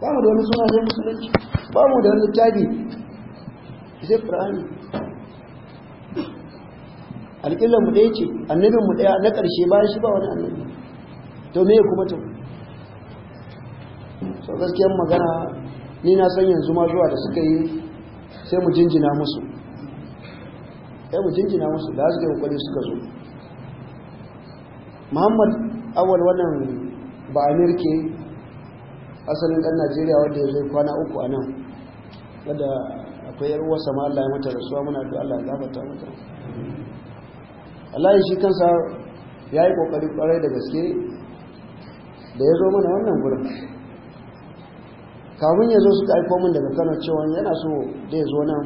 ba mu da wani suna zai musulunci ba mu da wani littafi zai ƙur'ani alƙillar mu ɗaya ce annabin mu ɗaya na ƙarshe bayan shi ba wani annabi to me kuma to so gaskiyar magana ni na san yanzu ma zuwa da suka yi sai mu jinjina musu sai mu jinjina musu da suka yi kokari suka zo muhammad awal wannan ba amirke asalin ɗan najeriya wanda ya zai kwana uku a nan wadda akwai yar uwarsa ma Allah ya mata rasuwa muna da Allah ya gafarta mata Allah shi kansa ya yi kokari kwarai da gaske da ya zo mana wannan gurin kamun ya zo suka aiko min daga Kano cewa yana so da ya zo nan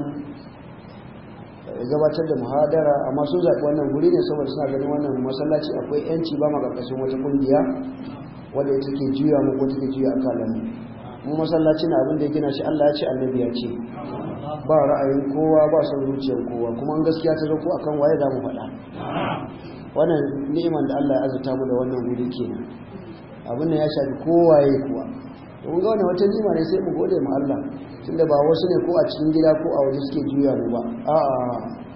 ya eh, gabatar da muhadara amma sun zaɓi wannan guri ne saboda suna ganin wannan masallaci akwai yanci ba ma ƙarƙashin wata ƙungiya wanda ita ke juya mu ko take juya akalan mu masallacin abin da ya gina shi Allah ya ce annabi ya ce ba ra'ayin kowa ba son zuciyar kowa kuma an gaskiya ta zo ko akan waye za mu faɗa wannan neman da Allah ya azurta mu da wannan wuri kenan abin da ya shafi kowa yayi kuwa mun ga wannan wata nima ne sai mu gode ma Allah tunda ba wasu ne ko a cikin gida ko a waje suke juya mu ba a'a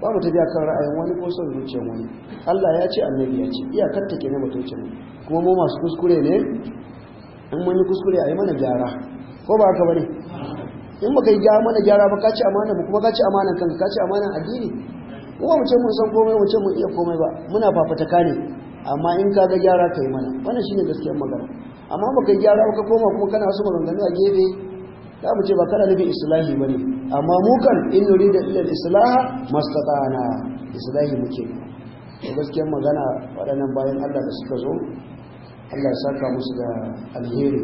ba mu tafiya kan ra'ayin wani ko son zuciyar wani Allah ya ce annabi ya ce iyakar ta ke na mutuncin mu kuma mu masu kuskure ne in mun yi kuskure a yi mana gyara ko ba ka bane in muka yi gyara mana gyara ba ka ci amana mu kuma ka ci amana kanka ka ci amana addini kuma mu ce mun san komai mu ce mun iya komai ba muna fafataka ne amma in ka ga gyara ka yi mana wannan shine gaskiyar magana amma muka yi gyara ka koma kuma kana so maganganu a gefe za mu ce ba kana nufin islahi bane amma mukan in nuri da ilil islaha mastata'ana islahi muke da gaskiyar magana waɗannan bayan Allah da suka zo Allah ya saka musu da alheri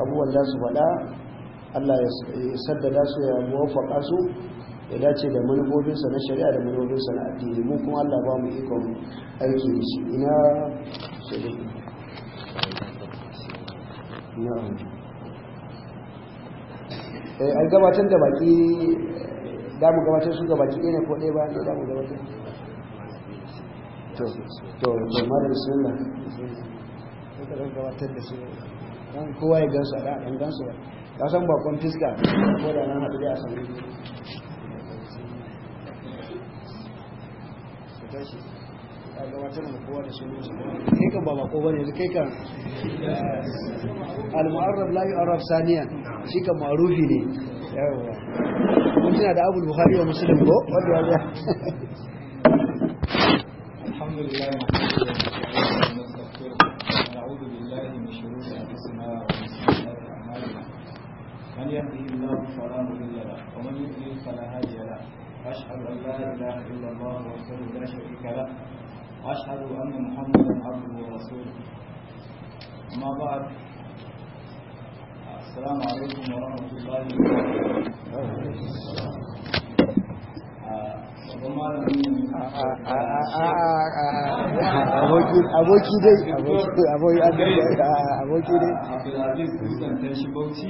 abubuwan da su faɗa Allah ya saddada su ya muwaffaqa su ya dace da manufofinsa na shari'a da manufofinsa na addini mu kuma Allah ba mu ikon aiki da shi ina shari'a na'am Eh, an gabatar da baki da mu gabatar su ga baki ne ko ɗaya bayan ɗaya da mu gabatar to to to mara sunna ka gabatar da su dan kowa ya gansu a da dan gansu ka san bakon fiska ko da nan haɗu da a sauri ka gabatar da kowa da sunan su kai kan ba bako bane yanzu kai kan al-mu'arrab la yu'arrab saniyan shi kan ma'rufi ne yawa kun tana da Abu Bukhari wa Muslim ko wanda ya alhamdulillah نعوذ بالله من شرور انفسنا ومن سيئات اعمالنا من يهده الله فلا مضل له ومن يضلل فلا هادي له أشهد أن لا إله إلا الله وحده لا شريك له وأشهد أن محمدا عبده ورسوله أما بعد السلام عليكم ورحمة الله وبركاته aboki dai aboki dai abdulaziz kusan shi bauchi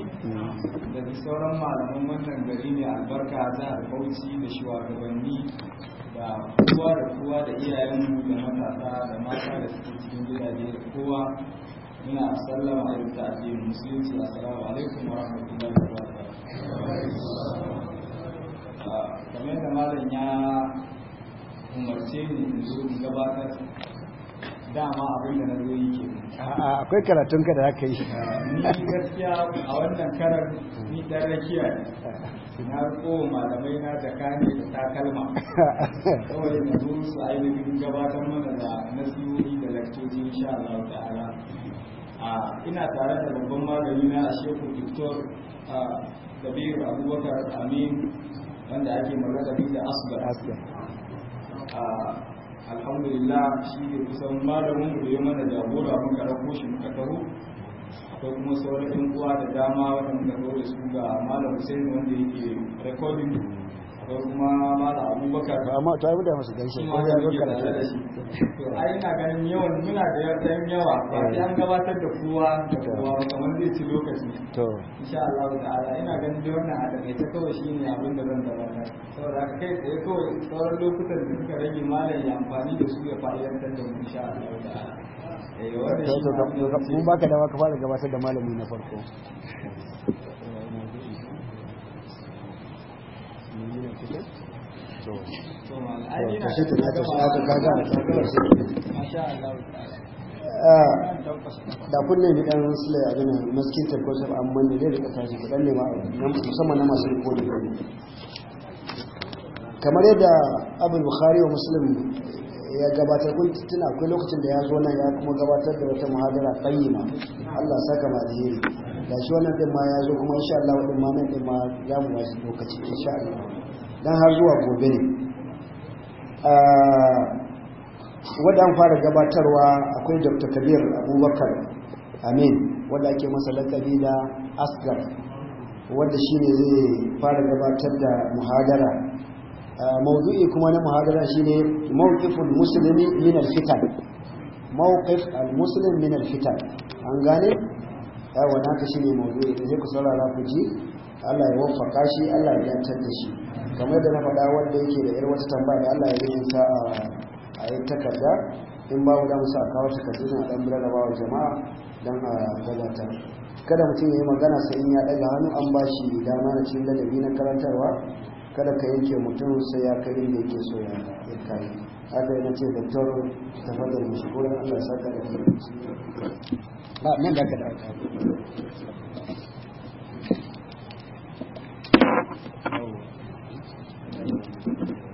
da sauran malaman wannan gari ne albarka za bauchi da shugabanni da kowa da kowa da iyayenmu da matasa da mata da suke cikin gidaje da kowa muna sallama da ta'addin musulunci assalamu alaikum wa rahmatullahi wa barakatuh game da malam ya umarce ni in zo in gabatar dama abin da na zo yi ke a'a akwai karatun ka da aka yi ah, ni gaskiya a wannan karar ni dan rakiya na ko malamai na jaka ne da takalma saboda na zo su ainihin gabatar mana da nasihohi da lakcoji insha Allah ta'ala ah, ina tare da babban malami na a shehu diktor da ah, biyu abubakar amin wanda ake malakabi da asgar alhamdulillah shi ne kusan malamin da ya mana jagora muka ɗauko shi muka taho akwai kuma sauran yan uwa da dama wanda ga ɗaure su ga malam Hussein wanda yake recording ko amma ta yi masu gaishe ko ya zo to ai ina ganin muna da yawa ba sai an gabatar da kowa da kowa kamar zai ci lokaci to insha Allah ina ganin da wannan a takaice kawai shine abin da zan saboda kai tsaye kawai sauran lokutan da suka rage malam ya amfani da su ya fa'idantar da mu insha Allah eh, mun baka dama ka fara gabatar da malami na farko da kunne nemi ɗan sule a gina maskin tarkosar amma ne zai da tashi ku ɗan nema a musamman na masu ko da kamar yadda abin bukhari wa muslim ya gabatar kun tuna akwai lokacin da ya zo nan ya kuma gabatar da wata muhadara ma. Allah saka ma da ga shi wannan ɗin ma ya zo kuma insha Allah wadin ma nan ɗin ma za mu wasu lokaci insha Allah dan har zuwa gobe ne ah, wadda an fara gabatarwa akwai dr kabir abubakar amin wadda ake masa lakabi da asgar wadda shine zai fara gabatar da muhadara ah, mawdu'i kuma na muhadara shine ne mawqiful muslimi min al-fitan mawqif al-muslim min al-fitan an gane yawon haka shi ne mawuyi da sai ku saurara ku ji Allah ya wafaka shi Allah ya yantar da shi kamar da na faɗa wanda yake da irin wata tambaya da Allah ya yi sa a yi takarda in ba mu damu sa a kawo takardu na ɗan bira rabawa jama'a don a gabatar kada mutum ya yi magana sai in ya ɗaga hannu an ba shi dama na cikin ladabi na karantarwa kada ka yanke mutum sai ya kai inda yake so ya kai haka yana ce doktor tafadar mashigoyin Allah saka da ba nan da ka da. Thank you.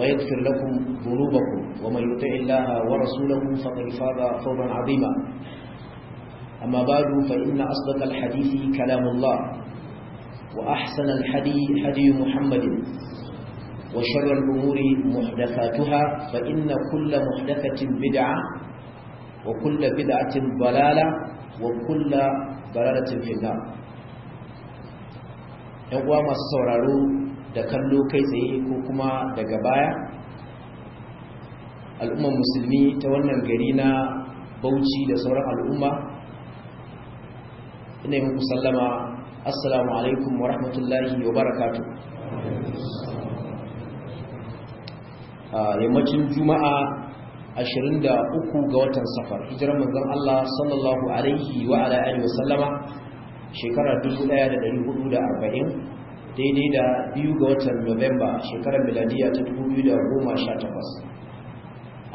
ويغفر لكم ذنوبكم ومن يطع الله ورسوله فقد فاز فوزا عظيما أما بعد فإن أصدق الحديث كلام الله وأحسن الحديث هدي محمد وشر الأمور محدثاتها فإن كل محدثة بدعة وكل بدعة ضلالة وكل ضلالة في النار يقوى ما da kallo kai tsaye ko kuma daga baya al'ummar musulmi ta wannan gari na bauchi da sauran al'umma ina yi muku sallama assalamu alaikum wa rahmatullahi wa barakatu yammacin juma'a 23 ga watan safar hijirar manzon Allah sallallahu alaihi wa ala wa sallama shekara 1440 daidai da biyu ga watan Novemba shekarar miladiya ta 2018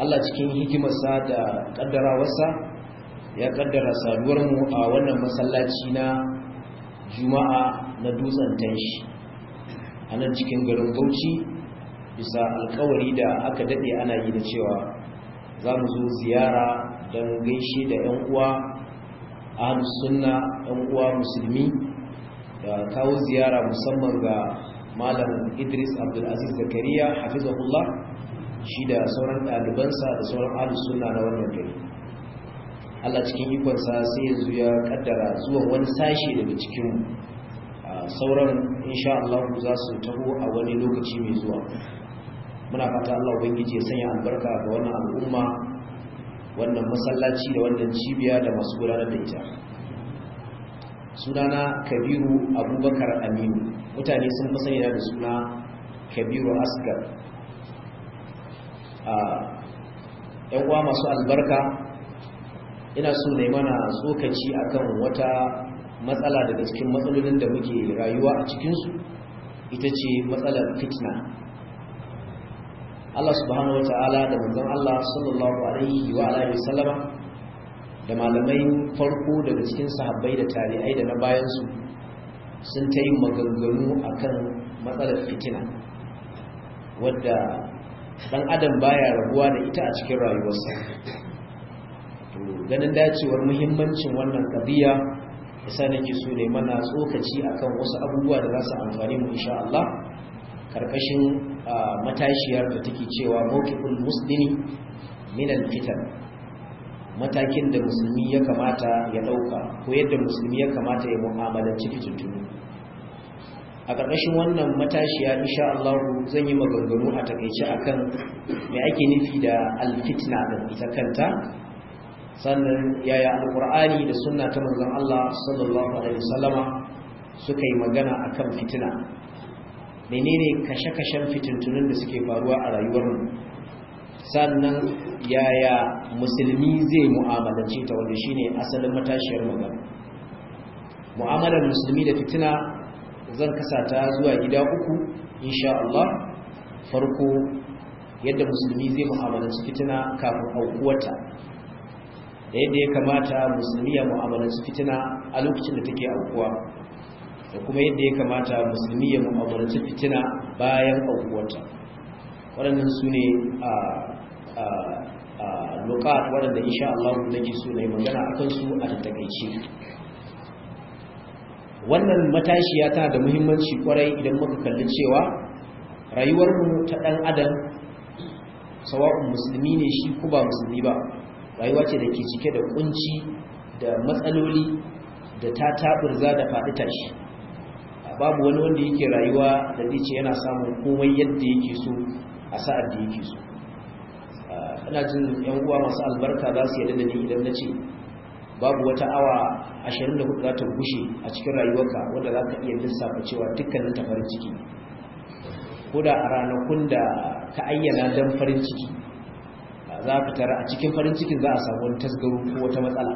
Allah cikin hikimarsa da kaddarawarsa ya kaddara saduwar mu a wannan masallaci na Juma'a na dutsen Tanshi a nan cikin garin Bauchi bisa alkawari da aka daɗe ana yi da cewa za mu zo ziyara don gaishe da 'yan uwa ahlus sunna 'yan uwa musulmi da kawo ziyara musamman ga malam idris abdulaziz zakariya hafizahullah shi da sauran ɗalibansa da sauran ahlus sunna na wannan gari Allah cikin ikonsa sai yanzu ya kaddara zuwa wani sashi daga cikin sauran insha Allah za su taho a wani lokaci mai zuwa muna fata Allah ubangiji ya sanya albarka ga wannan al'umma wannan masallaci da wannan cibiya da masu gudanar da ita sunana kabiru abubakar aminu mutane sun fi da suna kabiru asgar a uwa masu albarka ina so ne mana tsokaci akan wata matsala daga cikin matsalolin da muke rayuwa a cikinsu ita ce matsalar fitna Allah subhanahu wa ta'ala da manzon Allah sallallahu alaihi wa alihi wasallama da malamai farko daga cikin sahabbai da tari'ai da na bayansu sun ta yi maganganu a kan matsalar fitina wadda ɗan adam baya rabuwa da ita a cikin rayuwarsa ganin dacewar muhimmancin wannan ƙabiya sa nake su ne mana tsokaci akan wasu abubuwa da za su amfani mu insha Allah ƙarƙashin ah, matashiyar da take cewa mawqiful muslimi minan fitar matakin da musulmi ya kamata ya dauka ko yadda musulmi ya kamata ya mu'amalanci tuntuni a ƙarƙashin wannan matashiya insha Allah zan yi maganganu a takaice akan me ake nufi da alfitna da ita kanta sannan yaya alƙur'ani da sunna ta manzon Allah sallallahu alaihi wasallama suka yi magana akan fitina menene kashe-kashen fitintunun da suke faruwa a rayuwarmu sannan yaya musulmi zai mu'amalanci ta wanda shine asalin matashiyar magana mu'amalar musulmi da fitina zan kasa ta zuwa gida uku insha Allah farko yadda musulmi zai mu'amalanci fitina kafin aukuwata da yadda ya kamata musulmi ya mu'amalanci fitina a lokacin da take aukuwa da kuma yadda ya kamata musulmi ya mu'amalanci fitina bayan aukuwata waɗannan su ne a ah, lokat waɗanda insha Allah nake so na yi magana a kansu a tattakaice wannan matashiya ta da muhimmanci kwarai idan muka kalli cewa rayuwarmu ta ɗan adam sawa'un musulmi ne shi ko ba musulmi ba rayuwa ce da ke cike da kunci da matsaloli da ta taɓurza da faɗi tashi babu wani wanda yake rayuwa da zai ce yana samun komai yadda yake so a sa'ar da yake so ana jin yan uwa masu albarka za su yi da ni idan na ce babu wata awa 24 za ta gushe a cikin rayuwarka wanda za ka iya lissafa cewa dukkanin ta farin ciki ko da a ranakun da ka ayyana don farin ciki za ka tara a cikin farin cikin za a samu wani tasgaro ko wata matsala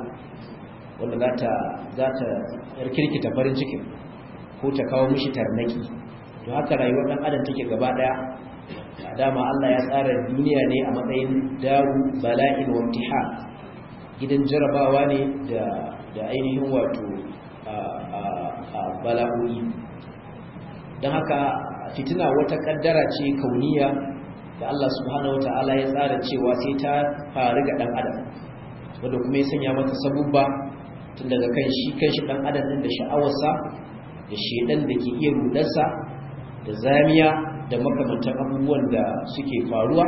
wanda za ta za ta kirkita farin cikin ko ta kawo mishi tarnaki to haka rayuwar dan adam take gaba ɗaya. dama Allah ya tsara duniya ne a matsayin daru bala'in wa imtihan gidan jarabawa ne da ainihin wato a bala'o'i don haka fitina wata kaddara ce kauniya da Allah subhanahu wata'ala ya tsara cewa sai ta faru ga dan adam wanda kuma ya sanya mata sabubba tun daga kan shi kan shi dan adam din da sha'awarsa da shedan da ke iya rudarsa da zamiya da makamantar abubuwan da suke faruwa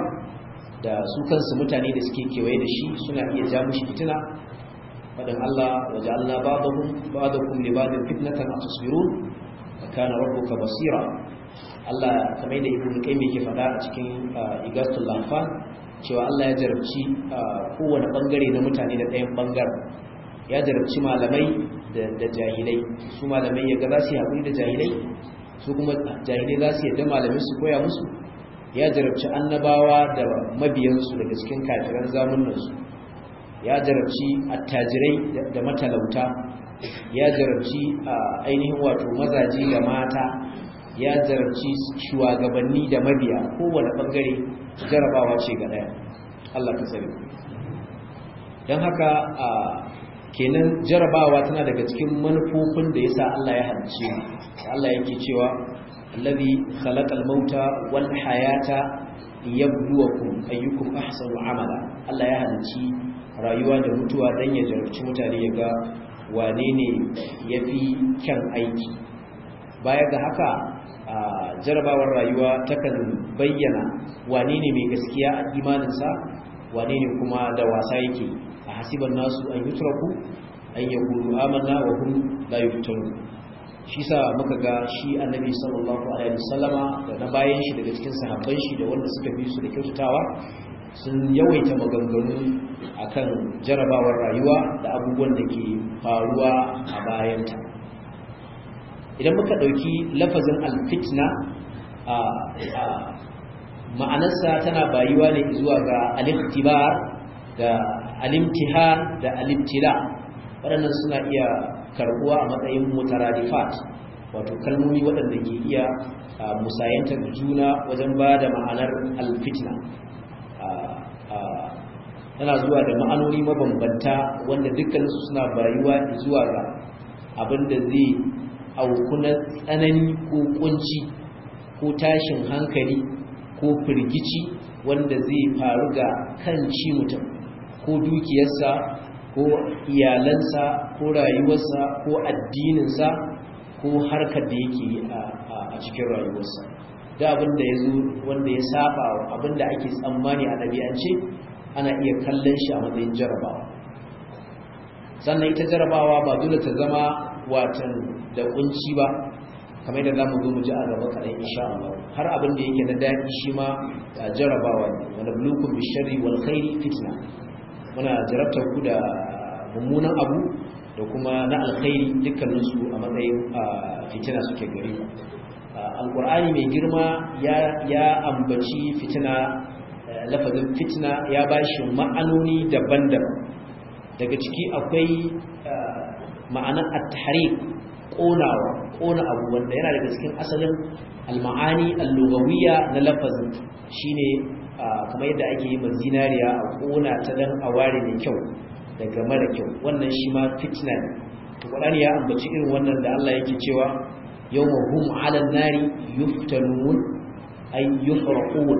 da su kansu mutane da suke kewaye da shi suna iya ja mushi fitina wadda Allah waje Allah ba'dahum ba'dakum li ba'din fitnatan atusbirun kana rabbuka basira Allah kamar da ibn me yake fada a cikin uh, igastul lafa, cewa Allah ya jarabci uh, kowane bangare na mutane da ɗayan bangaren ya jarabci malamai da jahilai su malamai ya ga za su yi haƙuri da jahilai su kuma jahilai za su yadda malamai su koya musu ya jarabci annabawa da mabiyansu daga cikin kafiran zamanansu ya jarabci attajirai da matalauta ya jarabci ainihin wato mazaji da mata ya jarabci shugabanni da mabiya kowane bangare jarabawa ce ga daya Allah ka tsari don haka kenan jarabawa tana daga cikin manufofin da yasa Allah ya halice Allah yake cewa alladhi khalaqal mauta wal hayata yabluwakum ayyukum ahsanu amala Allah ya halice rayuwa da mutuwa dan ya jarabci mutane ya ga wane ne yafi kyan aiki baya ga haka jarabawar rayuwa takan bayyana wane ne mai gaskiya a imaninsa wane ne kuma da wasa yake a hasiban nasu an yutraku an yaqulu amanna wa hum la yuftanun shi sa muka ga shi annabi sallallahu alaihi wasallama da na bayan shi daga cikin sahabban shi da wanda suka bi su da kyautatawa sun yawaita maganganu akan jarabawar rayuwa da abubuwan da ke faruwa a bayanta idan muka ɗauki lafazin alfitna a ma'anarsa tana bayuwa ne zuwa ga aliftibar da. alimtiha da alimtila waɗannan suna iya karbuwa a matsayin mutaradifat wato kalmomi waɗanda ke iya musayantar juna wajen ba da ma'anar alfitna tana zuwa da ma'anoni mabambanta wanda dukkaninsu suna bayuwa zuwa ga abin da zai auku na tsanani ko kunci ko tashin hankali ko firgici wanda zai faru ga kan ci mutum ko dukiyarsa ko iyalansa ko rayuwarsa ko addininsa ko harkar da yake a cikin rayuwarsa da abinda ya zo wanda ya saba abinda ake tsammani a ɗabi'ance ana iya kallon shi a matsayin jarabawa sannan ita jarabawa ba dole ta zama watan da kunci ba kamar da zamu zo mu ji a gaba kaɗan insha Allah har abin da yake na daɗi shi ma jarabawa ne wani bulukun bishari wal khairi fitna muna jarabtar ku da mummunan abu da kuma na alkhairi dukkaninsu a matsayin fitina suke gari alkur'ani mai girma ya ambaci fitina eh, lafazin fitina ya ba shi ma'anoni daban-daban daga ciki akwai eh, ma'anar at-tahriq ƙonawa ƙona abu wanda yana daga cikin asalin al-ma'ani al-lugawiyya na lafazin shine kamar yadda ake yi ma zinariya a ƙona ta dan a mai kyau daga mara kyau wannan shi ma fitna ne Qur'ani ya ambaci irin wannan da Allah yake cewa yawma hum 'alan nari yuftanun ay yufraqun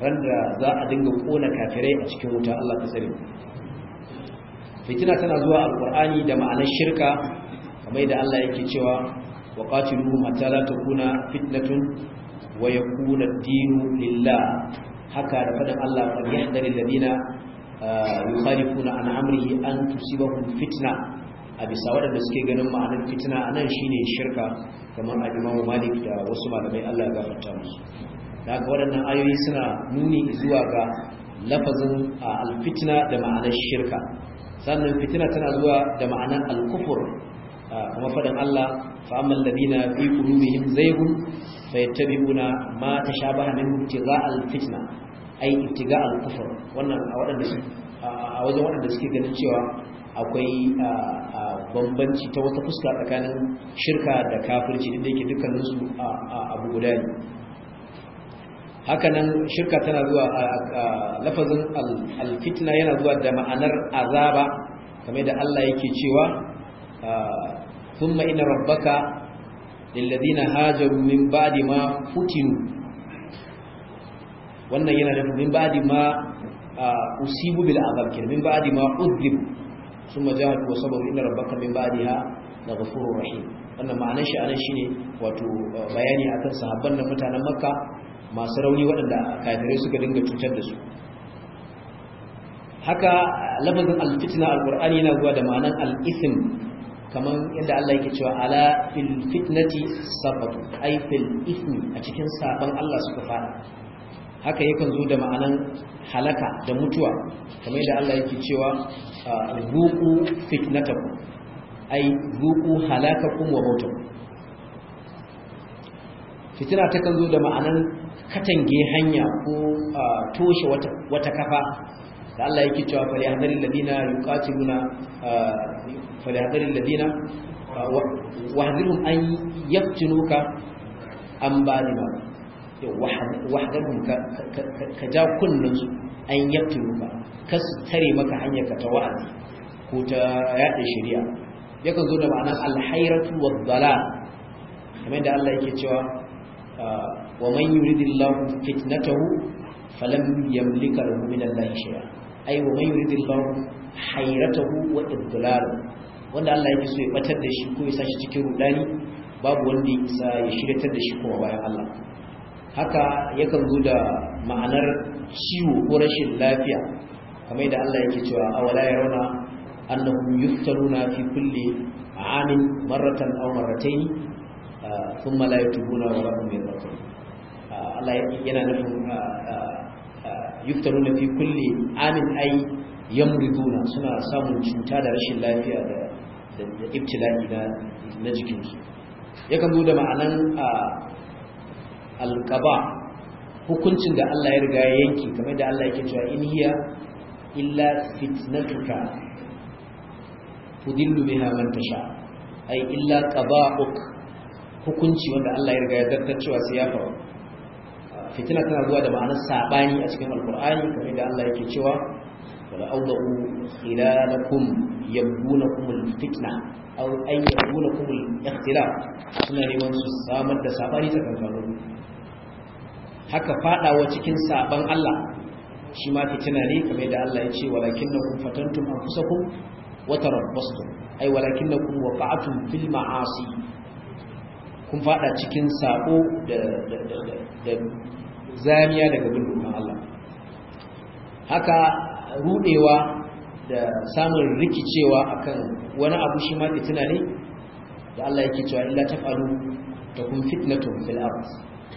randa za a dinga ƙona kafirai a cikin wuta Allah ta sani fitina tana zuwa alqur'ani da ma'anar shirka kamar yadda Allah yake cewa wa qatiluhum hatta la takuna fitnatun wa yakuna ad-dinu lillah haka da faɗin Allah fa yahdari na ah, yukhalifuna an amrihi an tusibahum fitna a bisa waɗanda suke ganin ma'anar fitna nan shine shirka kamar al Malik da wasu malamai Allah ya gafarta musu haka waɗannan ayoyi suna nuni zuwa ga lafazin ah, al da ma'anar shirka sannan fitina tana zuwa da ma'anar al-kufr ah, kuma faɗin Allah fa amman ladina fi qulubihim zaygun fayattabi'una ma tashabaha na, ibtigha' al-fitna ai ibtigha' kufr wannan a waɗanda a wajen waɗanda suke ganin cewa akwai bambanci ta wata fuska tsakanin shirka da kafirci duk da yake dukkanin su abu guda ne hakanan shirka tana zuwa lafazin alfitna yana zuwa da ma'anar azaba kamar da Allah yake cewa thumma inna rabbaka lillazina hajaru min ba'di ma futinu wannan yana da min ba'di ma usibu bil azab kin min ba'di ma udhib thumma jahadu wa sabaru inna rabbaka min ba'diha laghafurur rahim wannan ma'anar shi anan shine wato bayani akan sahabban na mutanen makka masu rauni waɗanda kafirai suka dinga cutar da su haka lafazin alfitna alqur'ani yana zuwa da ma'anar al-ithm kamar yadda Allah yake cewa ala fil fitnati sabatu ay fil ithmi a cikin saban Allah suka fara haka yakan zo da ma'anan halaka da mutuwa kamar yadda Allah yake cewa ruqu ah, fitnatakum ay ruqu halakakum wa mautakum fitina kan zo da ma'anan katange hanya ko ah, toshe wata wata kafa da Allah yake cewa fal yahdharil ladina yuqatiluna ah, فليحذر الذين واحذرهم أن يفتنوك عن بعد ما واحذرهم كجاو كل أن يفتنوك كستري مك عنك توعد كتاء الشريعة yakan zo da ma'anar alhairatu wa dhala kamar da Allah yake cewa wa man yuridillahu fitnatahu falam yamlika lahu min Allah shay'a ay wa man yuridillahu hayratahu wa wanda Allah yake so ya batar da shi ko ya sashi cikin rudani babu wanda ya isa ya shiryatar da shi kuma bayan Allah haka yakan zo da ma'anar ciwo ko rashin lafiya kamar da Allah yake cewa awala yarawna annahum yuftaruna fi kulli amin marratan aw marratayn ah, thumma la yatubuna wa lahum yadhkurun ah, Allah yana nufin ah, yuftaruna fi kulli amin ay yamriduna suna samun cuta da rashin lafiya da da ibtila'i na jikinsu kan zo da ma'anan alƙaba hukuncin da Allah ya riga yanki kamar da Allah yake cewa in hiya illa fitnatuka tudillu biha man tasha ai illa qada'uk hukunci wanda Allah ya riga ya zartar cewa sai ya faru fitina tana zuwa da ma'anar sabani a cikin alqur'ani kamar da Allah yake cewa ولأوضعوا خلالكم يبونكم الفتنة أو أن يبونكم الاختلاف suna neman su samar da sabani ta kankanin haka fadawa cikin saban Allah shi ma fitina ne kamar da Allah ya ce walakinnakum fatantum anfusakum wa tarabbastum ay walakinnakum waqa'tum fil ma'asi kun fada cikin sabo da da zaniya daga bin Allah haka rudewa da samun rikicewa akan wani abu shi ma fitina ne da Allah yake cewa illa tafalu takun fitnatun fil ard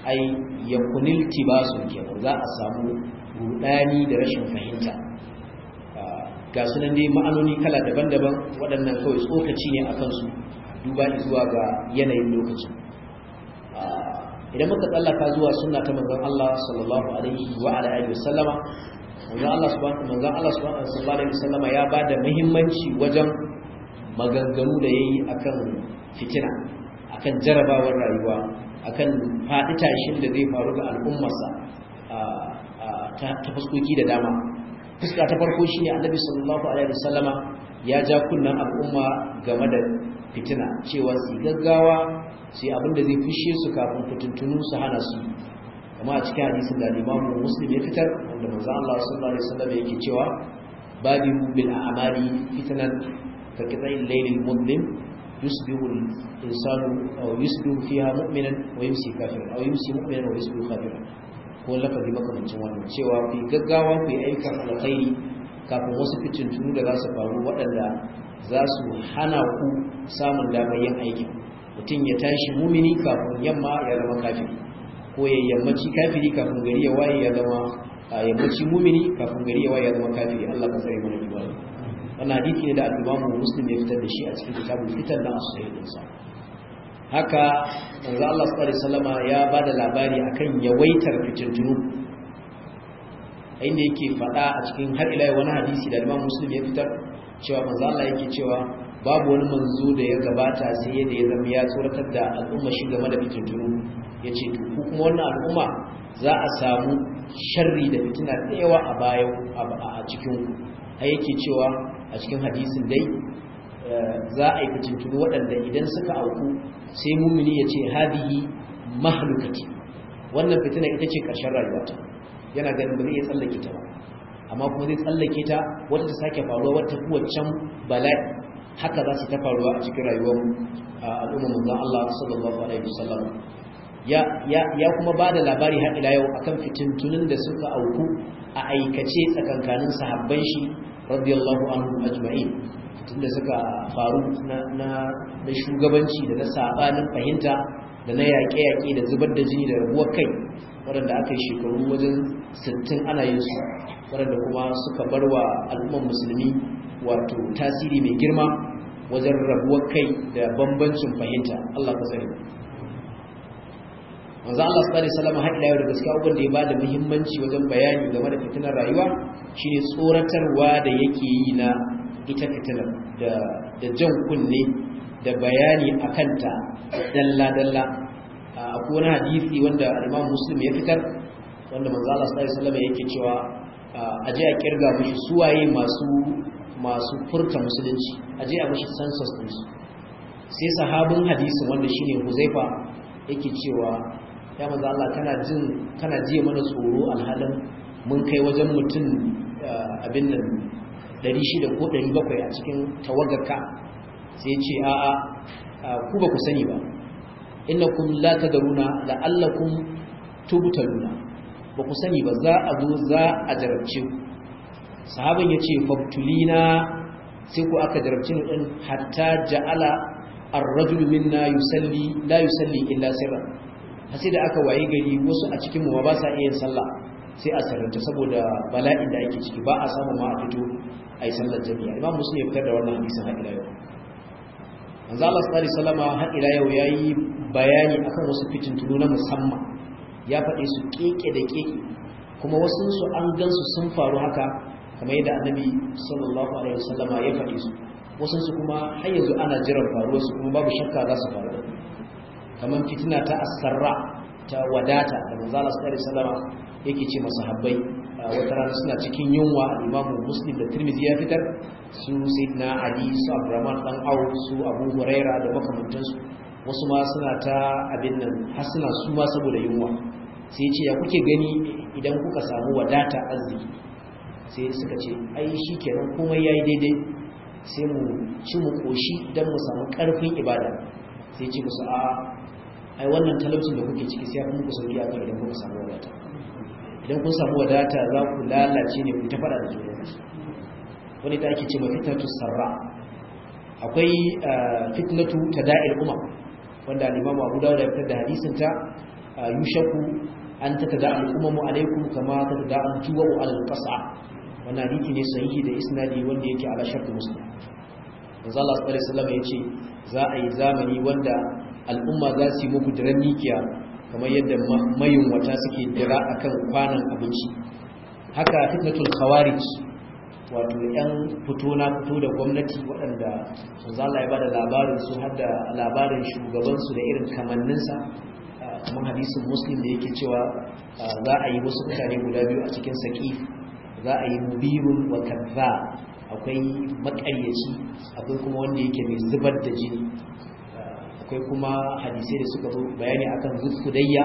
ai yakunil tibasu ke za a samu rudani da rashin fahimta ga sunan dai ma'anoni kala daban-daban waɗannan kawai tsokaci ne akan su duba zuwa ga yanayin lokaci idan muka tsallaka zuwa sunna ta manzon Allah sallallahu alaihi wa alihi wasallama manzo Allah subhanahu manzo Allah sallallahu alaihi wasallama ya bada muhimmanci wajen maganganu da ya yi a kan fitina a kan jarabawar rayuwa a kan faɗi tashin da zai faru ga al'ummarsa ta fuskoki da dama fuska ta farko shi ne annabi sallallahu alaihi wasallama ya ja kunnan al'umma game da fitina cewa su gaggawa su yi abin da zai fushe su kafin fitintunu su hana su amma a cikin hadisin da limamu muslim ya fitar wanda manzo Allah sallallahu alaihi wasallam yake cewa babu bil a'mali fitnan ka qita'il laylil mudlim yusbihu al-insanu a yusbihu fiya mu'minan wa yumsi kafin a yumsi mu'minan wa yusbihu kafin ko lafazi makamancin wannan cewa ku gaggawa ku aika alkhairi kafin wasu tunu da za su faru waɗanda za su hana ku samun damar yin aikin mutum ya tashi mumini kafin yamma ya zama kafin. ko ya yammaci kafiri kafin gari ya waye ya zama yammaci mumini kafin gari ya waye ya zama kafiri Allah ka sai mana imani wannan hadisi ne da al-Imam Muslim ya fitar da shi a cikin kitabul fitan da as-sahih sa haka manzo Allah sallallahu alaihi wasallama ya bada labari akan yawaitar fitintunu inda yake fada a cikin har ila wani hadisi da Imam Muslim ya fitar cewa manzo Allah yake cewa babu wani manzo da ya gabata sai yadda ya zama ya tsoratar da al'umma shi game da fitintunu ya ce ku kuma wannan al'umma za a samu sharri da fitina da yawa a bayan a cikin a yake cewa a cikin hadisin dai eh, za a yi fitintunu waɗanda idan suka auku sai mumini ya ce hadihi mahalukaci. wannan fitina ita ce ƙarshen rayuwata yana ganin ba zai iya tsallake ta ba amma kuma zai tsallake ta wata ta sake faruwa wata kuwa can bala'i haka za su ta faruwa a cikin rayuwar al'ummar manzon Allah sallallahu alaihi wasallam ya ya ya kuma bada labari har ila yau akan fitintunin da suka auku a aikace tsakankanin sahabban shi radiyallahu anhu ajma'in tunda suka faru na na da shugabanci da na sabanin fahimta da na yaƙe-yaƙe da zubar da jini da rabuwar kai waɗanda aka yi shekaru wajen sittin ana yin su waɗanda kuma suka bar wa al'ummar musulmi wato tasiri mai girma wajen rabuwar kai da bambancin fahimta Allah ka sani. manzo Allah su ɗari salama har ila da gaskiya abin da ya da muhimmanci wajen bayani game da fitinar rayuwa shine tsoratarwa da yake yi na ita fitinar da jan kunne da bayani a kanta dalla dalla akwai wani hadisi wanda al-Imam Muslim ya fitar wanda manzo Allah sallallahu alaihi wasallam yake cewa a ah, je a kirga mushi suwaye masu masu furta musulunci a je a mushi census din su sai sahabin hadisin wanda shine Huzaifa yake cewa ya manzo Allah kana jin kana ji mana tsoro alhalin mun kai wajen mutum ah, abin nan 600 ko 700 a cikin tawaggaka sai ya ce a'a ah, ku ba ku sani ba innakum la tadruna allakum tubtaluna ba ku sani ba za a zo za a jarabce ku sahaban yace fabtulina sai ku aka jarabce ni din hatta ja'ala ar-rajulu minna yusalli la yusalli illa sirra sai da aka waye gari wasu a cikin mu ba sa iya sallah sai a sarranta saboda bala'in da ake ciki ba a samu ma a fito a yi sallar jami'a imam muslim ya fitar da wannan hadisin har ila yau manzo Allah sallallahu alaihi wasallama har ila yau yayi bayani akan wasu tunu na musamman ya faɗe su keke da keke kuma wasu su an gansu sun faru haka kamar yadda annabi sallallahu alaihi wasallama ya faɗe su wasu su kuma har yanzu ana jiran faruwar su kuma babu shakka za su faru kamar fitina ta asarra ta wadata da manzo Allah sallallahu alaihi wasallama yake ce masahabbai wata rana suna cikin yunwa imamu muslim da tirmidhi ya fitar su sayyidina ali su abraman dan awu su abu huraira da makamantansu wasu ma suna ta abin nan hasuna su ma saboda yunwa sai ce ya kuke gani idan kuka samu wadata arziki sai suka ce ai shi kenan komai yayi daidai sai mu ci mu koshi don mu samu karfin ibada sai ce musu a ai wannan talaucin da kuke ciki sai kuma ku muku a kan idan kuka samu wadata idan kun samu wadata za ku lalace ne ku ta fada da juna wani da ake ce ma fitnatu sarra akwai ah, fitnatu tada'il umma wanda al Abu Dawud ya fitar da hadisin ta ah, yushaku an tatada'al umamu alaikum kama tatada'al juwa'u alal qas'a wannan hadisi ne sahihi da isnadi wanda yake ala shartu muslim manzo Allah sallallahu alaihi wasallam yace za a yi zamani wanda al'umma za su yi muku diran mikiya kamar yadda mayunwata suke dira kan kwanan abinci haka fitnatul khawarij wato yan fito na fito da gwamnati waɗanda manzo Allah ya bada labarin su har da labarin shugabansu da irin kamanninsa kamar hadisin muslim da yake cewa za a yi wasu mutane guda biyu a cikin saki za a yi mubirun wa kadha akwai maƙayyaci, akwai kuma wanda yake mai zubar da jini akwai kuma hadisai da suka zo bayani akan dayya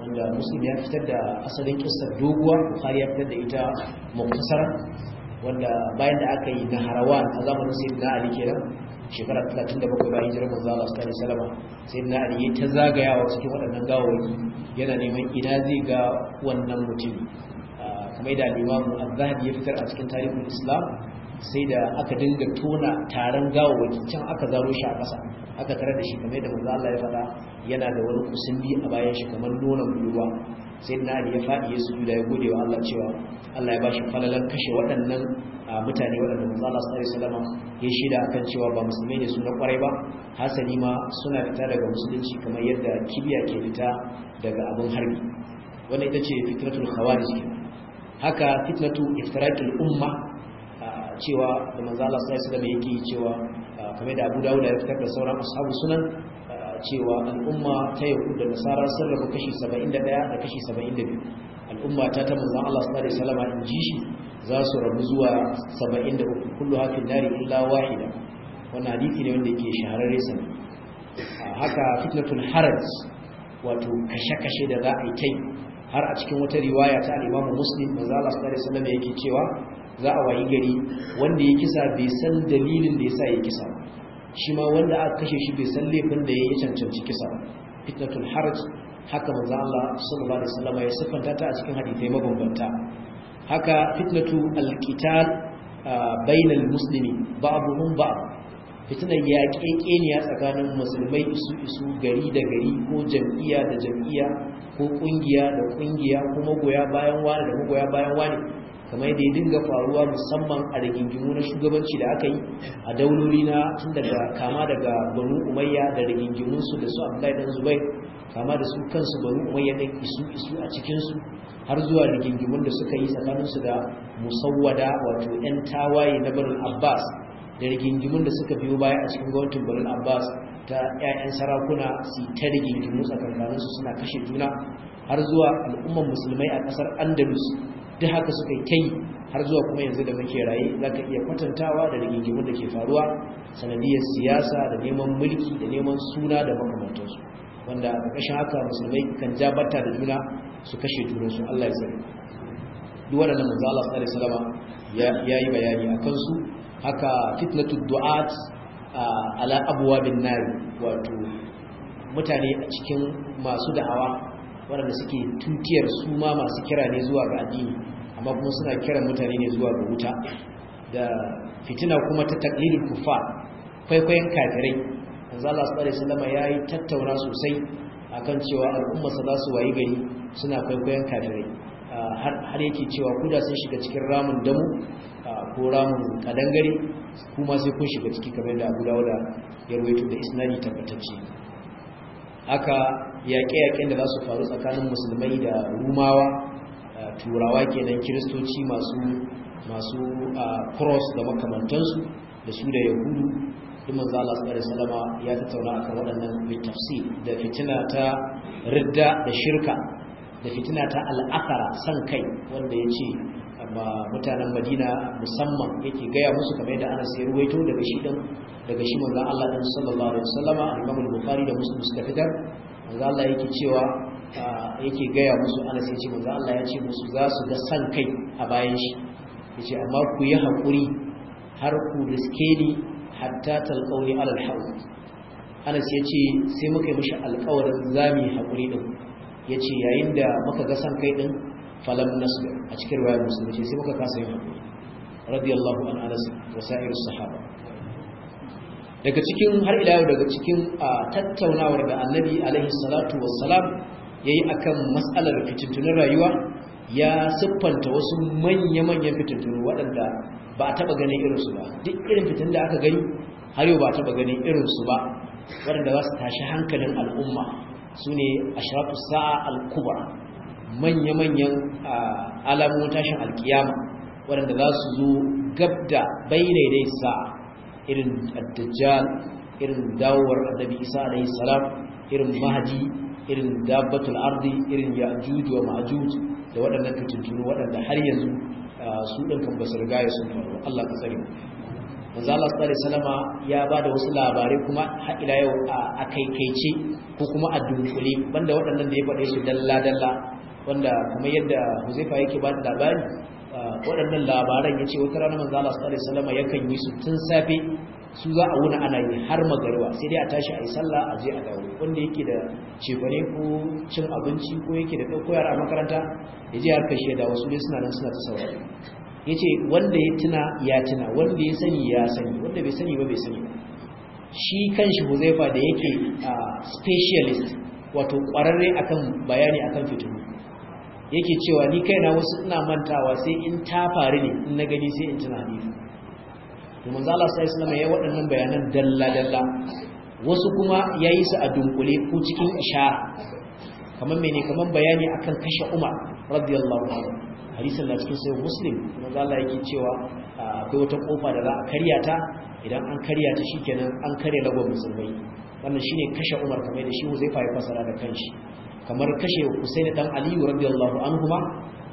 wanda muslim ya fitar da asalin kissar doguwa bukhari ya fitar da ita muktasar wanda bayan da aka yi naharawan a zamanin na ali kenan shekarar 37 bayan hijirar manzo Allah sallallahu alaihi wasallam na ali ta zagayawa cikin waɗannan gawawaki yana neman ina zai ga wannan mutum kamar yadda al-Imam ya fitar a cikin tarihin Islam sai da aka dinga tona taron gawawaki can aka zaro shi a ƙasa aka tare da shi kamar yadda manzo Allah ya faɗa yana da wani kusulli a bayan shi kamar nonon ruwa sai na ya faɗi ya sujuda ya gode wa Allah cewa Allah ya ba shi falalan kashe waɗannan mutane waɗanda manzo Allah sallallahu alaihi wasallam ya shida akan cewa ba musulmai ne su na kwarai ba hasali ma suna fita daga musulunci kamar yadda kibiya ke fita daga abin harbi wannan ita ce fitratul khawarij haka fitratu iftiraqil umma cewa da manzo Allah sallallahu alaihi wasallam yake cewa kamar da abu Dawud ya fitar da sauran ashabu sunan eh, cewa al'umma ta yahu da nasara sun rabu kashi 71 da kashi 72 al'umma ta ta manzon Allah sallallahu alaihi wasallam in ji shi za su rabu zuwa 73 kullu hafin nari illa wahida wannan hadisi ne wanda yake shahararre sanin haka fitnatul haraj wato kashe-kashe da za a yi kai har a cikin wata riwaya ta al-Imam Muslim manzo Allah sallallahu alaihi wasallam yake cewa za a wayi gari wanda ya kisa bai san dalilin da yasa ya kisa ba shi ma wanda aka kashe shi bai san laifin da ya yi cancanci kisa fitnatul haraj haka manzo Allah sallallahu alaihi wasallam ya sifanta ta a cikin hadisai mabambanta haka fitnatu alqital bainal muslimi ba'dhum ba'd fitnar yaƙeƙeniya tsakanin musulmai isu isu gari da gari ko jam'iya da jam'iya, ko kungiya da kungiya ko magoya bayan wani da magoya bayan wani kamar yadda ya dinga faruwa musamman a rigingimu na shugabanci da aka yi a dauloli na tun daga kama daga banu umayya da rigingimunsu da su abdullahi dan zubai kama da su kansu banu umayya da isu isu a cikinsu har zuwa rigingimun da suka yi tsakaninsu da musawwada wato 'yan tawaye na banu abbas da rigingimun da suka biyo baya a cikin gwamnatin barin abbas ta 'ya'yan sarakuna su ta rigingimu tsakankaninsu suna kashe juna har zuwa al'ummar musulmai a ƙasar andalus duk haka suka yi ta har zuwa kuma yanzu da muke raye za ka iya kwatantawa da rigingimun da ke faruwa sanadiyar siyasa da neman mulki da neman suna da makamantarsu wanda a ƙarƙashin haka musulmai kan ja bata da juna su kashe junansu allah ya sani duk waɗannan manzo allah sallallahu alaihi ya yi bayani a kansu haka fitnatud du'at ala abwabin nar wato mutane a cikin masu da'awa waɗanda suke tutiyar su ma masu kira ne zuwa ga addini amma kuma suna kiran mutane ne zuwa ga wuta da fitina kuma ta taqlidul kufa kwaikwayon kafirai manzo Allah sallallahu alaihi wasallam yayi tattauna sosai akan cewa al'umma sa za su wayi gari suna kwaikwayon kafirai har yake cewa kuda sun shiga cikin ramin damu ko ramin kadangare kuma sai kun shiga ciki kamar da Abu Dawud ya rawaito da isnadi tabbatacce haka yaƙe-yaƙen da za su faru tsakanin musulmai da rumawa turawa kenan kiristoci masu masu cross da makamantansu da su da yahudu duk manzo Allah sallallahu alaihi ya tattauna akan waɗannan bi tafsir da fitina ta ridda da shirka da fitina ta al'akara san kai wanda ya ce ba mutanen madina musamman yake gaya musu kamar yadda ana sayar waito daga shi dan daga shi manzo Allah sallallahu alaihi wasallama imam bukhari da Muslim suka fitar manzo Allah yake cewa yake gaya musu anas ya ce manzo Allah ya ce musu za su ga san kai a bayan shi ya ce amma ku yi haƙuri har ku riske ni hatta talƙauni alal hawa anas ya ce sai muka yi mashi alƙawarin za mu yi haƙuri ɗin ya ce yayin da muka ga san kai ɗin falam nasu a cikin ruwayar musulmi ce sai muka kasa yin haƙuri radiyallahu an anas wa sa'ir sahaba daga cikin har ila yau daga cikin tattaunawar da annabi alaihi salatu wassalam ya yi a matsalar fitintunin rayuwa ya siffanta wasu manya-manyan fitintunu waɗanda ba a taɓa ganin irinsu ba duk irin fitin da aka gani har yau ba a taɓa ganin irinsu ba waɗanda za su tashi hankalin al'umma su ne a shafi sa'a alkuba manya-manyan alamun tashin alkiyama waɗanda za su zo gab da dai sa'a irin addajjal irin dawowar annabi isa alaihi salam irin mahadi irin dabbatul ardi irin ya'juj wa ma'juj da waɗannan fitintunu waɗanda har yanzu su ɗin kan basu riga ya sun faru Allah ka tsare manzo Allah sallallahu alaihi wasallama ya bada wasu labarai kuma har ila yau a kaikaice ko kuma a dunkule banda waɗannan da ya faɗe su dalla dalla wanda kamar yadda Huzaifa yake ba da labari waɗannan labaran yace wata rana manzo Allah sallallahu alaihi salama yakan yi su tun safe su za a wuna ana yi har magariwa sai dai a tashi a yi sallah a je a dawo wanda yake da cefane ko cin abinci ko yake da ɗauko a makaranta ya je har kashe da wasu dai suna nan suna ta saurari ya ce wanda ya tuna ya tuna wanda ya sani ya sani wanda bai sani ba bai sani shi kan shi huzaifa da yake a specialist wato kwararre akan bayani akan fitinu yake cewa ni kai na wasu ina mantawa sai in ta faru ne in na gani sai in tuna hadisi to manzo Allah sai alaihi ya waɗannan bayanan dalla dalla wasu kuma yayi su a dunkule ko cikin ishara kamar mene kamar bayani akan kashe Umar radiyallahu anhu hadisin da cikin sai Muslim manzo Allah yake cewa ah, akwai wata kofa da za a karya ta idan an karya ta shikenan an karya lagon musulmai wannan shine kashe Umar kamar da shi zai ya fasara da kanshi kamar kashe Husaini dan Aliyu radiyallahu anhu ma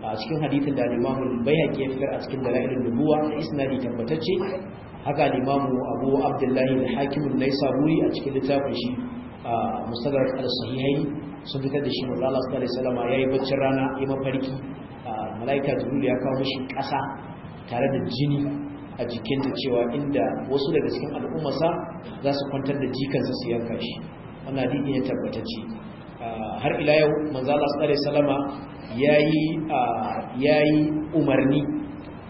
a cikin hadithin da limamu bai ya fitar a cikin dalilin dubuwa da isnadi tabbatacce haka limamu abu abdullahi da hakimun naisaburi a cikin littafin shi a musadar al-sahihai sun fitar da shi wa Allah sallallahu alaihi wasallam yayi baccin rana yayi mafarki malaika jibril ya kawo shi kasa tare da jini a jikinta cewa inda wasu daga cikin al'ummarsa za su kwantar da jikansa su yanka shi wannan hadisi ne tabbatacce har ila yau manzo Allah sallallahu alaihi wasallama yayi yayi umarni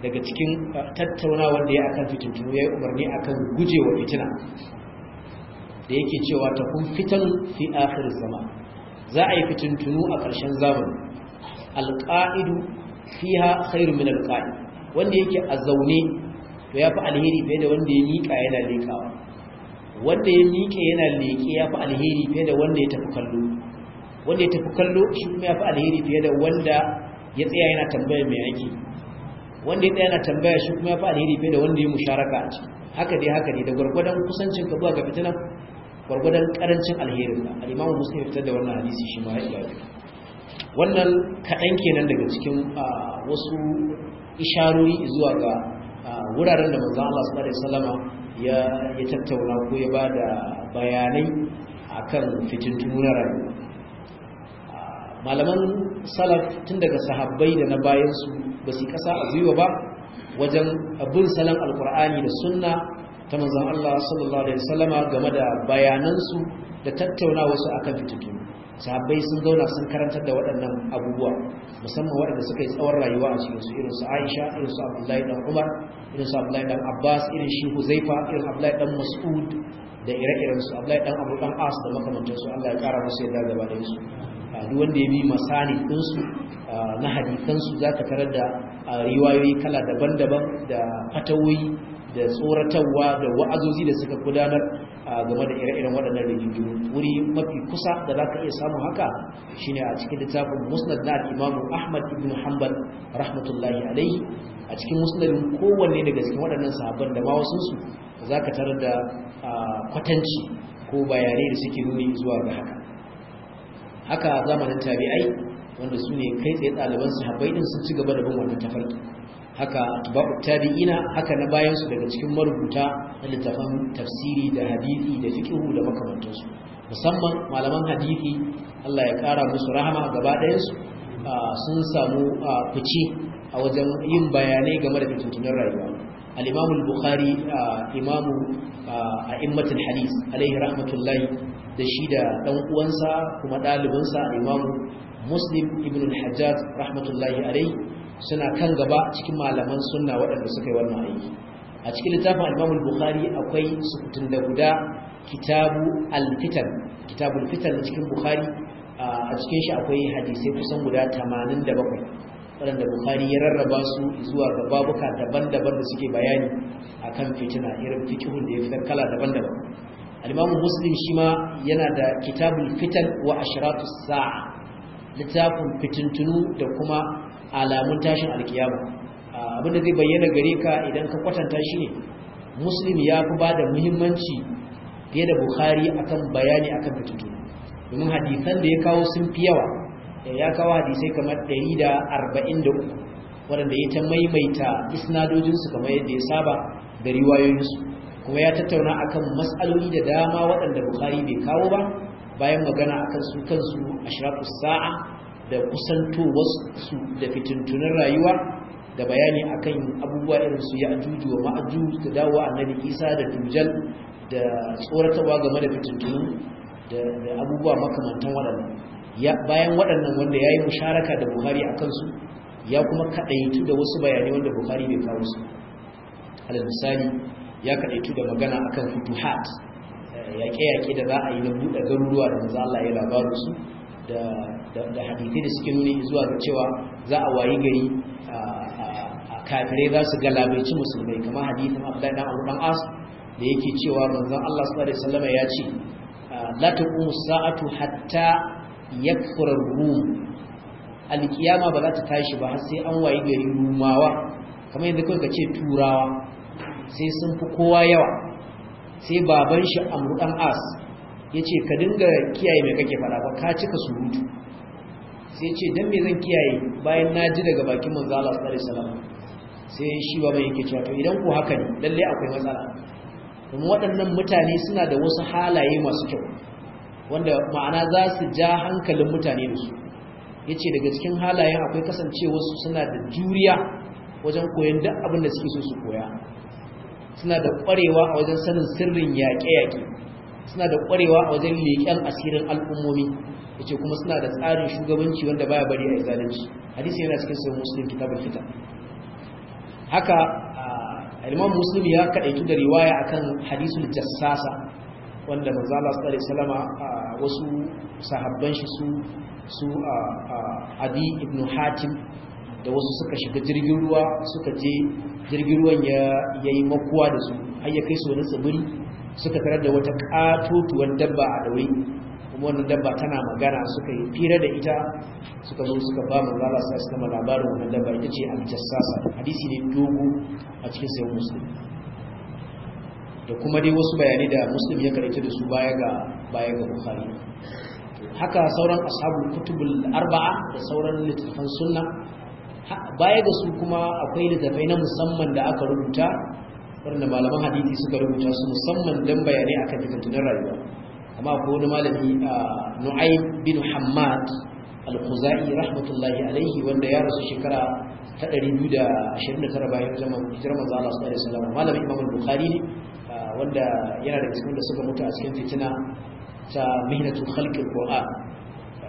daga cikin tattaunawar da ya akan fitintunu yayi umarni akan gujewa fitina da yake cewa ta kun fitan fi akhir zaman za a yi fitintunu a ƙarshen zamani alqa'idu fiha khairu min alqa'id wanda yake a zaune to yafi alheri fiye da wanda ya mika yana lekawa wanda ya miƙe yana leke yafi alheri fiye da wanda ya tafi kallo wanda ya tafi kallo shi kuma ya fi alheri fiye da wanda ya tsaya yana tambaya mai aiki wanda ya tsaya yana tambaya shi kuma ya fi alheri fiye da wanda ya musharaka a ci haka dai haka ne da gwargwadon kusancin ka zuwa ga fitina, gwargwadon karancin alherin ka al'imamu musulmi fitar da wannan hadisi shi ma ya wannan kaɗan kenan daga cikin wasu isharori zuwa ga wuraren da manzan Allah su ɗari salama ya tattauna ko ya ba da bayanai a kan fitintu na rayuwa malaman salaf tun daga sahabbai da na bayansu ba su kasa a zuwa ba wajen abin salon alkur'ani da sunna ta manzan Allah sallallahu alaihi wasallama game da bayanansu da tattauna wasu akan fitattun sahabbai sun zauna sun karantar da waɗannan abubuwa musamman waɗanda suka yi tsawon rayuwa a cikin su irin su Aisha irin su Abdullahi dan Umar irin su Abdullahi dan Abbas irin shi Huzaifa irin Abdullahi dan Mas'ud da ire-iren su Abdullahi dan Abu dan As da makamantansu Allah ya kara musu yadda gaba da su Ah, wanda ya bi masani ɗinsu ah, na hadisansu za ka tarar da ah, riwayoyi kala daban-daban da fatawoyi da tsoratarwa da wa'azozi da suka gudanar game da ire-iren waɗannan rigingimu wuri mafi kusa da za ka iya samu haka shi ne a cikin littafin musnad na imamu ahmad ibn hanbal rahmatullahi alaihi a cikin musnadin kowanne daga cikin waɗannan sahabban da ma wasunsu za ka tarar da kwatanci ko bayanai da suke nuni zuwa ga haka haka zamanin tabi'ai wanda su ne kai tsaye ɗaliban sahabbai din sun ci gaba da bin wannan tafarki haka atba'u tabi'ina haka na bayan su daga cikin marubuta na littafan tafsiri da hadithi da fiqhu da makamantansu musamman malaman hadithi, Allah ya kara musu rahama gaba ɗayan su sun samu fice a wajen yin bayanai game da fitintunan rayuwa al-Imam al-Bukhari imamu a'immatul hadith alaihi rahmatullahi da shi da ɗan uwansa kuma ɗalibinsa imam muslim ibn al-hajjaj rahmatullahi alaihi suna kan gaba cikin malaman sunna waɗanda suka yi wannan aiki a cikin littafin imam al-bukhari akwai sukutun da guda kitabu al-fitan kitabul fitan cikin bukhari a cikin shi akwai hadisai kusan guda 87 waɗanda Bukhari ya rarraba su zuwa ga babuka daban-daban da suke bayani akan fitina irin fikihun da ya fitar kala daban-daban Alimamu muslim shi ma yana da kitabul fitan wa ashratu sa'a littafin fitintunu da kuma alamun tashin alkiyama abinda zai bayyana gare ka idan ka kwatanta shi ne muslim ya fi ba da muhimmanci fiye da bukhari akan bayani akan fitintunu domin hadisan da ya kawo sun fi yawa eh, ya kawo hadisai kamar 143 waɗanda ya ta maimaita isnadojinsu kamar yadda ya saba da riwayoyinsu kuma ya tattauna akan matsaloli da dama waɗanda Bukhari bai kawo ba bayan magana akan su kansu ashraqus sa'a da kusantowarsu da fitintunan rayuwa da bayani akan abubuwa irin su ya'juj wa ma'juj da dawo annabi Isa da Dujjal da tsoratawa game da fitintunu da abubuwa makamantan waɗannan bayan waɗannan wanda ya yi musharaka da Buhari a kansu ya kuma kaɗaitu da wasu bayani wanda Bukhari bai kawo su alal misali ya kadaitu da magana akan futuhat yaƙe-yaƙe da za a yi na buɗe garuruwa da manzo Allah ya labarin su da hadithai da suke nuni zuwa ga cewa za a wayi gari kafirai za su galabaici musulmai kamar hadithin Abdullahi Abu As da yake cewa manzon Allah sallallahu alaihi wasallam ya ce la taqumu sa'atu hatta yakfura rum alkiyama ba za ta tashi ba har sai an wayi gari rumawa kamar yadda ka ce turawa sai sun fi kowa yawa sai baban shi amru as ya ce ka dinga kiyaye mai kake fara ba ka cika surutu sai ce don me zan kiyaye bayan na ji daga bakin manzo Allah sallallahu alaihi sai shi baban yake cewa to idan ku haka ne lalle akwai matsala kuma waɗannan mutane suna da wasu halaye masu kyau wanda ma'ana za su ja hankalin mutane da su ya ce daga cikin halayen akwai kasancewa suna da juriya wajen koyon duk abin da suke so su koya suna da ƙwarewa a wajen sanin sirrin yaƙe-yaƙe suna da ƙwarewa a wajen leƙen asirin al'ummomi da ce kuma suna da tsarin shugabanci wanda baya bari a zalunci hadisi yana cikin musulun muslim kitabul fita haka imam muslim ya kaɗaitu da riwaya a kan hadisul jassasa wanda manzo Allah sallallahu alaihi wasu sahabban shi su su adi ibn hatim da wasu suka shiga jirgin ruwa suka je jirgin ruwan ya yi makuwa da su har ya kai su wani tsibiri suka tarar da wata katotuwan dabba a daure kuma wannan dabba tana magana suka yi fira da ita suka zo suka ba mu lalla su suka labarin wannan dabba ita ce aljassasa hadisi ne dogo a cikin sayan musulun da kuma dai wasu bayanai da musulun ya karanta da su baya ga baya ga bukhari haka sauran ashabul kutubul arba'a da sauran littafan sunna baya da su kuma akwai littafai na musamman da aka rubuta wanda malaman hadisi suka rubuta su musamman don bayanai akan fitattunan rayuwa amma ko wani malami a nu'ay bin al-khuzai rahmatullahi alaihi wanda ya rasu shekara ta 229 bayan zaman hijirar manzo Allah sallallahu alaihi wasallam malamin imam al-bukhari ne wanda yana da cikin da suka mutu a cikin fitina ta mihnatul khalqi al-qur'an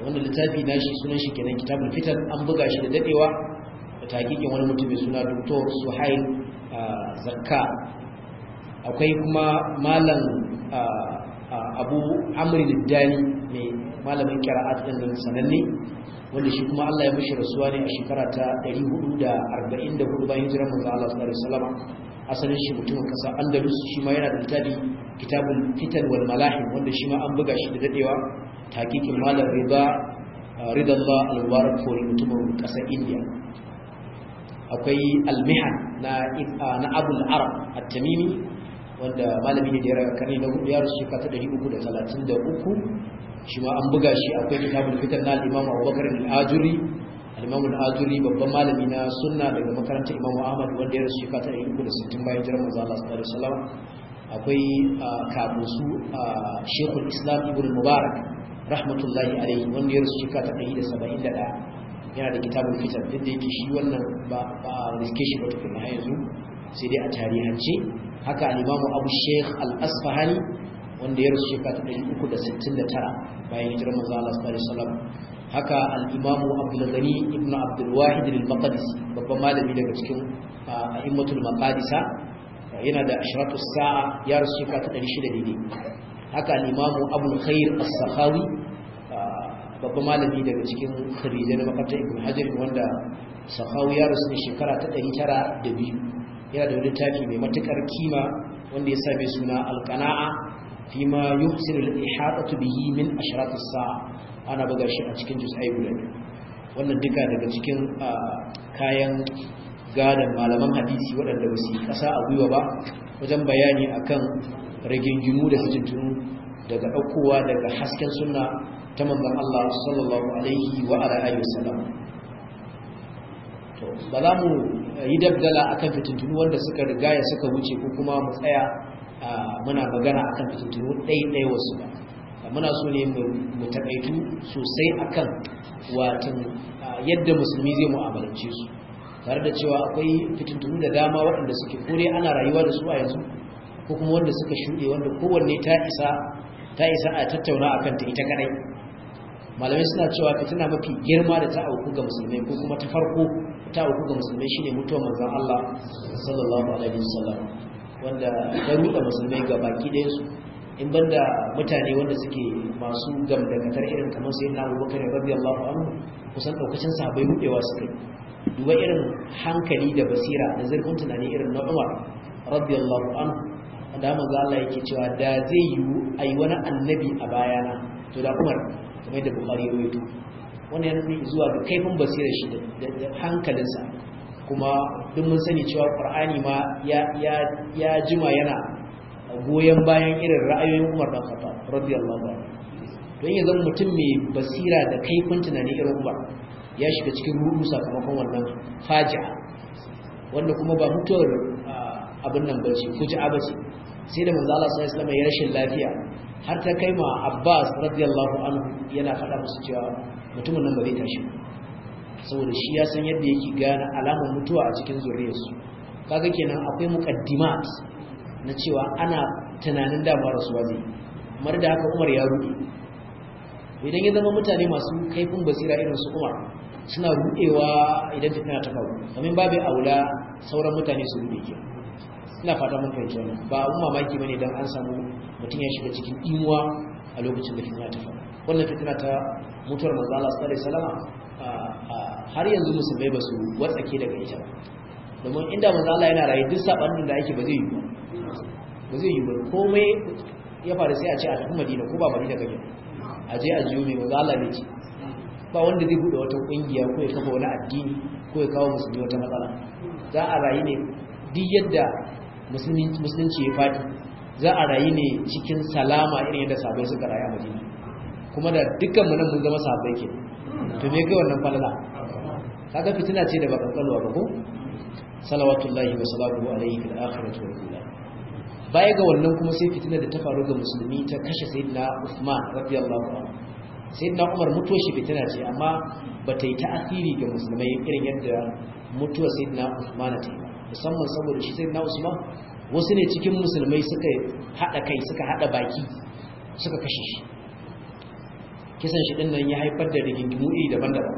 wannan littafi nashi sunan shi kenan kitabul fitan an buga shi da dadewa takikin wani mutum mai suna doktor suhail ah, zakka akwai kuma malam ah, ah, abu amrin dani mai malamin kira din da sananne wanda shi kuma Allah ya mushi rasuwa ne a shekara ta 444 bayan jiran manzo Allah sallallahu salama asalin shi mutumin kasa Andalus shi ma yana da littafi kitabun fitan wal malahi wanda shi ma an buga shi da dadewa takikin malam riba ridallah al-warak mutumin kasar India akwai almihan na ah, na abul arab at-tamimi wanda malami ne da ya raga karni na hudu ya rasu shekara ta 333 shi ma an buga shi akwai kitabul fitan na al a abubakar al-ajuri al-imam al-ajuri babban malami na sunna daga makarantar imam ahmad wanda ya rasu shekara ta 360 bayan jiran manzo Allah sallallahu alaihi wasallam akwai ah, kabusu ah, shekul islam ibn mubarak rahmatullahi alaihi wanda ya rasu shekara ta 171 yana da kitabun fitar duk da yake shi wannan ba a riske shi ba tukuna yanzu sai dai a tarihance haka alimamu abu sheikh al-asfahani wanda ya rasu shekara 369 bayan hijirar manzo Allah sallallahu alaihi wasallam haka al-imamu abdul ghani ibnu abdul wahid al-maqdisi babban malami daga cikin a'immatul maqadisa yana da ashratu sa'a ya rasu shekara 600 daidai haka al-imamu abul khair as-sakhawi babban malami daga cikin khadija na makarta ibn hajar wanda sahawu ya rasu shekara ta tara da biyu, yana da wani tafi mai matukar kima wanda ya sa mai suna alqana'a fi ma yuhsinu al-ihadatu bihi min ashrat as-sa'a ana buga shi a cikin juz'ai guda wannan duka daga cikin kayan gadan malaman hadisi waɗanda ba su kasa a gwiwa ba wajen bayani akan rigingimu da fitintunu daga ɗaukowa daga hasken sunna ta manzan Allah sallallahu alaihi wa ala alihi wasallam to ba za mu yi dabdala akan fitintunu wanda suka rigaya suka wuce ko kuma mu tsaya muna magana akan fitintunu ɗaiɗai wasu ba muna so ne mu taɓaitu sosai akan watan yadda musulmi zai mu'amalance su tare da cewa akwai fitintunu da dama waɗanda suke kore ana rayuwa da su a yanzu ko kuma wanda suka shuɗe wanda kowanne ta isa ta isa a tattauna akan ta ita kadai malamai suna cewa fitina mafi girma da ta auku ga musulmai ko kuma ta farko ta auku ga musulmai shine mutuwar manzon Allah sallallahu alaihi wasallam wanda ya ruda musulmai ga baki ɗayan su in banda mutane wanda suke masu gamdakatar irin kamar sai na Abubakar radiyallahu anhu kusan daukacin bai ruɗewa su kai duba irin hankali da basira da zurfin tunani irin na Umar radiyallahu anhu da manzo Allah yake cewa da zai yiwu ayi wani annabi a bayana to da Umar kamar da bukari ya rawaito wannan ya nufi zuwa ga kaifin basirar shi da hankalinsa kuma duk mun sani cewa ƙar'ani ma ya jima yana goyon bayan irin ra'ayoyin Umar kafa rabbi allah ba don ya zama mutum mai basira da kaifin tunanin irin Umar ya shiga cikin rudu sakamakon wannan faja, wanda kuma ba mutuwar ah, abin nan bace fuji'a bace sai da manzala sun sallallahu ya rashin lafiya har ta kai ma abbas radiyallahu anhu yana faɗa musu cewa mutumin nan ba zai tashi saboda shi ya san yadda yake gane alamar mutuwa a cikin zuriyarsu kaga kenan akwai muqaddimat na cewa ana tunanin dama rasuwa zai mar da haka umar ya ruɗe idan ya zama mutane masu kaifin basira irin su umar suna ruɗewa idan tana ta faru amma babu aula sauran mutane su ruɗe ina fata mun fahimci wannan ba abun mamaki bane dan an samu mutum ya shiga cikin imuwa a lokacin da fitina ta faru wannan fitina ta mutuwar manzo Allah sallallahu alaihi wasallam har yanzu musulmai ba su watsake daga ita domin inda manzo Allah yana rayu duk sabanin da ake ba zai yi ba ba zai yi ba komai ya faru sai a ce a tafi Madina ko ba daga kake a je a jiyo mai manzo Allah ne ce ba wanda zai bude wata kungiya ko ya kafa wani addini ko ya kawo musulmi wata matsala za a rayu ne duk yadda musulunci ya fadi za a rayu ne cikin salama irin yadda sabai suka rayu a madina kuma da dukkan mu mun zama sabai ke to me kai wannan falala kaga fitina ce da ba kankalwa ba ko salawatullahi wa salamu alayhi fil akhirati wal ula baya ga wannan kuma sai fitina da ta faru ga musulmi ta kashe sayyidina Uthman radiyallahu anhu sayyidina Umar mutuwa shi fitina ce amma ba ta yi ta'asiri ga musulmai irin yadda mutuwa sayyidina Uthman ta yi musamman saboda shi sai na usman wasu ne cikin musulmai suka hada kai suka hada baki suka kashe shi kisan shi dinnan ya haifar da rigingimu iri daban-daban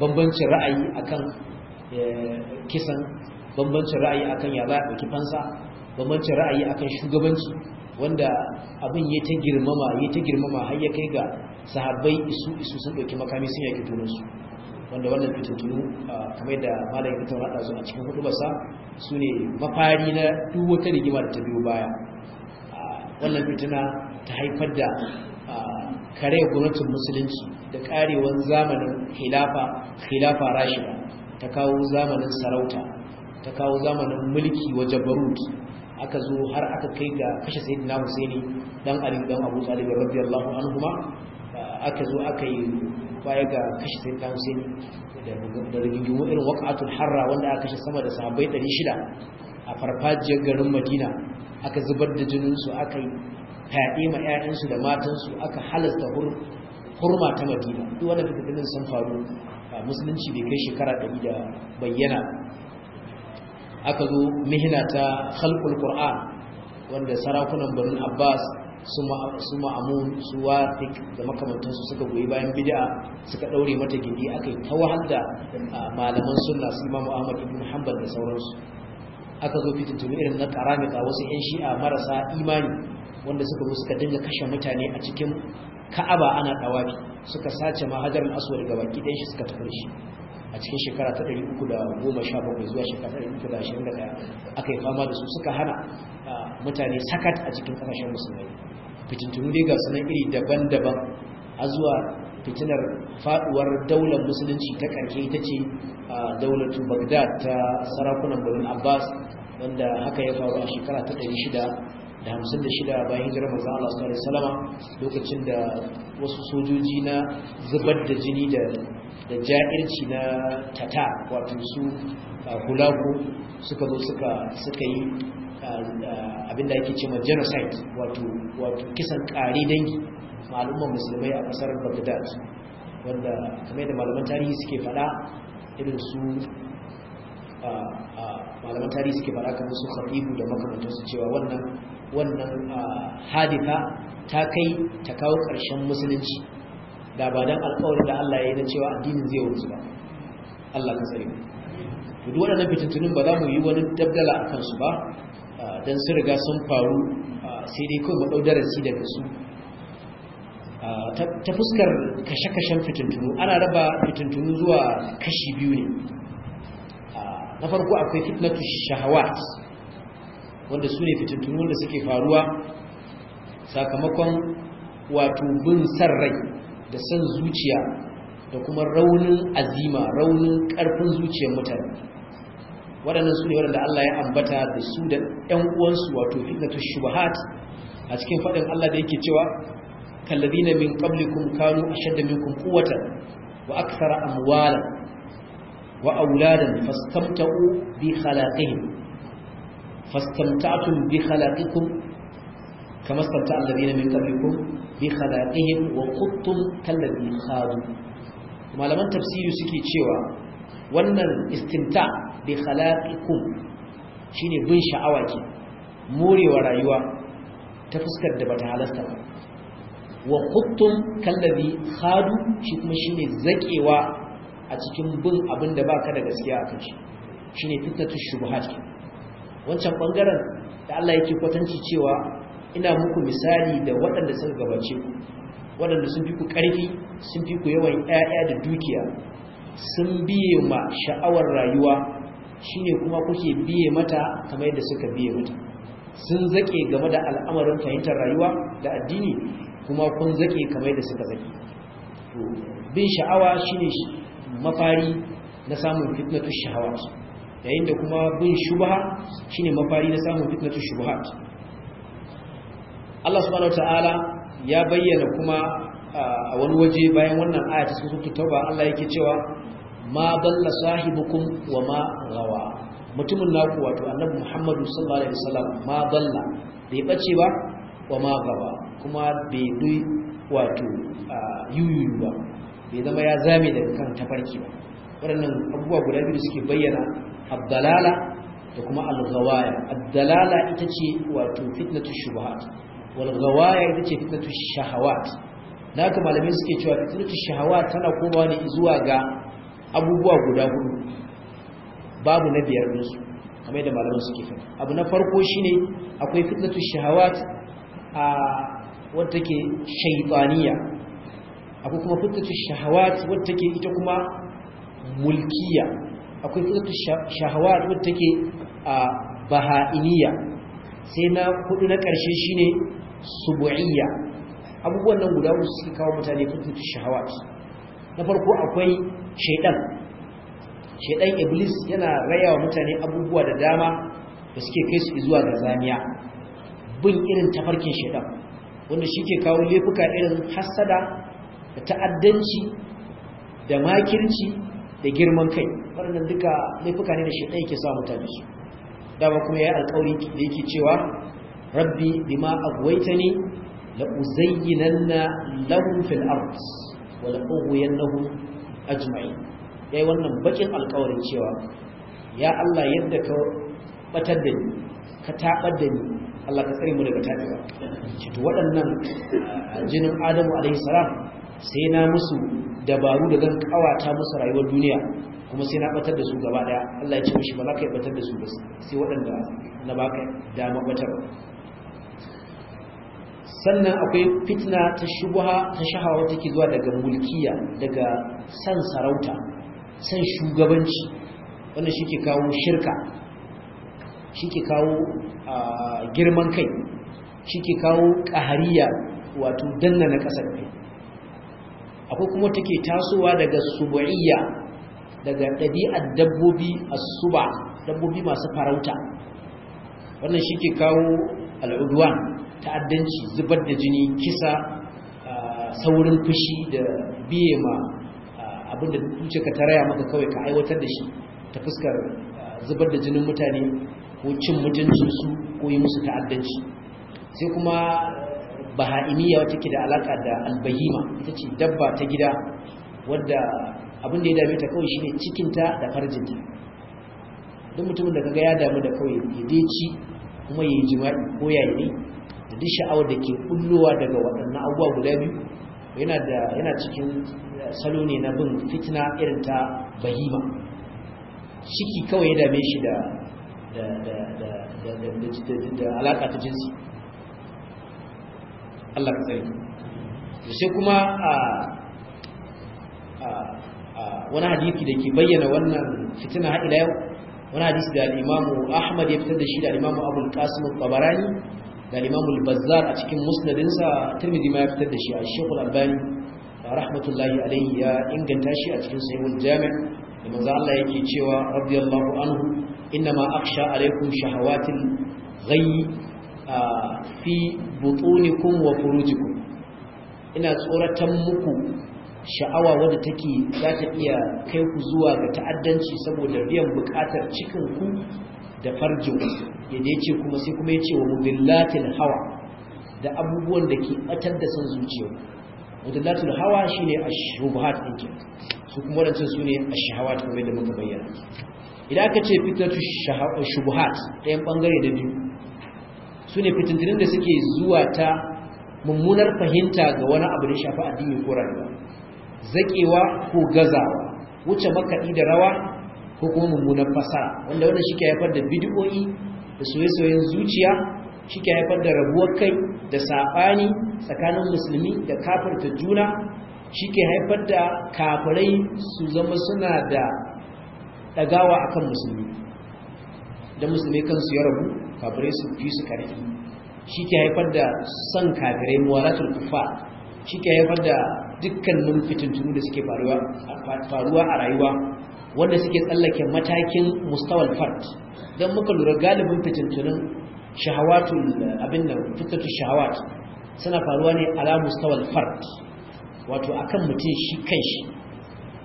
bambancin ra'ayi akan eh, kisan bambancin ra'ayi akan ya za a ɗauki fansa bambancin ra'ayi akan shugabanci wanda abin ya ta girmama ya ta girmama har ya kai ga sahabbai isu isu sun ɗauki makami sun yaƙi tunansu wanda wannan a kamar da malam ya tattauna da su a cikin hudubarsa su ne mafari na duwata rigimar da ta biyo baya wannan fitina ta haifar da kare gwamnatin musulunci da karewan zamanin khilafa khilafa rashida ta kawo zamanin sarauta ta kawo zamanin mulki wajen barut aka zo har aka kai ga kashe sayyidina husaini dan ali dan abu talib radiyallahu anhu ma aka zo aka yi baya ga kashi sai ta da rigingimu irin waƙatul harra wanda aka kashe sama da sahabbai 600 a farfajiyar garin madina aka zubar da jininsu aka yi fyaɗe ma 'ya'yansu da matansu aka halasta hurma ta madina duk wanda fitinin sun faru a musulunci bai kai shekara ɗari da bayyana aka zo mihina ta khalqul qur'an wanda sarakunan barin abbas su ma'amun su wafiq da makamantansu suka goyi bayan bid'a suka daure mata gindi aka ta wahal da malaman sunna su imamu ahmad ibn hanbal da sauransu aka zo fitintunu irin na karamita wasu yan shi'a marasa imani wanda suka zo suka dinga kashe mutane a cikin ka'aba ana dawafi suka sace mahajarin aswad ga baki shi suka tafi shi a cikin shekara ta 317 zuwa shekara ta 321 aka yi fama da su suka hana mutane sakat a cikin ƙasashen musulmai fitintunu dai ga sanan iri daban-daban a zuwa fitinar faduwar daular musulunci ta ƙarshe ita ce a daulatu bagdad ta sarakunan birnin abbas wanda haka ya faru a shekara ta 656 bayan jiran manzo Allah su salama salama, lokacin da wasu sojoji na zubar da jini da ja'irci na tata wato su hulaku suka zo suka yi abinda yake cewa genocide wato wato kisan kare dangi malumman musulmai a kasar Baghdad wanda kamar da malaman tarihi suke fada irin su malaman tarihi suke fada kamar su Khatibu da su cewa wannan wannan hadifa ta kai ta kawo ƙarshen musulunci da ba dan alƙawarin da Allah ya yi na cewa addinin zai wuce ba Allah ka tsare mu duk waɗannan fitintunin ba za mu yi wani dabdala a kansu ba don su riga sun faru sai dai kawai maɗau darasi daga su ta fuskar kashe-kashen fitintunu ana raba fitintunu zuwa kashi biyu ne na farko akwai fitnatu shahawat wanda su ne fitintunu da suke faruwa sakamakon wato bin san rai da san zuciya da kuma raunin azima raunin ƙarfin zuciyar mutane waɗannan su ne waɗanda Allah ya ambata da su da ‘yan uwansu wato fitnatu shubahat a cikin faɗin Allah da yake cewa kallabi na min qablikum kanu ashadda minkum quwwatan wa akthara amwalan wa auladan fastamta'u bi khalaqihim fastamta'tum bi khalaqikum kama stamta'a na min qablikum bi khalaqihim wa khuttum kallabi khadu malaman tafsiri suke cewa wannan istimta' bi khalaqikum shine bin sha'awa ke morewa rayuwa ta fuskar da bata halasta ba wa khuttum kallazi khadu shi kuma shine zakewa a cikin bin abinda da baka da gaskiya a kai shine fitatu shubuhat wancan bangaren da Allah yake kwatanci cewa ina muku misali da waɗanda suka gabace ku waɗanda sun fi ku ƙarfi sun fi ku yawan ƴaƴa da dukiya sun biye ma sha'awar rayuwa Shi ne kuma kuke biye mata kamar yadda suka biye mata sun zake game da al'amarin fahimtar rayuwa da addini kuma kun zake kamar yadda suka zake bin sha'awa shi ne mafari na samun fitnatu sha'awa yayin da kuma bin shubaha shi ne mafari na samun fitnatu shubaha. Allah subhanahu ta'ala ya bayyana kuma a wani waje bayan wannan ayata ta sura tauba Allah yake cewa ma dalla sahibukum wa ma gawa mutumin naku wato annabi Muhammadu sallallahu alaihi wasallam ma dalla bai bace ba wa ma gawa kuma bai dui wato yuyu ba bai zama ya zame daga kan tafarki ba waɗannan abubuwa guda biyu suke bayyana abdalala da kuma al-ghawaya abdalala ita ce wato fitnatu shubuhat wal ghawaya ita ce fitnatu shahawat naka malamai suke cewa fitnatu shahawat tana komawa ne zuwa ga abubuwa guda hudu babu na biyar dinsu kamar da malamin suke fi abu na farko shine akwai fitnatu shahawat a wadda take shaytaniya akwai kuma fitnatu shahawat wadda take ita kuma mulkiya akwai fitnatu shahawat wadda take a baha'iniya sai na hudu na karshe shine subu'iyya abubuwan nan guda uku suke kawo mutane fitnatu shahawat na farko akwai shaidan shaidan iblis yana raya wa mutane abubuwa da dama da suke kai su zuwa ga zamiya bin irin tafarkin shaidan wanda shi ke kawo laifuka irin hassada da ta'addanci da makirci da girman kai waɗannan duka laifuka ne da shaidan yake sa mutane su dama kuma ya yi alkawari da yake cewa rabbi bima aghwaytani la uzayyinanna lahum fil ard wa la ughwiyannahum ajma'i yayi wannan bakin alƙawarin cewa ya Allah yadda ka batar da ni ka tabar da ni Allah ka tsare mu daga tabewa shi to waɗannan ah, jinin Adamu alaihi salam sai na musu dabaru da zan kawata musu rayuwar duniya kuma sai na batar da su gaba daya Allah ya ce mishi ba za ka yi batar da su ba sai waɗanda na baka dama batarwa sannan akwai fitna ta shubuha ta shahawa take zuwa daga mulkiya daga san sarauta san shugabanci wannan shi ke kawo shirka shi ke kawo girman kai shi ke kawo ƙahariya wato danna na ƙasar ne. akwai kuma take tasowa daga subu'iyya daga ɗabi'ar dabbobi a suba dabbobi masu farauta wannan shi ke kawo al'uduwan ta'addanci zubar da jini kisa saurin fushi da biye ma abinda zuciya ka taraya maka kawai ka aiwatar da shi ta fuskar zubar da jinin mutane ko cin su ko yi musu ta'addanci sai kuma baha'imiyya wata ke da alaka da albayima ita ce dabba ta gida wadda abin da ya dame ta kawai shi ne cikinta da farjinta duk mutumin da kaga ya damu da kawai ya dai ci kuma ya yi jima'i ko ya yi duk sha'awar da ke kullowa daga waɗannan abubuwa guda biyu yana da yana cikin eh, salo ne na bin fitina irin ta bahima ciki kawai ya dame shi da da da da da ta jinsi Allah ka tsari da sai kuma a wani hadisi da ke bayyana wannan fitina har ila yau wani hadisi da al Ahmad ya fitar da shi da al-Imam Abu al-Qasim al-Tabarani da limamul bazzar a cikin musnadinsa turmidi ma ya fitar da shi a shekul albani rahmatullahi alaihi ya inganta shi a cikin sahihul Jami'a. da maza Allah yake cewa radiyallahu anhu inna ma akhsha alaikum shahawatil ghayyi fi butunikum wa furujikum ina tsoratan muku sha'awa wadda take za ta iya kai ku zuwa ga ta'addanci saboda biyan bukatar cikin ku da farjo yadda ya ce kuma sai kuma ya ce wa mudillatil hawa da abubuwan da ke batar da son zuciya mudillatil hawa shine a din ɗinkin, su kuma wadancan su ne ashahawat kuma da muka bayyana idan aka ce fitnatu shubuhat ɗayan bangare da biyu su ne fitintunin da suke zuwa ta mummunar fahimta ga wani abu da shafa addini ko rayuwa zakewa ko gazawa wuce makaɗi da rawa ko kuma mummunan fasara wanda wanda shi ke haifar da bidiyoyi da soye-soyen zuciya shi ke haifar da rabuwar kai da saɓani tsakanin musulmi da kafarta juna shi ke haifar da kafirai su zama suna da ɗagawa kan musulmi da musulmi kansu ya rabu kafirai su fi su karfi shi ke haifar da son kafirai muwalatul kufa shi ke haifar da dukkanin fitintunu da suke faruwa a rayuwa wanda suke tsallake matakin mustawal Fart don muka lura galibin fitintunin shahawatun abin da fitattun shahawat suna faruwa ne ala mustawal Fart wato akan mutum shi kai shi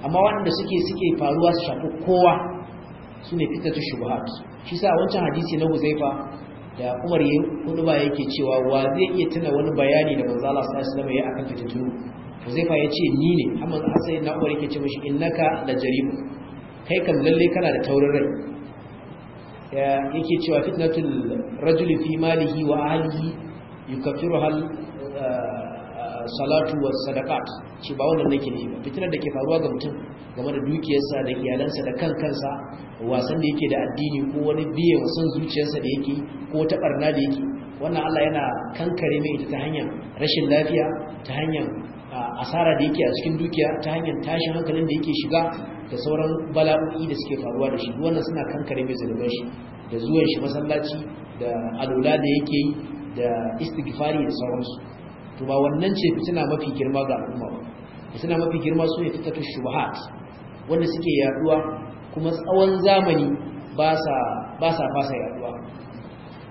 amma waɗanda suke suke faruwa su shafi kowa su ne fitattun shubuhat shi sa wancan hadisi na huzaifa da umar yi hudu ba yake cewa wa zai iya tuna wani bayani da manzala sallallahu alaihi ya akan fitattun huzaifa ya ce ni ne amma sai na umar yake ce mashi innaka da jaribu kai kan lalle kana da taurin rai yake cewa fitnatul rajuli fi malihi wa ahlihi yukaffiru hal uh, salatu was sadaqat shi ba wannan nake ne fitnar da ke faruwa ga mutum game da dukiyarsa da iyalansa da kan kansa wasan da yake da addini ko wani biye wasan zuciyarsa da yake ko ta barna da yake wannan Allah yana kankare mai ta hanyar rashin lafiya ta hanyar uh, asara da yake a cikin dukiya ta hanyar tashin hankalin da yake shiga da sauran bala'o'i da suke faruwa da shi wannan suna kankare mai zanuban shi da zuwan shi masallaci da alula da yake yi da istighfari da sauransu to ba wannan ce fitina mafi girma ga al'umma ba fitina mafi girma su ne fitatun shubahat wanda suke yaduwa kuma tsawon zamani ba sa fasa yaduwa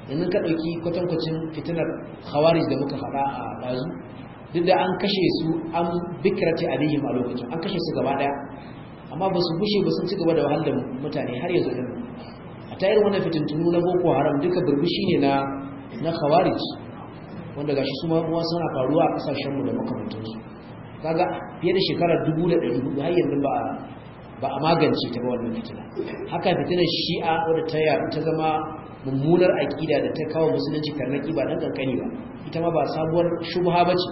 yanzu ka ɗauki kwatankwacin fitinar khawarij da muka faɗa a dazu duk da an kashe su an bikrati alaihim a lokacin an kashe su gaba ɗaya amma ba su gushe ba sun ci gaba da wahalar mutane har yanzu din a tayar wannan fitintunu na boko haram duka burbushi ne na na khawarij wanda gashi su ma suna faruwa a kasashen mu da su kaga fiye da shekarar 1400 har yanzu ba ba a magance ta ba wannan fitina haka fitinar shi'a wadda ta yaru ta zama mummunar aƙida da ta kawo musulunci karnaki ba dan kankani ba ita ma ba sabuwar shubha bace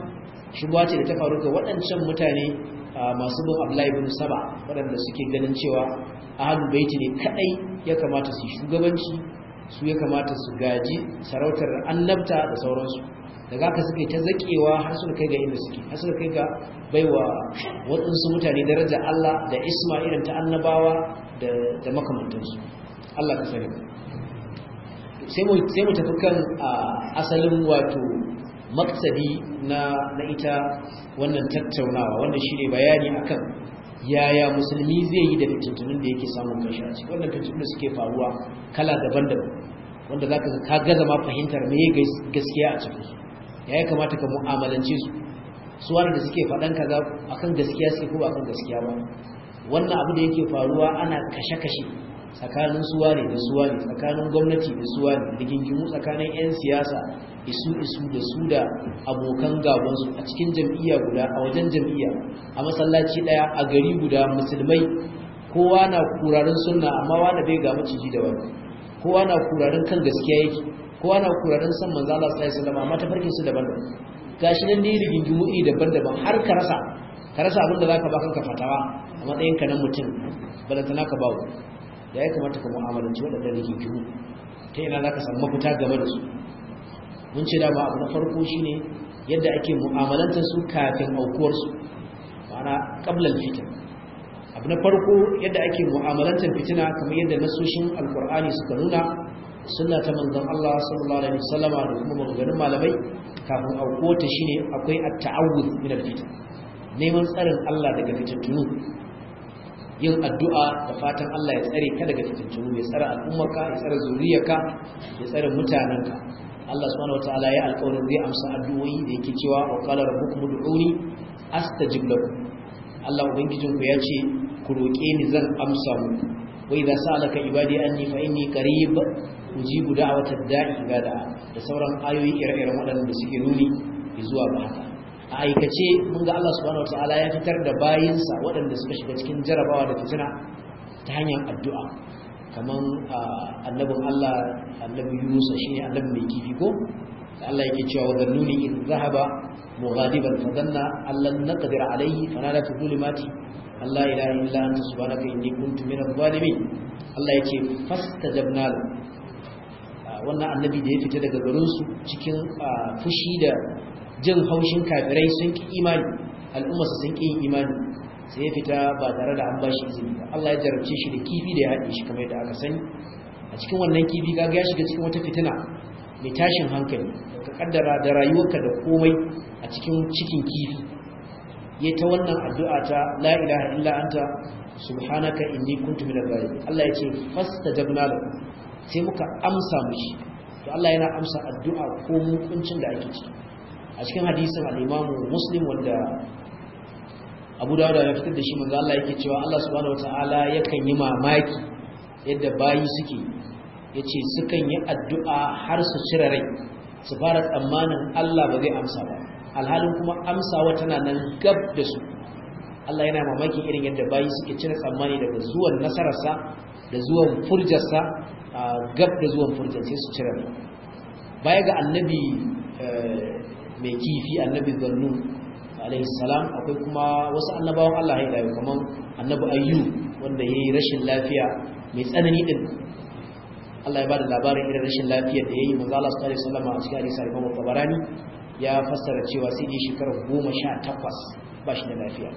shubha ce da ta faru ga waɗancan mutane masu bin Abdullahi bin Saba waɗanda suke ganin cewa ahlul baiti ne kadai ya kamata su shugabanci su ya kamata su gaji sarautar annabta da sauransu daga haka suke ta zakewa har suka kai ga inda suke har suka kai ga baiwa waɗansu mutane daraja Allah da isma irin ta annabawa da makamantansu Allah ka sani sai mu tafi kan asalin wato maksadi na na ita wannan tattaunawa wanda ne bayani akan yaya musulmi zai yi da tuntunin da yake samun kashi a cikin wannan fitintunin suke faruwa kala daban-daban wanda za ka gaza ma fahimtar mai gaskiya a cikin su ya kamata ka mu'amalance su su wanda da suke faɗan kaza akan gaskiya suke ko akan gaskiya ba wannan abu da yake faruwa ana kashe-kashe tsakanin suwa ne da suwa ne tsakanin gwamnati da suwa ne rigingimu tsakanin 'yan siyasa isu isu da su da abokan gabansu a cikin jam'iyya guda a wajen jam'iyya a masallaci daya a gari guda musulmai kowa na kurarin sunna amma wani bai ga maciji da wani kowa na kurarin kan gaskiya yake kowa na kurarin san manzo Allah sallallahu alaihi wasallam amma tafarkin su daban-daban gashi nan ne rigingimu iri daban-daban har ka rasa ka rasa abin da zaka ba kanka fatawa a matsayin ka na mutum balantana ka bawo Da ya kamata ka mu'amalanci ke rigingimu ta yana za ka samu mafita game da su mun ce dama abu na farko shi ne yadda ake mu'amalantar su kafin aukuwarsu ma'ana ƙablar fitan. abu na farko yadda ake mu'amalantar fitina kamar yadda nasoshin alkur'ani suka nuna suna ta manzan Allah sallallahu alaihi wasallama da kuma maganganun malamai kafin aukuwarta shine akwai at-ta'awudh min al-fitan neman tsarin Allah daga fitintunu yin addu'a da fatan Allah ya tsare ka daga fitintunu ya tsare al'ummarka ya tsare zuriyarka ya tsare mutanenka Allah subhanahu wataala ya alƙawarin zai amsa addu'o'i da yake cewa wa qala rabbukum ud'uni astajib lakum Allah ubangijin ku ya ce ku roƙe ni zan amsa mu. Wai za sa alaka ibadi an ni fa Ku ji guda wata da'i ibada da sauran ayoyi ire-iren waɗanda suke nuni zuwa ba haka a aikace mun ga Allah subhanahu wataala ya fitar da bayinsa waɗanda suka shiga cikin jarabawa da fitina ta hanyar addu'a kaman annabin Allah annabi Yusuf ne annabi mai kifi ko Allah yake cewa wa dhannuni in zahaba mughadiban fa dhanna allan naqdir alayhi fa nada fi zulumati Allah ila illa anta subhanaka inni kuntu min adh-dhalimin Allah yake fastajabna wannan annabi da ya fita daga garin su cikin fushi da jin haushin kafirai sun ki imani al'ummarsa sun ki imani sai ya fita ba tare da an ba shi izini ba Allah ya jarabce shi da kifi da ya haɗe shi kamar yadda aka sani a cikin wannan kifi ga ya shiga cikin wata fitina mai tashin hankali ka kaddara da rayuwarka da komai a cikin cikin kifi ya ta wannan addu'a ta la ilaha illa anta subhanaka inni kuntu minal zalimin Allah ya ce fastajabna lahu sai muka amsa mishi to Allah yana amsa addu'a ko mun kuncin da ake ciki a cikin hadisin al'imamu muslim wanda abu da ya fitar da shi manzo Allah yake cewa Allah subhanahu wataala kan yi mamaki yadda bayi suke Ya ce su kan yi addu'a har su cire rai su fara tsammanin Allah ba zai amsa ba alhalin kuma amsawa tana nan gab da su Allah yana mamaki irin yadda bayi suke cire tsammani daga zuwan nasararsa da zuwan furjarsa gab da zuwan furjarsa su cire rai baya ga annabi eh, mai kifi annabi zarnu alaihi salam akwai kuma wasu annabawan Allah ya rayu kamar annabi ayyu wanda ya yi rashin lafiya mai tsanani din Allah ya ba da labarin irin rashin lafiyar da yayi manzo Allah sallallahu alaihi salam a cikin hadisi Imam Tabarani ya fassara cewa sai dai sha takwas ba shi da lafiya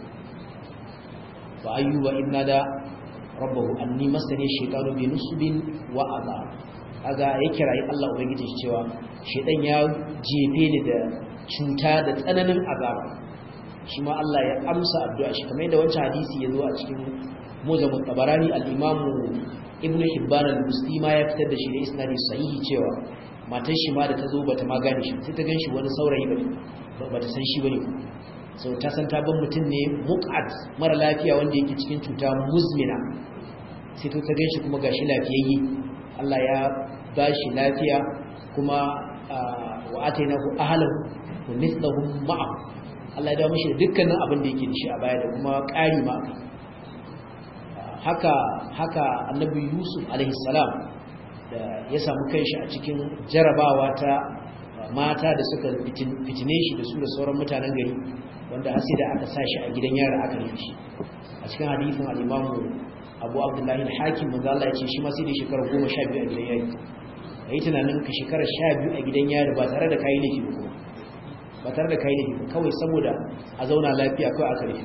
wa ayyuba inna da rabbahu anni masani shaytanu bi nusbin wa adha aga ya kirayi Allah ubangiji cewa shedan ya jefe ni da cuta da tsananin azaba shi ma Allah ya amsa addu'a shi kamar yadda wancan hadisi ya zo a cikin muzamu tabarani al-imamu ibn hibban al musti ma ya fitar da shi da isnadi sahihi cewa matar shi ma da ta zo bata ma gane shi sai ta ganshi wani saurayi ba bata san shi bane so ta san ta ban mutum ne muqad mara lafiya wanda yake cikin cuta muzmina sai to ta ganshi kuma gashi lafiyayye Allah ya bashi lafiya kuma ah, wa atainahu ahlahu wa mislahum ma'a Allah ya dawo mishi da dukkanin abin da yake da shi a baya da kuma ƙari ma haka haka annabi Yusuf alaihi salam da ya samu kanshi a cikin jarabawa ta mata da suka fitine shi da su da sauran mutanen gari wanda har sai da aka sa shi a gidan yara aka yi shi a cikin hadithin al-Imam Abu Abdullah al-Hakim manzo Allah ya ce shi ma sai da shekara 12 a gidan yari yi tunanin ka shekara 12 a gidan yari ba tare da kai laifi ba ba tare da kai ne kawai saboda a zauna lafiya kawai aka rufe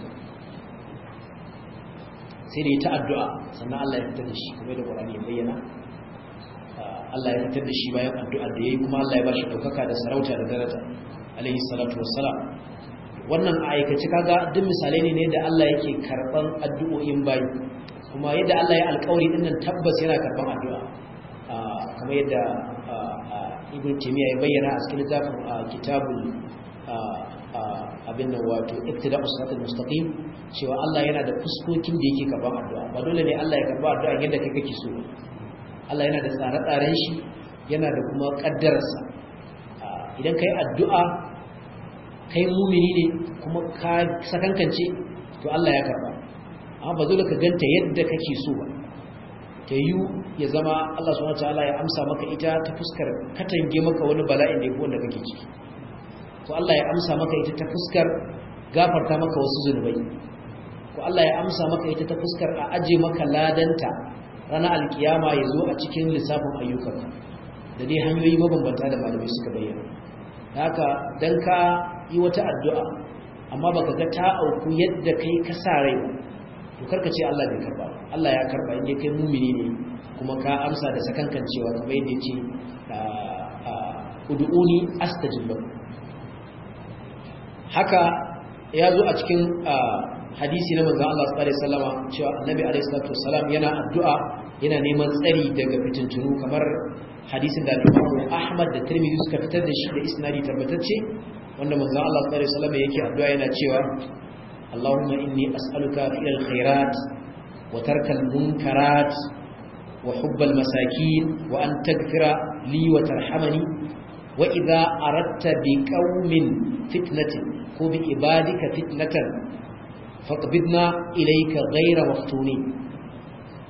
sai da ta addu'a sannan Allah ya fitar da shi kuma da Qur'ani ya bayyana ah, Allah ya fitar da shi bayan addu'a da yayi kuma Allah ya bashi daukaka da sarauta da daraja alayhi salatu wassalam wannan aikace kaga duk misalai ne da Allah yake karban addu'o'in bayi kuma yadda Allah ya alƙawari nan tabbas yana karban addu'a ah, kamar yadda ah, ibn timiya ya bayyana a cikin littafin kitabul abin da wato iktida usratul mustaqim cewa Allah yana da fuskokin da yake karban addu'a ba dole ne Allah ya karba addu'a yadda kake kake so Allah yana da tsare-tsaren shi yana da kuma kaddararsa idan kai addu'a kai mumini ne kuma ka sakankance to Allah ya karba amma ba dole ka ganta yadda kake so ba ta yi ya zama Allah subhanahu ta'ala ya amsa maka ita ta fuskar katange maka wani bala'in ne ko wanda kake ciki ko Allah ya amsa maka ita ta fuskar gafarta maka wasu zunubai ko Allah ya amsa maka ita ta fuskar a aje maka ladanta ranar alkiyama ya zo a cikin lissafin ayyukanka da dai hanyoyi mabambanta da malamai suka bayyana haka dan ka yi wata addu'a amma baka ga ta auku yadda kai ka sa rai to karka ce Allah bai karba Allah ya karba in kai mumini ne kuma ka amsa da sakankan cewa kamar yadda ce ah, ah, ud'uni astajib lakum haka ya zo a cikin hadisi na manzan Allah tsare salama cewa annabi alaihissalatu salam yana addu'a yana neman tsari daga fitintunu kamar hadisin da alimamu ahmad da tirmidhi suka fitar da shi da isnadi tabbatacce wanda manzan Allah tsare salama yake addu'a yana cewa Allahumma inni as'aluka fi'il khairat wa tarkal munkarat wa hubbal masakin wa an tagfira li wa tarhamani wa a aratta bi qaumin fitnatin ko bi ibadika fitnatan faqbidna ilayka ghayra maftuni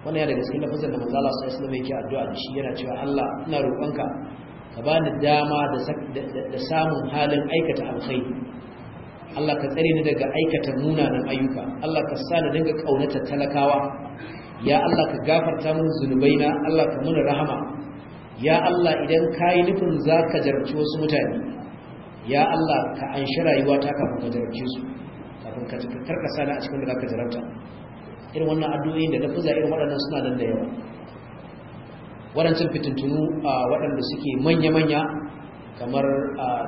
wannan yana daga cikin lafazin da manzo Allah sallallahu yake addu'a da shi yana cewa Allah ina roƙonka ka bani dama da samun halin aikata alkhairi Allah ka tsare ni daga aikata munanan ayyuka Allah ka sa ni dinga kaunata talakawa ya Allah ka gafarta min zunubaina Allah ka muni rahama ya Allah idan ka yi nufin za ka jarci wasu mutane ya Allah ka an shi rayuwa ta kafin ka jarci su kafin ka karkasa na a cikin da za ka jarabta irin wannan addu'o'in da na fuza irin waɗannan suna nan da yawa waɗancan fitintunu a waɗanda suke manya-manya kamar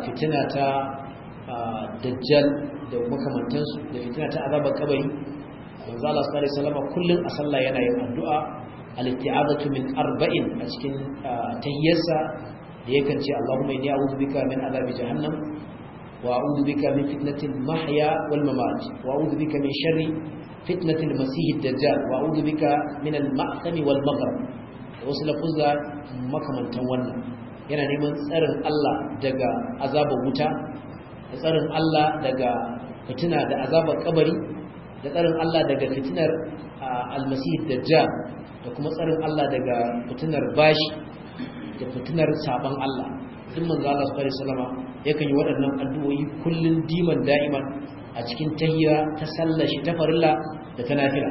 fitina ta dajjal da makamantansu da fitina ta azabar kabari yanzu Allah sallallahu alaihi wasallam kullun a sallah yana yin addu'a al-isti'azatu min arba'in a cikin tahiyyarsa da yakan ce Allahumma inni a'udhu bika min azabi jahannam wa a'udhu bika min fitnatil mahya wal mamat wa a'udhu bika min sharri fitnatil masih ad-dajjal wa a'udhu bika min al-ma'tham wal maghrib wasu lafuzza makamantan wannan yana neman tsarin Allah daga azabar wuta da tsarin Allah daga fitina da azabar kabari da tsarin Allah daga fitinar almasih dajjal da kuma tsarin Allah daga fitinar bashi da fitinar sabon Allah duk manzo Allah sallallahu alaihi wasallam yakan yi waɗannan addu'o'i kullun diman da'iman a cikin tahiyya ta sallashi, shi ta farilla da ta nafila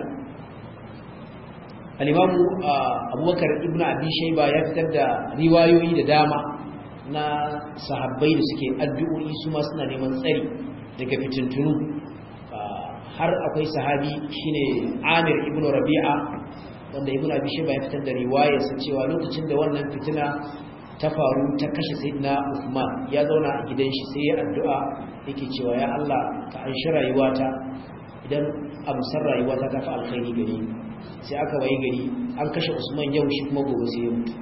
al-imam ah, Abubakar ibn Abi Shayba ya fitar da riwayoyi da dama na sahabbai da suke addu'o'i su ma suna neman tsari daga fitintunu ah, har akwai sahabi shine Amir ibn Rabi'a wanda ibn abi shayba ya fitar da riwaya sa cewa lokacin da wannan fitina ta faru ta kashe sayyidina Uthman ya zauna a gidan shi sai ya addu'a yake cewa ya Allah ka anshi rayuwata idan amsar rayuwata ta fa alkhairi gare ni sai aka waye gari an kashe Usman yau shi kuma gobe sai ya mutu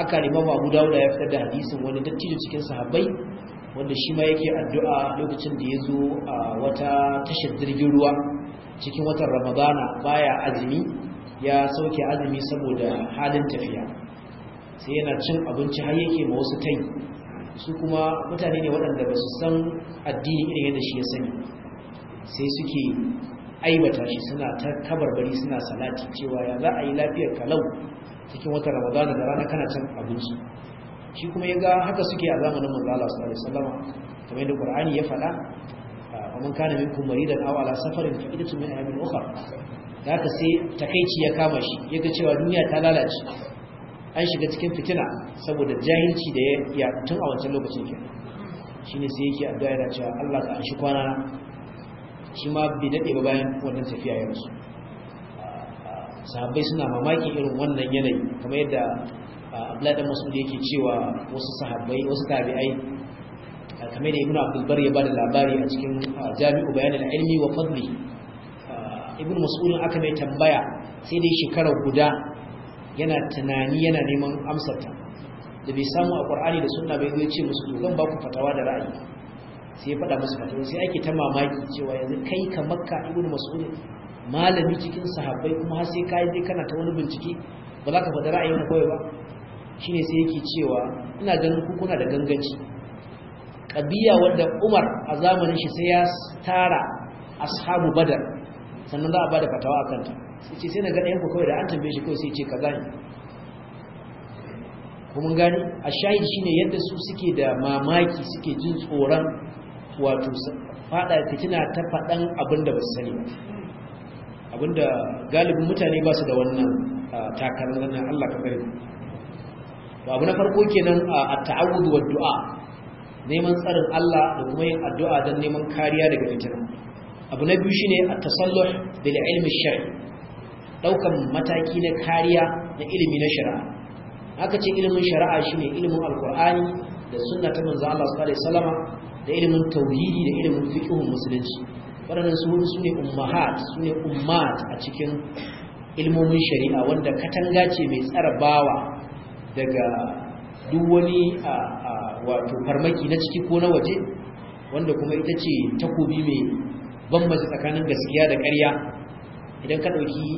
aka limama Abu Dawud ya fitar da hadisin wani dattijo cikin sahabbai wanda shi ma yake addu'a lokacin da ya zo a wata tashar jirgin ruwa cikin watan Ramadana baya azumi ya sauke azumi saboda halin tafiya sai yana cin abinci har yake ma wasu tai su kuma mutane ne waɗanda ba su san addini irin yadda shi ya sani sai suke aibata shi suna ta kabarbari suna salati cewa ya za a yi lafiyar kalau cikin watan ramadana da rana kana can abinci shi kuma ya ga haka suke a zamanin manzo su sallallahu alaihi kamar yadda Qur'ani ya faɗa a man kana minkum maridan aw ala safarin fa idatu min ayamin ukhra da haka sai takaici ya kama shi ga cewa duniya ta lalace an shiga cikin fitina saboda jahilci da ya tun a wancan lokacin ke ne sai yake addu'a yana cewa Allah ka anshi kwana shi ma bai daɗe ba bayan wannan tafiya ya rasu sahabbai suna mamaki irin wannan yanayi kamar yadda ah, Abdullahi dan da yake cewa wasu sahabbai wasu tabi'ai kamar da Ibn Abdul Bar ya da labari a cikin ah, Jami'u bayanin ilmi wa Fadli ibn mas'udin aka mai tambaya sai dai shekara guda yana tunani yana neman amsarta da bai samu a qur'ani da sunna bai ce musu to zan ba ku fatawa da ra'ayi sai ya faɗa musu fatawa sai ake ta mamaki cewa yanzu kai ka makka ibn mas'udin malami cikin sahabbai kuma har sai kai dai kana ta wani bincike ba za ka faɗa ra'ayin kawai ba shine sai yake cewa ina ganin ku kuna da ganganci kabiya wanda Umar a zamanin shi sai ya tara ashabu Badar sannan za a bada fatawa a kanta sai ce sai na ga ɗayan ku kawai da an tambaye shi kawai sai ce ka gani. kuma gani a shahid ne yadda su suke da mamaki suke jin tsoron wato fada fitina ta faɗan abin da ba su sani ba abinda galibin mutane ba su da wannan takarar wannan Allah ka gari to abu na farko kenan a ta'awudu wa du'a neman tsarin Allah da kuma yin addu'a don neman kariya daga fitina abu na biyu shine at-tasalluh bil ilmi shar'i daukan mataki na kariya na ilimi na shari'a aka ce ilimin shari'a shine ilimin alqur'ani da sunna ta manzo Allah sallallahu alaihi da ilimin tauhidi da ilimin fiqhun musulunci waɗannan su sune ummahat sune ummat a cikin ilmomin shari'a wanda katanga ce mai tsara daga duk wani wato farmaki na ciki ko na waje wanda kuma ita ce takobi mai bambance tsakanin gaskiya da ƙarya idan ka ɗauki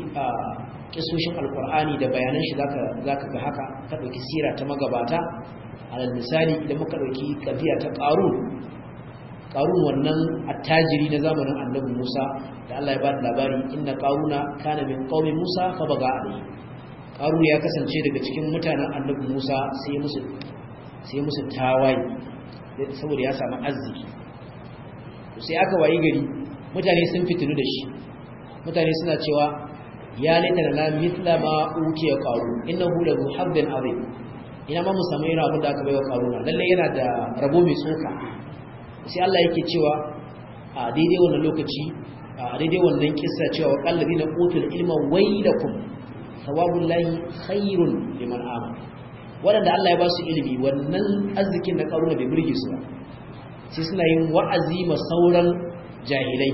ƙisoshin alkur'ani da bayanan shi za ka ga haka ka ɗauki sira ta magabata alal misali idan muka ɗauki ƙafiya ta ƙarun ƙarun wannan attajiri na zamanin annabi musa da allah ya ba da labari inda ƙaruna kana min ƙaumin musa fa ga alayhi ƙarun ya kasance daga cikin mutanen annabi musa sai musu sai musu tawaye saboda ya samu arziki sai aka wayi gari mutane sun fitilu da shi mutane suna cewa ya laita da lami ma uke ya karu innahu lahu haddin azim ina ma mu samu abin da aka baiwa karuna lalle yana da rabo mai tsoka sai Allah yake cewa a daidai wannan lokaci a daidai wannan kissa cewa qallabi na qutul ilma waylakum layi, khairun liman amana waɗanda Allah ya ba su ilimi wannan arzikin da karuna bai burge su sai suna yin wa'azi ma sauran jahilai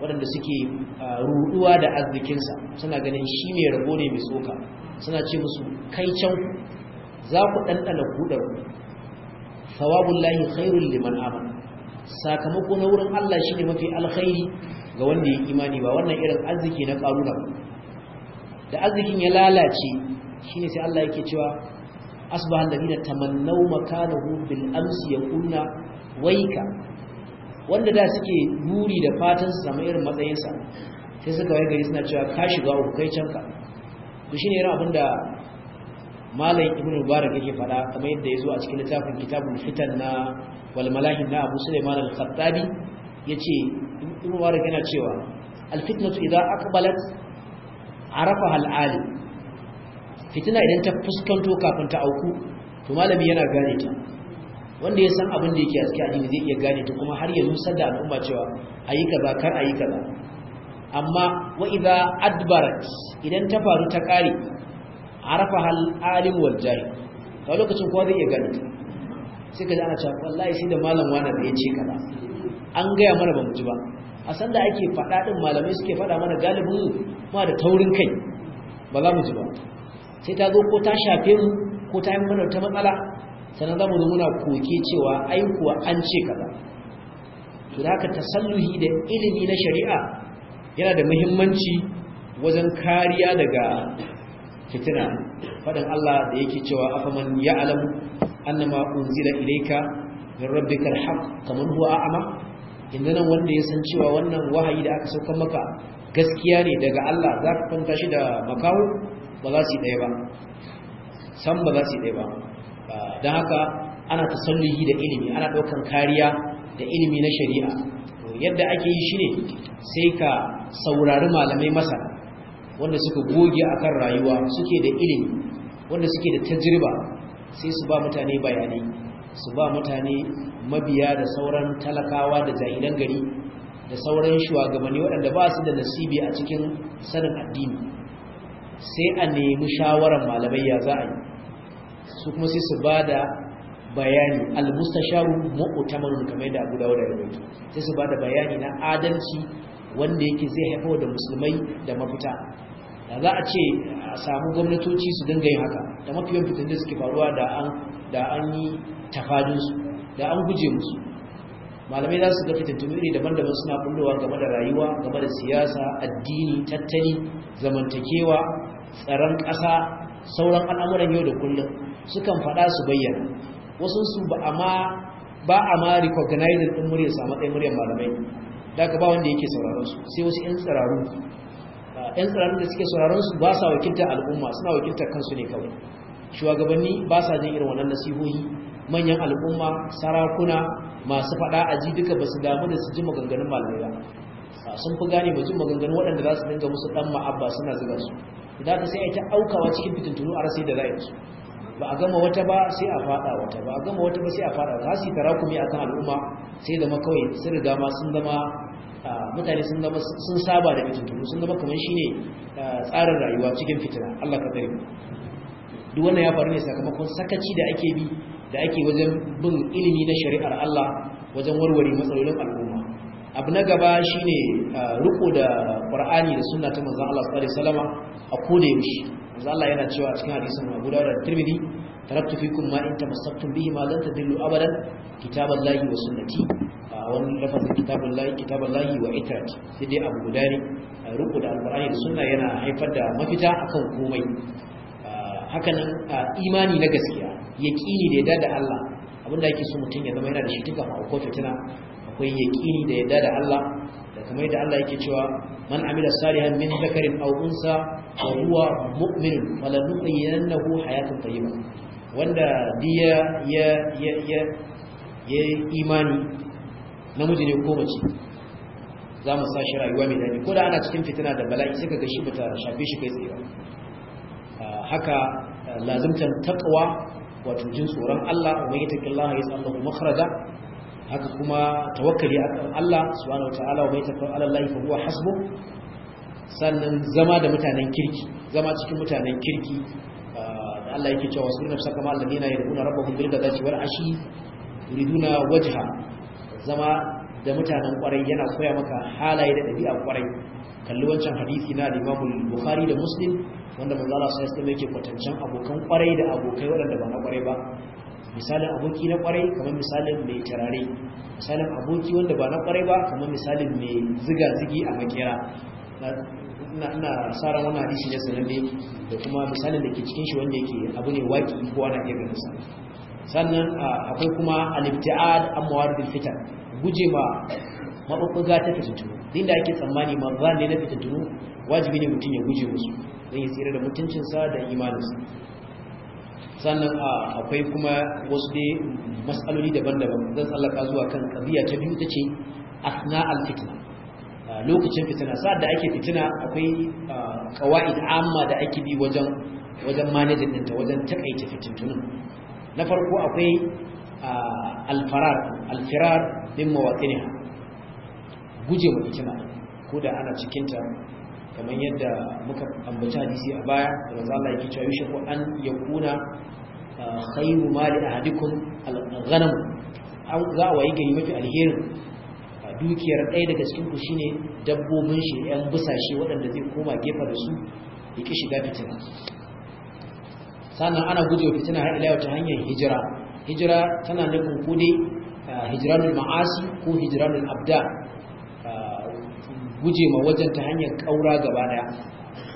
waɗanda suke ah, ruduwa da arzikinsa suna ganin shi mai rabo ne mai tsoka suna ce musu kai can za ku ɗanɗana kudar thawabun layi, khairun liman aman. sakamako na wurin Allah shi ne mafi alkhairi ga wanda ya imani ba wannan irin arziki na ƙaruna da arzikin ya lalace shi ne sai Allah yake cewa Asibahan da tamannaw makanahu bil amsi ya kuna waika wanda da suke buri da fatan su samu irin matsayinsa sai suka wai gari suna cewa ka shiga uku kai can ka to shine irin abin da malam ibn mubarak yake fada kamar yadda ya zo a cikin littafin kitabul fitan na wal malahi na abu sulaiman al-khattabi yace ibn mubarak yana cewa al-fitnatu idza aqbalat arafa al-alim fitina idan ta fuskanto kafin ta auku to malami yana gane ta wanda ya san abin da yake a jini zai iya gane ta kuma har yanzu nusar da al'umma cewa a ayi kaza kar ka kaza amma wa idza adbarat idan ta faru ta kare a hal halin waljari jahil lokacin kowa zai iya gane ta sai ka zana cewa wallahi shi da malam wani da ya ce ba an gaya mana ba mu ji ba a san da ake faɗa ɗin malamai suke faɗa mana galibin ma da taurin kai ba za mu ji ba sai ta zo ko ta shafe mu ko ta yi mana ta matsala sannan zamu zo muna koke cewa ai kuwa an ce kaza to da tasalluhi da ilimi na shari'a yana da muhimmanci wajen kariya daga fitina faɗin Allah da yake cewa afaman alamu annama unzila ilayka min rabbikal haqq kaman huwa a'ma inda nan wanda ya san cewa wannan wahayi da aka sauka maka gaskiya ne daga Allah za ka kwanta shi da makawo ba za su yi ɗaya ba san ba za su yi ɗaya ba don haka ana tasallihi da ilimi ana ɗaukan kariya da ilimi na shari'a yadda ake yi shine sai ka saurari malamai masa wanda suka goge akan rayuwa suke da ilimi wanda suke da tajriba sai su ba mutane bayani, su ba mutane mabiya da sauran talakawa da jahilan gari da sauran shugabanni waɗanda ba su da nasibi a cikin sanin addini sai a nemi shawarar malamai ya za a yi su kuma sai su ba da bayani Al-musta, al-mustasharu mu'tamarun kamar da Abu Dawud ya sai su ba da bayani na adalci wanda yake zai haifar da musulmai da mafita da za a ce a samu gwamnatoci su dinga yin haka da mafiyan fitan da suke faruwa da an da an yi su da an guje musu malamai za su ga fitattunu iri daban-daban suna kullowa game da rayuwa game da siyasa addini tattali zamantakewa tsaron ƙasa sauran al'amuran yau da kullum sukan faɗa su bayyana wasu su ba a ma ba a ma recognizing din muryar sa matsayin muryar malamai da ka ba wanda yake sauraron su sai wasu yan tsiraru yan tsirarun da suke sauraron su ba sa wakilta al'umma suna wakilta kansu ne kawai shugabanni ba sa jin irin wannan nasihohi manyan al'umma sarakuna masu faɗa ji duka ba su damu da su ji maganganun malamai ba sun fi gane ba jin maganganu waɗanda za su dinga musu ɗan ma'abba suna zuga su da ka sai a ta aukawa cikin fitintunu a rasi da za a yi su ba a gama wata ba sai a fada wata ba a gama wata ba sai a fada za su yi tarakumi akan al'umma sai zama kawai sun riga ma sun zama mutane sun zama sun saba da fitintunu sun zama kamar shine tsarin rayuwa cikin fitina Allah ka mu. duk wannan ya faru ne sakamakon sakaci da ake bi da ake wajen bin ilimi na shari'ar Allah wajen warware matsalolin al'umma abu na gaba shine riko da Qur'ani da sunna ta manzon Allah sallallahu alaihi wasallam a koda yaushe manzo Allah yana cewa cikin hadisin Abu Dawud da Tirmidhi taraktu fikum ma in tamassaktum bihi ma lan tadillu abadan kitaballahi wa sunnati wani lafazin kitaballahi kitaballahi wa itat sai dai abu guda ne ruku da alqur'ani da sunna yana haifar da mafita akan komai hakanan imani na gaskiya yaqini da yadda da Allah abinda yake so mutum ya zama yana da shi tuka ko fitina akwai yaqini da yadda da Allah da kamar yadda Allah yake cewa man amila salihan min dhakarin aw unsa wa huwa mu'min falanuhyiyannahu hayatan wanda diya ya ya ya ya imani namiji ne ko mace za mu sa shi rayuwa mai daɗi ko da ana cikin fitina da bala'i sai ka ga shi bata shafe shi kai tsaye haka lazimtan taqwa wato jin tsoron Allah wa yattaqillaha yasallahu makhraja haka kuma tawakkali akan Allah subhanahu wataala wa baitakan Allah fa huwa hasbu sannan zama da mutanen kirki zama cikin mutanen kirki ah, da Allah yake cewa wasu nafsa a alladina yaduna rabbahum bil ghadati wal ashi yuriduna wajha zama da mutanen kwarai yana koya maka halaye da dabi'a kwarai kalli wancan hadisi na Imam Bukhari da Muslim wanda manzo Allah sai yake kwatancan abokan kwarai da abokai waɗanda ba na kwarai ba misalin aboki na kwarai kamar misalin mai tarare misalin aboki wanda ba na kwarai ba kamar misalin mai ziga-zigi a makera ina tsara wani hadisi na sananne da kuma misalin da ke cikin shi wanda yake abu ne waki kowa na iya ganin sa sannan akwai kuma 'a, ibtiad amwar fita guje ma mabubbuga ta fitattu din ake tsammani ma ba ne na fitattu wajibi ne mutum ya guje musu don ya tsira da mutuncinsa da imaninsa sannan akwai kuma wasu dai matsaloli daban-daban zan tsallaka zuwa kan kabiya ta biyu ta ce asna alfitina lokacin fitina sa'ad da ake fitina akwai kawa'id amma da ake bi wajen wajen manajin ɗinta wajen taƙaita fitintunin na farko akwai alfarar alfirar min mawatsiniha guje mu fitina ko da ana cikinta kamar yadda muka ambaci hadisi a baya da manzo yake cewa yushaku an yakuna uh, khayru mali ahadikum al-ghanam an za wayi gari mafi alherin uh, dukiyar ɗaya daga cikin ku shine dabbobin shi ɗan busashe waɗanda zai koma gefa da su ya ki shiga fitina sannan ana gujewa fitina har ila ta hanyar hijira hijira tana nufin ko dai uh, hijranul ma'asi ko hijranul abda guje ma wajen ta hanyar ƙaura gaba ɗaya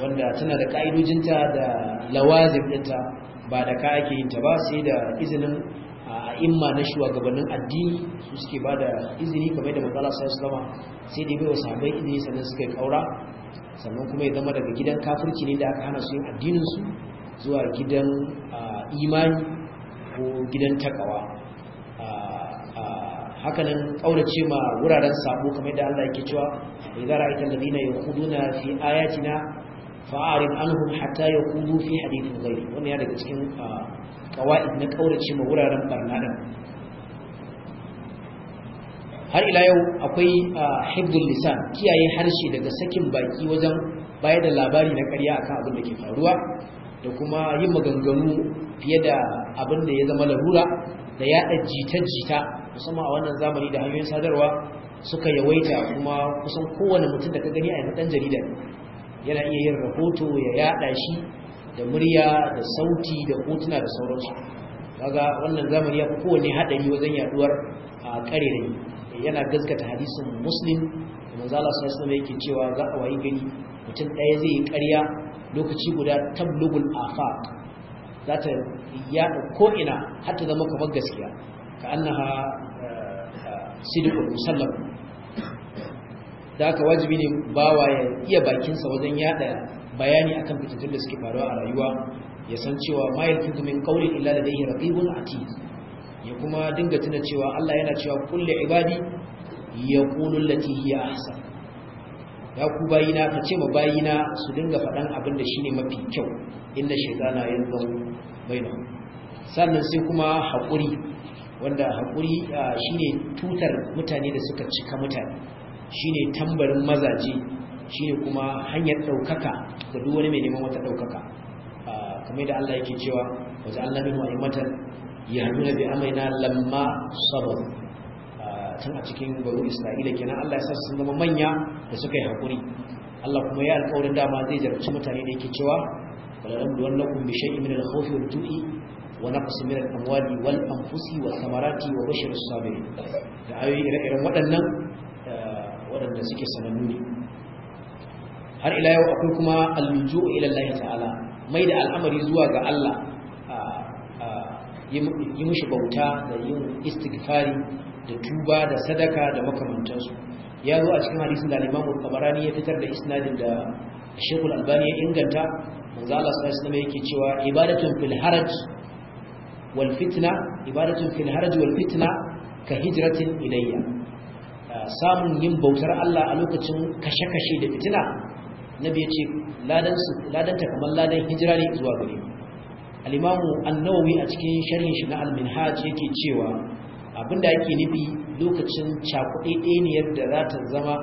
wanda tana da ƙa'idojinta da lawazin ɗinta ba da ka ake yin ba sai da izinin a imma na shugabannin addini su suke ba da izini kamar da matsala sai zama, sai da baiwa sahabbai izini sannan suka kaura sannan kuma ya zama daga gidan kafirci ne da aka hana su yin addininsu zuwa gidan imani ko gidan takawa hakanan ƙaurace ma wuraren sabo kamar da Allah yake cewa إذا رأيت الذين يخوضون في آياتنا فأعرض عنهم حتى يخوضوا في حديث غيره وأن هذا كتكين قوائد نكورة شمورة رمبرنا har ila yau akwai hibdul lisan kiyaye harshe daga sakin baki wajen bayar da labari na ƙarya akan abin da ke faruwa da kuma yin maganganu fiye da abin da ya zama larura da yaɗa jita-jita musamman a wannan zamani da hanyoyin sadarwa suka yawaita kuma kusan kowane mutum da ka gani a yanzu ɗan jaridar yana iya yin rahoto ya yaɗa shi da murya da sauti da hotuna da sauransu daga wannan zamani ya fi kowane haɗari wajen yaduwar a ƙarerai yana gaskata hadisin muslim da manzala sallallahu alaihi yake cewa za a wayi gani mutum ɗaya zai yi ƙarya lokaci guda tablugul afa za ta yaɗa ko'ina har ta zama kamar gaskiya ka annaha eh, sidikul musallam da aka wajibi ne bawa ya iya bakinsa wajen yada bayani akan fitattun da suke faruwa a rayuwa ya san cewa ma yalfidu min qawli illa ladayhi raqibun ati ya kuma dinga tuna cewa Allah yana cewa kulle ibadi ya yaqulu lati hiya hasa ya ku bayina ka ce ma bayina su dinga faɗan abin da shine mafi kyau inda inna shaytana yanzu bainahu sannan sai kuma haƙuri wanda haƙuri ah, shine tutar mutane da suka cika mutane shine tambarin mazaje shine kuma hanyar ɗaukaka da duk wani mai neman wata ɗaukaka ah, kamar da Allah yake cewa wa ja'alna minhum ya yahduna bi amrina lamma sabaru ah, tun a cikin baro Isra'ila kenan Allah ya sa su zama manya da suka yi hakuri Allah kuma ya alƙawarin dama zai jarabci mutane da yake cewa walalam na bi shay'in min al-khawfi wa tu'i wa naqsi min al-amwali wal-anfusi wa thamarati wa bashir as-sabirin da ayoyi ire-iren waɗannan waɗanda suke sanannu ne har ila yau akwai kuma allujo ila Allah ta'ala mai da al'amari zuwa ga Allah yi mushi bauta da yin istighfari da tuba da sadaka da makamantansu ya zo a cikin hadisin da Imam kamarani ya fitar da isnadin da Sheikh albani ya inganta manzo Allah sallallahu alaihi yake cewa ibadatun fil haraj wal fitna ibadatun fil haraj wal fitna ka hijratin ilayya samun yin bautar Allah a lokacin kashe-kashe da fitina na ya ce ladanta kamar ladan hijira ne zuwa gari. Alimamu an-nawawi a cikin shirin shi na Almin hajji yake cewa abinda yake nufi lokacin cakuɗe ne yadda za ta zama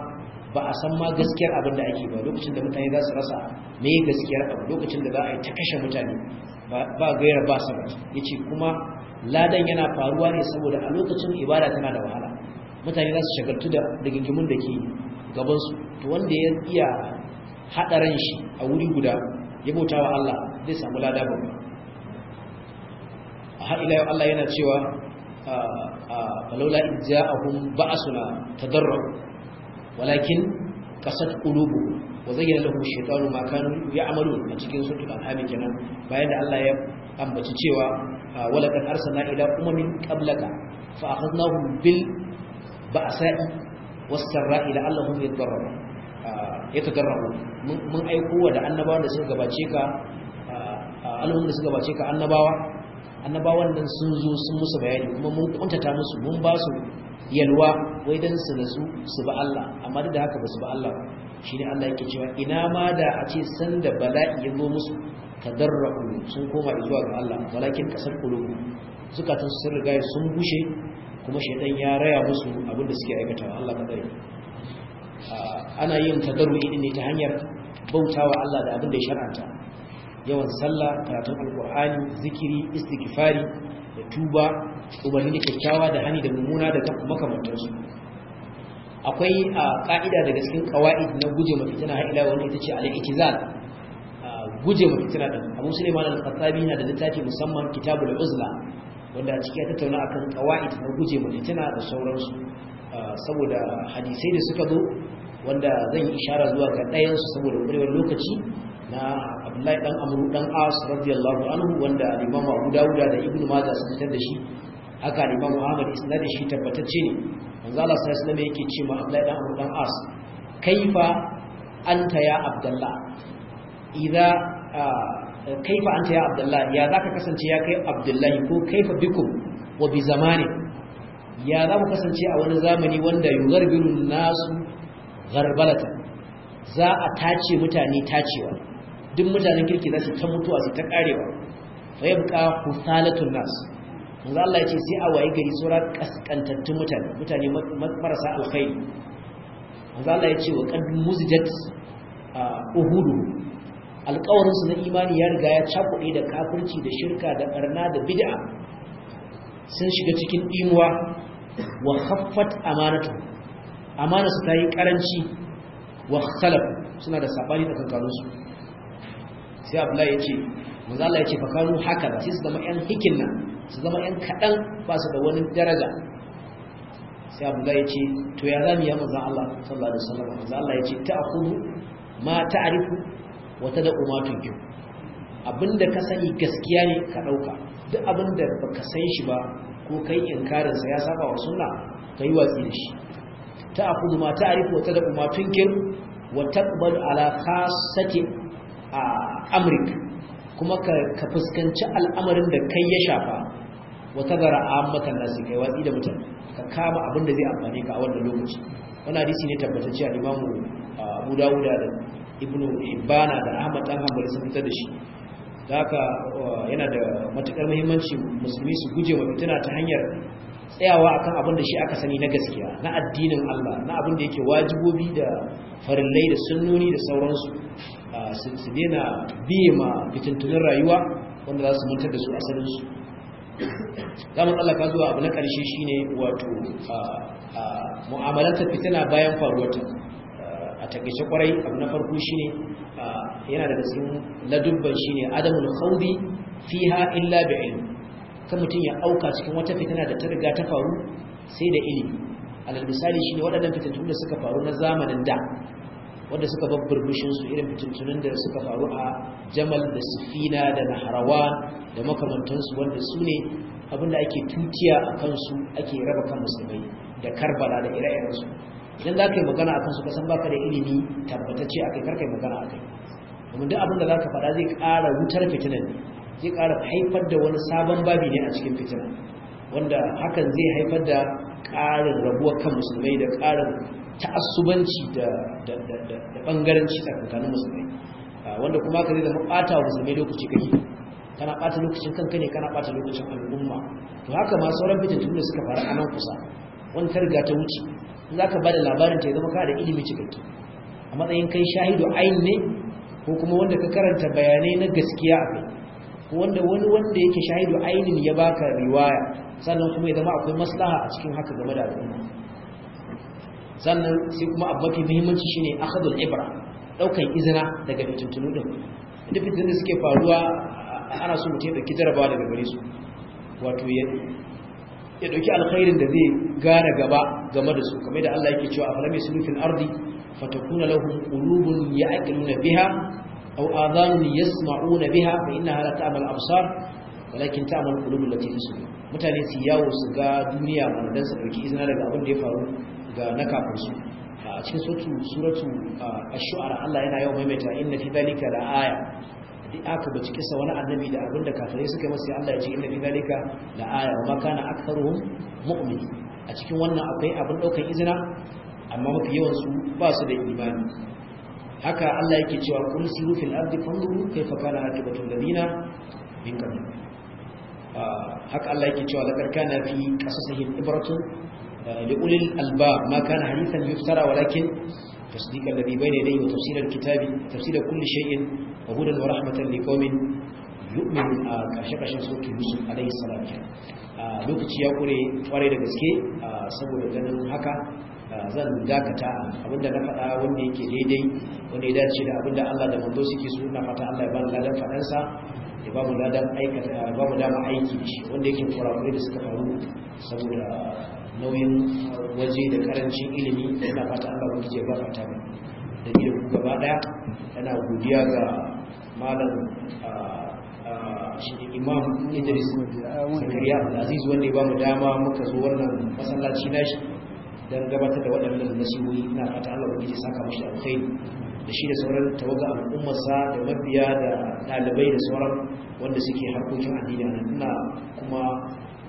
ba a san ma gaskiyar abin ake ba lokacin da mutane za su rasa mai gaskiyar abu lokacin da za a yi ta kashe mutane ba gayar ba ya yace kuma ladan yana faruwa ne saboda a lokacin ibada tana da wahala mutane za su shagaltu da rigingimun da ke gabansu to wanda ya iya haɗa ran shi a wuri guda ya bauta wa Allah zai samu lada babba a haɗi yau Allah yana cewa falola in ja'ahum ba'asuna darra walakin kasar ƙulubu wa yana lafi shekaru makanu ya amalu a cikin suratul an'am kenan bayan da Allah ya ambaci cewa wala kan arsalna ila umamin qablaka fa akhadnahum bil ba'sa'i was-sarra'i la'allahum yatadharrabun ah, yatadarrabu mun aiko wa da annabawan da suka gabace ka ah, ah, alhum da suka gabace ka annabawa annabawan nan sun zo sun musu bayani kuma mun kuntata musu mun ba su yalwa wai dan su nasu su ba Allah amma duk da haka ba su ba Allah shine Allah yake cewa ina ma da a ce san da bala'i ya zo musu tadarrabu sun koma zuwa ga Allah walakin kasar qulubu zukatan sun riga sun bushe kuma shaidan ya raya musu abinda suke aikata Allah dare ana yin tadarru'i ne ta hanyar bautawa Allah da abinda ya shar'anta yawan sallah karatun alqur'ani zikiri istighfari da tuba ubanni da kyakkyawa da hani da mummuna da makamantansu akwai ka'ida daga cikin qawaid na guje ma fitina har ila wanda ita ce al-iktizal guje ma fitina da Abu Sulaiman al qattabi yana da littafi musamman Kitabul Uzla wanda a ciki ya tattauna akan qawaid na guje mu tana da sauransu ah, saboda hadisai da suka zo wanda zan yi ishara zuwa ga ɗayan su saboda kurewar lokaci na Abdullahi dan Amr dan As radiyallahu anhu wanda Imam Abu Dawud da Ibn Majah sun fitar da shi haka Imam Ahmad da shi tabbatacce ne manzo Allah sai alaihi wasallam yake cewa Abdullahi dan Amr dan As kaifa anta ya Abdullah idza ah, kaifa anta ya abdullahi ya zaka kasance ya kai abdullahi ko kaifa bikum wa bi zamani ya za mu kasance a wani zamani wanda yugarbirun nasu garbalata za a tace mutane tacewa duk mutanen kirki za su ta mutuwa su ta karewa fa yabqa husalatul nas manzo Allah yace sai a waye gari sura kaskantattun mutane mutane marasa alkhairi manzo Allah yace wa qad muzijat uhudu alƙawarinsu na imani ya riga ya cakuɗe da kafirci da shirka da ɓarna da bid'a sun shiga cikin imuwa wa haffat amanatu amana su ta yi ƙaranci wa khalaf suna da saɓani da kankanunsu sai abdullahi ya ce manzo Allah ya ce fa kanu haka sai su zama ƴan hikin nan su zama ƴan kaɗan ba su da wani daraja sai abdullahi ya ce to ya zamu ya manzo Allah sallallahu alaihi wasallam manzo Allah ya ce ta'khudhu ma ta'rifu wata da umatun kyau abinda ka sani gaskiya ne ka ɗauka duk abinda ba ka san shi ba ko kai inkarinsa ya saba wa sunna ka yi watsi da shi ta akudu ma ta'arifu wata da umatun kyau wa taqbalu ala a Amurka, kuma ka fuskanci al'amarin da kai ya shafa wata da ammatan nasi kai watsi da mutum ka kama abin da zai amfani ka a wannan lokaci wannan hadisi ne tabbatacce a Imam Abu Dawud da ibnu Hibbana da Ahmad dan Hanbali sun fitar da shi haka yana da matukar muhimmanci musulmi su guje wa fitina ta hanyar tsayawa akan abin da shi aka sani na gaskiya na addinin Allah na abin da yake wajibobi da farillai da sunnoni da sauransu su daina biye ma fitintunin rayuwa wanda za su mutar da su asalinsu zamun Allah ka zuwa abu na ƙarshe shine wato mu'amalantar fitina bayan ta takaice kwarai abu na farko shine yana daga cikin ladubban shine adamul khawdi fiha illa bi ilm kan mutum ya auka cikin wata fitina da ta riga ta faru sai da ilimi alal misali shine waɗannan fitintun da suka faru na zamanin da wanda suka babburbushin su irin fitintunan da suka faru a Jamal da Sufina da Naharawan da makamantansu wanda sune ne abinda ake tutiya a kansu ake raba kan musulmai da Karbala da ire-irensu idan za ka yi magana a kansu kasan baka da ilimi tabbatacce a kai karka yi magana a kai domin duk abin da za ka faɗa zai ƙara wutar fitinan zai ƙara haifar da wani sabon babi ne a cikin fitinan wanda hakan zai haifar da ƙarin rabuwa kan musulmai da ƙarin ta'assubanci da ɓangaranci tsakankanin musulmai ah, wanda kuma ka zai zama ɓata wa musulmai lokaci kake kana ɓata lokacin kanka ne kana ɓata lokacin al'umma to haka ma sauran fitattun da suka faru a nan kusa wani ta riga ta wuce za ka ba da labarin ta ya zama kada ilimi cikakke a matsayin kai shahidu ain ne ko kuma wanda ka karanta bayanai na gaskiya a kai ko wanda wani wanda yake shahidu ainin ya baka riwaya sannan kuma ya zama akwai maslaha a cikin haka game da al'umma sannan sai kuma abu mafi muhimmanci shine akhadul ibra daukan izina daga fitintunu din inda fitintunu suke faruwa ana so mutum ya jarabawa daga gare su wato ya dauki alkhairin da zai gane gaba game da su kamar da Allah yake cewa afalam yaslu fil ardi fatakuna lahum qulubun ya'qiluna biha aw adhanun yasma'una biha fa inna la ta'mal absar walakin ta'mal qulub allati fi sudur mutane su yawo su ga duniya mana dan su dauki izina daga abin da ya faru ga na kafin su a cikin suratu suratu ash-shu'ara Allah yana yawo maimaita inna fi dhalika la aya aka bace kisa wani annabi da abinda kafirai suka yi masa Allah ya ce inna fi zalika la aya wa ma kana aktharuhum mu'min a cikin wannan akwai abin daukan izina amma mafi yawan su ba su da imani haka Allah yake cewa kun siru fil ardi fanzuru kayfa kana akibatul ladina min qabl haka Allah yake cewa laqad kana fi qasasihim ibratun li ulil albab ma kana hadithan yuftara walakin تصديق الذي بين يديه وتفسير الكتاب تفسير كل شيء wa hudan wa rahmatan li qaumin yu'minun a kashe-kashen sautin yusuf alaihi salam lokaci ya kure kwarai da gaske saboda ganin haka zan dakata abinda na faɗa wanda yake daidai wanda ya dace da abinda Allah da manzo suke so na fata Allah ya ba ladan faɗansa ya ba mu ladan aikata ya ba mu dama aiki shi wanda yake kurakurai da suka faru saboda nauyin waje da karancin ilimi yana fata Allah wanda ya fata ba da gaba daya yana godiya ga malam ah, ah, imam idris zakariya aziz wanda ba mu dama muka zo wannan masallaci nashi don gabatar da waɗannan nasihohi ina fata Allah ubangiji saka mashi alkhairi da shi da sauran tawaga al'ummarsa da mabiya da ɗalibai da sauran wanda suke harkokin addini ina kuma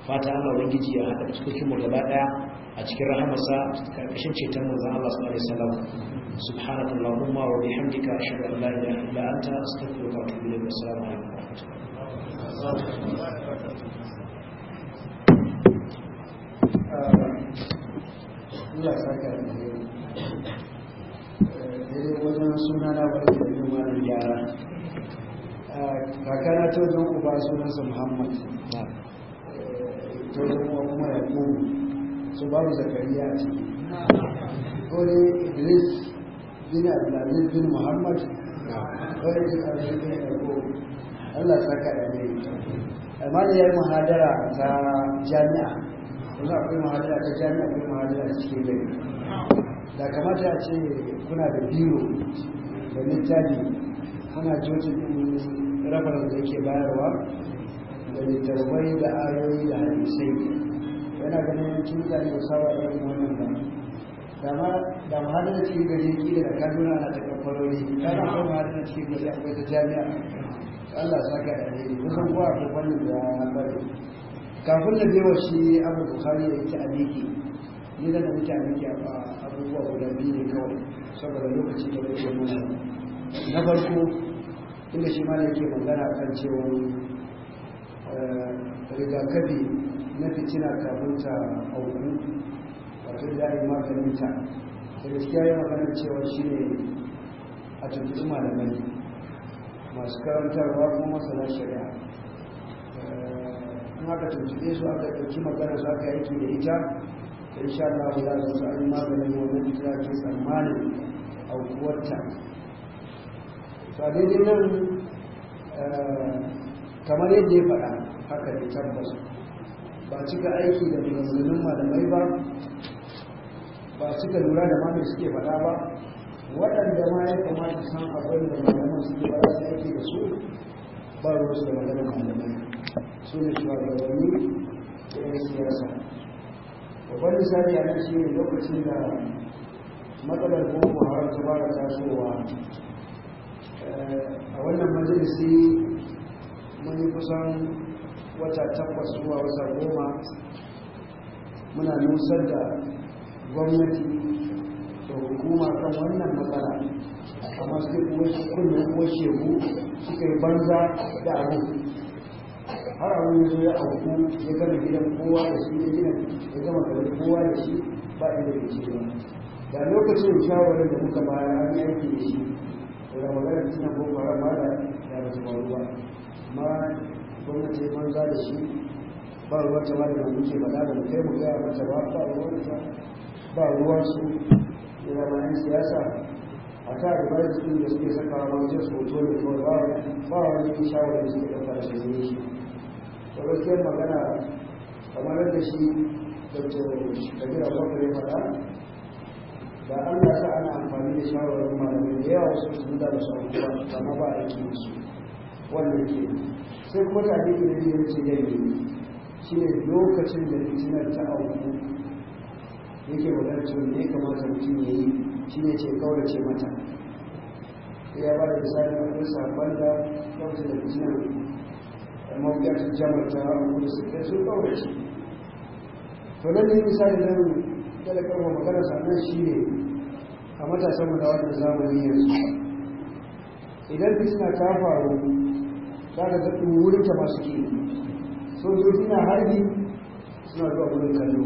fata Allah ubangiji ya haɗa cikin mu gaba ɗaya a cikin rahamarsa karkashin ceton manzon Allah sallallahu alaihi wasallam subhanakallahumma wa bihamdika ashhadu an la ilaha illa anta astaghfiruka wa atubu ilayk assalamu alaikum na eh, kakana ta zan uba sunansa muhammad ta zan kuma yakubu su babu zakariya a ciki ko ne idris bin abdulaziz bin muhammad ko ne duk abin da ya allah saka da ne amma da ya yi muhadara ta jami'a kuma akwai muhadara ta jami'a akwai muhadara ta cikin gari da kamata a ce kuna da biro da littafi ana jojin rabar da yake bayarwa da littattafai da ayoyi da hadisai yana ganin yawanci mutane da saba da irin wannan ba da ma da cikin gari ki da kaduna na ta kamfanoni kana ko ma da cikin gari akwai ta jami'a Allah saka da ne kusan ko akwai wannan da ya bari kafin na bewa shi abu bukari da yake aliki ni da nake aliki a abubuwa da biyu ne kawai saboda lokacin da yake mana na farko inda shi ma yake magana kan cewa Eh, rigakafi na fitina kafin ta hauku wato da yi maganin ta da gaskiya yi maganar cewa shi ne a tuntuɓi malamai masu karantarwa kuma masana shari'a eh, in aka tuntuɓe su aka ɗauki magana su aka yake da ita in sha Allah ba za su sa'in maganin wannan fitina ke tsammanin aukuwarta. Sadidin nan eh, kamar yadda ya faɗa haka ne tabbas ba cika aiki da manzannin malamai ba ba cika lura da mamin suke faɗa ba waɗanda ma ya kamata san abin da malaman suke ba su aiki da su ba su da maganar malamai su ne da 'yan siyasa babban misali a nan shi ne lokacin da matsalar boko haram ta fara tasowa eh, a wannan majalisi mun yi kusan wata takwas zuwa wata goma muna nusar da gwamnati da hukuma kan wannan matsala masu sai kunnen koshe mu suka yi banza da abu har abu ya zo ya auku ya gama gidan kowa da shi ya gina ya gama gari kowa da shi ba inda ke ce ba da lokacin shawarar da muka bayar an aiki da shi da magana tana gobara ma da ya rasu ba ma gwamnati manza da shi ba ruwan ta da muke faɗa da kai mu gaya mata ba ba ruwan ta ba ruwan su yana ma siyasa a ta da bayan cikin da suke saka wa wajen su hoto ne ko ba ba wani shawarar da suke ɗauka da shi shi to gaskiyar magana kamar da shi da kabir abubakar ya faɗa da Allah sa ana amfani da shawarar malamai da yawa su sun da su abubuwa amma ba a yi su wannan ke sai kuma ta ake da ya ce da shi ne lokacin da fitinar ta auku yake magana da ya kamata mutum ya yi shi ne ce kaurace mata ya ba da misali a kan sabon da lokacin da fitinar su jamar ta auku da suke sun kaurace to nan ne misali nan kada da karfa magana sannan shi ne a matasan mu da wannan zamani yanzu idan fitina ta faru kaga da ɗin wurin ta masu ke sojoji na harbi suna zuwa wurin kallo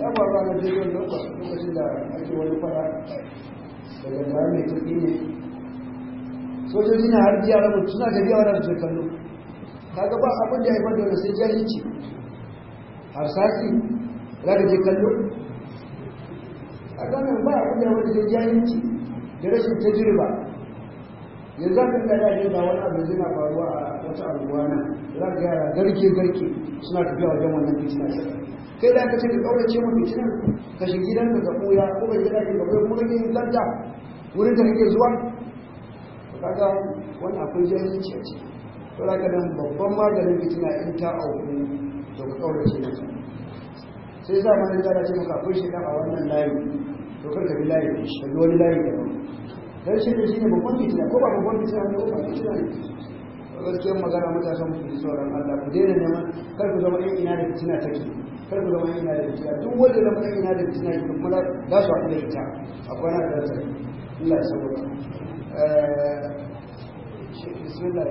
ya ba ba na jirgin lokacin da ake wani fada daga da mai tafi ne sojoji na harbi ya rabu suna tafiya wadda su kallo kaga ba abin da ya haifar da sai jahilci har sati za ka je kallo a ganin ba abin da ya haifar da jahilci da rashin tajirba yanzu za ka ga da wani abin zai na faruwa a masu anguwana za ga yara garke garke suna tafiya wajen wannan business kai da ka ce ka kaurace mu fitinan ka shi gidan ka koya ko ka gida ka koya kuma kake lanta wurin da kake zuwa kaga wani akwai jahilci a ciki to za ka nan babban maganin fitina in ta auku to ka kaurace mu sai za mu rinjara ce maka akwai shi a wannan layi to kar ka bi layi shi wani layi da ba. dan shi ne babban fitina ko ba babban fitina ne ko ba fitina ne gaskiyar magana matasan ku ji sauran Allah ku daina neman kar ku zama ina da fitina take kar ku zama ina da fitina duk wanda zama ina da fitina ki kuma za su haɗu da ita akwai na da zai Allah ya sauka eh, bismillah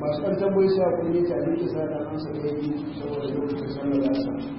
masu ɗan tambayi su haƙuri ne ta nake sa da amsa da yi saboda lokacin sanar da sa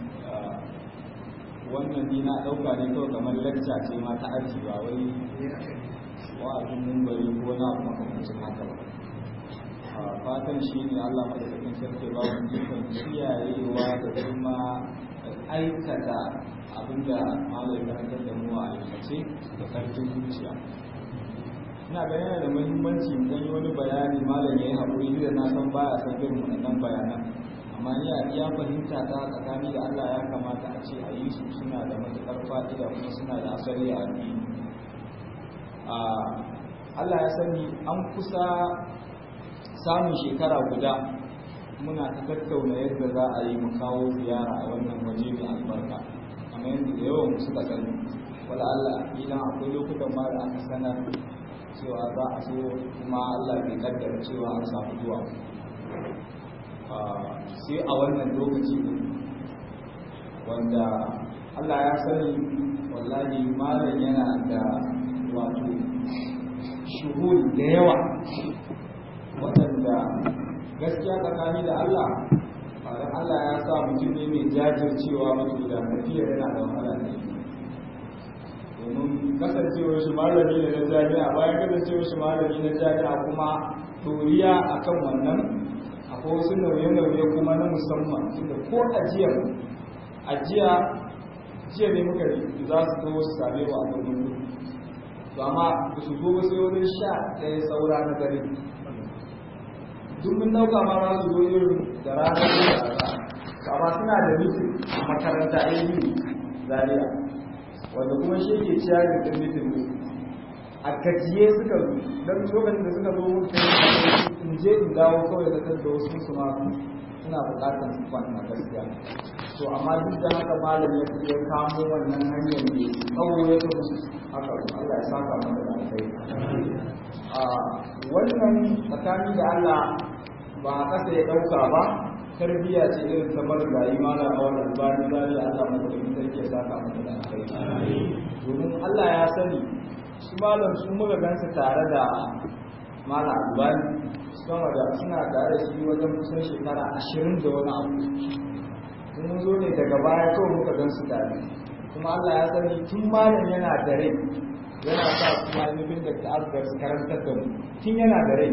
wannan ni na ɗauka ne kawai kamar lecture ce ma ta aji ba wai mun bari, ko kuma abu haka ba fatan shi ne Allah madaukakin sarki ba mu ikon kiyayewa da kuma aikata abinda malamin karantar da mu a aikace da karfin zuciya ina ga yana da muhimmanci dan wani bayani malam yayi haƙuri da na san baya san irin wannan bayanan amma ni a iya fahimta ta tsakani da Allah ya kamata a ce a yi su suna da matuƙar fa'ida kuma suna da asali a addini Allah ya sani an kusa samun shekara guda muna ta tattauna yadda za a yi mu kawo ziyara a wannan waje mai albarka amma yanzu da yawan da sani wala Allah idan akwai lokutan ma da aka sanar cewa za a so kuma Allah bai kaddara cewa an samu zuwa sai a wannan lokaci wanda Allah ya sani wallahi malam yana da wato shuhur da yawa waɗanda gaskiya tsakani da Allah da Allah ya sa mutum ne mai jajircewa mutum da tafiya yana da wahala ne domin kasancewar shi malami ne na jami'a bayan kasancewar shi malami na jami'a kuma turiya akan wannan Ko wasu nauye-nauye kuma na musamman inda ko ajiya ajiya jiya ne muka za su zo su same wa a gurin to amma ba su zo ba sai wani sha ɗaya saura na gari duk mun ma za su zo irin da rana da amma suna da mutum a makaranta ainihi zaria wanda kuma shi ke ciyar da mutum a gajiye suka zo don lokacin da suka zo in je in dawo kawai da kan da wasu su ma suna bukatar su kwanta gaskiya to amma duk da haka malam ya fiye kamo wannan hanyar ne tsawo ya ta musu haka Allah ya saka mana da kai a wannan tsakani da Allah ba a kasa ya dauka ba tarbiyya ce irin ta marigayi mana a wannan bani bani Allah madaukakin sarki ya saka mana da kai domin Allah ya sani su malam sun muka gansa tare da malam albani sama da suna tare shi wajen kusan shekara ashirin da wani abu mun zo ne daga baya kawai muka gansu tare kuma Allah ya sani tun malam yana da rai yana sa kuma ta da su karantar da mu tun yana da rai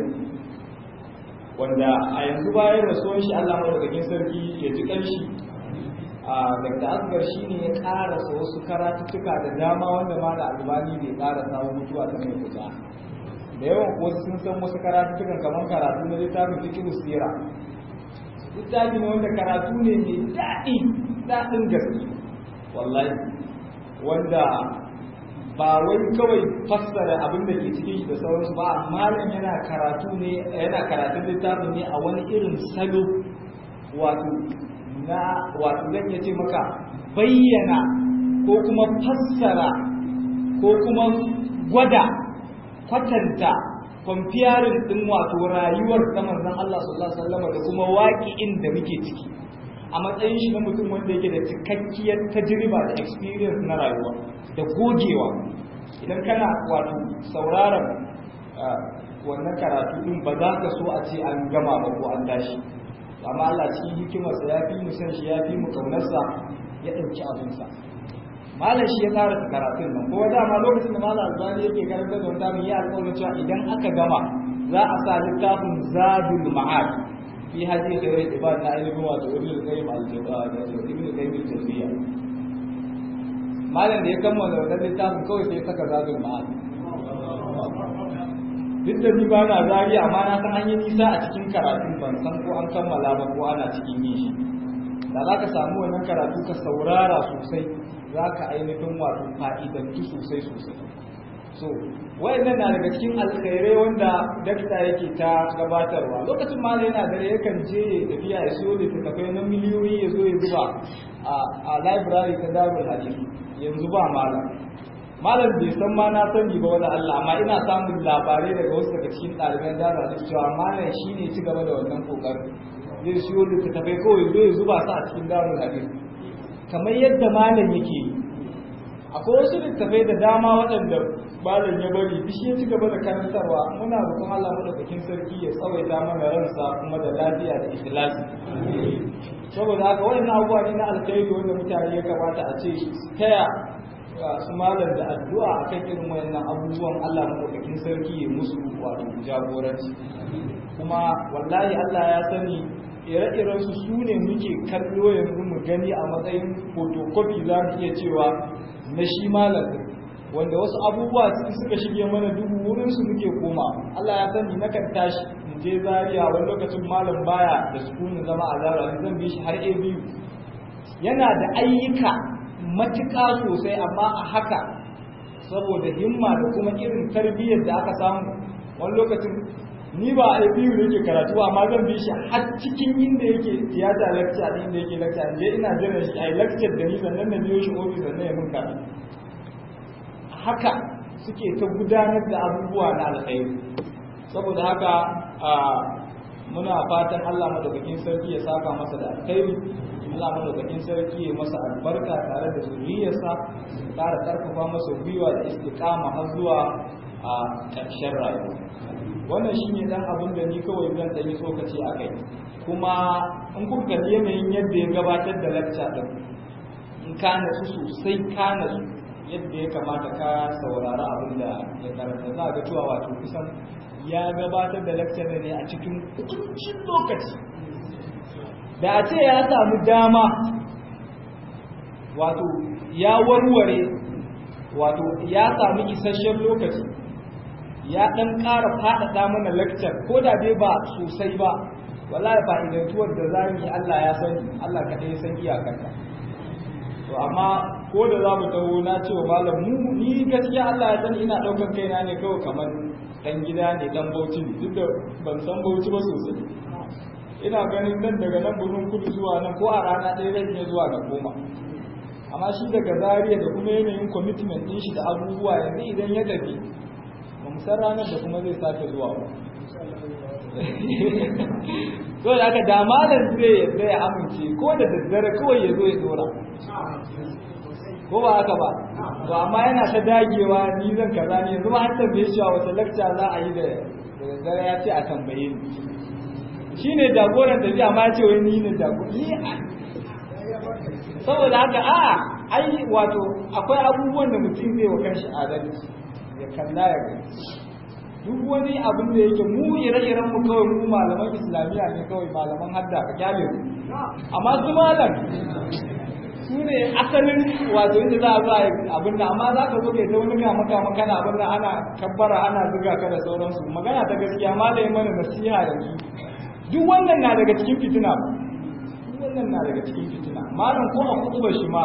wanda a yanzu bayan rasuwan shi Allah madaukakin sarki ya ji ƙarshi daga asgar shi ne ya karasa wasu karatuttuka da dama wanda ma da albani bai karasa wa mutuwa ta mai fita da yawan wasu sun san wasu karatuttukan kamar karatu na littafin fikin sira littafi ne wanda karatu ne mai daɗi daɗin gaske wallahi wanda ba wai kawai fassara abin da ke cikin da sauransu ba malam yana karatu karatun littafin ne a wani irin salo wato na wato zan iya ce maka bayyana ko kuma fassara ko kuma gwada kwatanta kwamfiyarin ɗin wato rayuwar ta manzon Allah sallallahu alaihi wasallam da kuma waƙi'in da muke ciki a matsayin shi na mutum wanda yake da cikakkiyar tajriba da experience na rayuwa da gogewa idan kana wato sauraron ah, wannan karatu din ba za ka so a ce an gama ba ko an tashi amma Allah shi hikimarsa ya fi mu san shi ya fi mu kaunarsa ya ɗauki abinsa malam shi ya tsara karatun nan kowa dama lokacin da malam albani yake karanta da wanda mun yi alƙawarin cewa idan aka gama za a sa littafin zadul ma'ad fi hadi khairul ibad na ilmi wa tawhidul qayyim al-jawad da ibnu kai al-jawziyya malam da ya kammala wannan littafin kawai sai ya saka zadul ma'ad duk da duba ba na zari amma na san an nisa a cikin karatu ban san ko an kammala ba ko ana cikin yin da za ka samu wannan karatu ka saurara sosai za ka ainihin wato fa'idantu sosai sosai so wayannan na daga cikin alkhairai wanda dakta yake ta gabatarwa lokacin ma yana dare yakan je ya tafiya ya siyo littattafai na miliyoyi ya zo ya zuba a library ta darul hadisi yanzu ba malam malam bai san ma na sani ba wani Allah amma ina samun labarai daga wasu daga cikin ɗaliban jami'a da cewa malam shi ne ci gaba da wannan kokarin zai siyo littattafai kawai zai zuba su a cikin darul hadith kamar yadda malam yake akwai wasu littattafai da dama waɗanda malam ya bari duk ya ci gaba da karantarwa muna roƙon Allah madaukakin sarki ya tsawaita mana ransa kuma da lafiya da ikhlasi saboda haka wannan abubuwa ne na alkhairi wanda mutane ya kamata a ce su taya su malar da addu'a a kan irin wayannan abubuwan Allah maɗaukakin sarki ya musu wato jagoranci kuma wallahi Allah ya sani ire-iren su su ne muke kallo yanzu mu gani a matsayin photocopy za mu iya cewa na shi malar wanda wasu abubuwa suka shige mana duhu wurin su muke koma Allah ya sani na kan tashi in je Zariya wani lokacin malam baya da sukunin zama a zara zan bi shi har a biyu yana da ayyuka matuƙa sosai amma a haka saboda himma da kuma irin tarbiyyar da aka samu wani lokacin ni ba a biyu da yake karatu amma zan bi shi har cikin inda yake tiyata lecture din inda yake lecture je ina jiran shi a yi lakcar da ni sannan na biyo shi sannan ya mun haka suke ta gudanar da abubuwa na alkhairi saboda haka ah, muna fatan Allah madaukakin sarki ya saka masa da alkhairi Allah madaukakin sarki ya masa albarka tare da zuriyarsa tare karfafa masa gwiwa da istiqama har zuwa a ƙarshen rayuwa wannan shine dan abin da ni kawai zan dan yi tsokaci a kai kuma in kun kalli yanayin yadda ya gabatar da lacca din in ka nasu sosai ka nasu yadda ya kamata ka saurara abin da ya karanta za ga cewa wato kusan ya gabatar da lecture ne a cikin kuncin lokaci da a ce ya samu dama wato ya warware wato ya samu isasshen lokaci ya ɗan ƙara faɗaɗa mana lecture ko da bai ba sosai ba wallahi fa'idantuwar da za mu yi Allah ya sani Allah kaɗai san iyakarta to amma ko da za mu taho na ce wa malam mu ni gaskiya Allah ya san ina ɗaukar kaina ne kawai kamar Ɗan gida ne dan bauchi ne duk da ban san bauchi ba sosai ina ganin nan daga nan burin kudu zuwa nan ko a rana ɗaya zan iya zuwa da goma amma shi daga zariya da kuma yanayin commitment ɗin shi da abubuwa yanzu idan ya tafi ba mu san ranar da kuma zai sake zuwa ba so da aka da malam zai ya amince ko da daddare kawai ya zo ya dora ko ba haka ba to amma yana ta dagewa ni zan kaza ne yanzu ma an tambaye shi wata lakta za a yi da da ya ce a tambaye ni shi ne jagoran tafiya amma ce wai ni ne jagoran saboda haka a ai wato akwai abubuwan da mutum zai wa kanshi adalci ya kalla ya ga duk wani abin da yake mu ire-iren mu kawai mu malaman islamiyya ne kawai malaman hadda ka kyale amma su malam shi ne asalin wato yadda za a za abin da amma za ka zo kai ta wani ga maka kana abin da ana kabbara ana zuga ka da sauransu magana ta gaskiya ma da mana nasiha yanzu duk wannan na daga cikin fitina duk wannan na daga cikin fitina malam ko a kutuba shi ma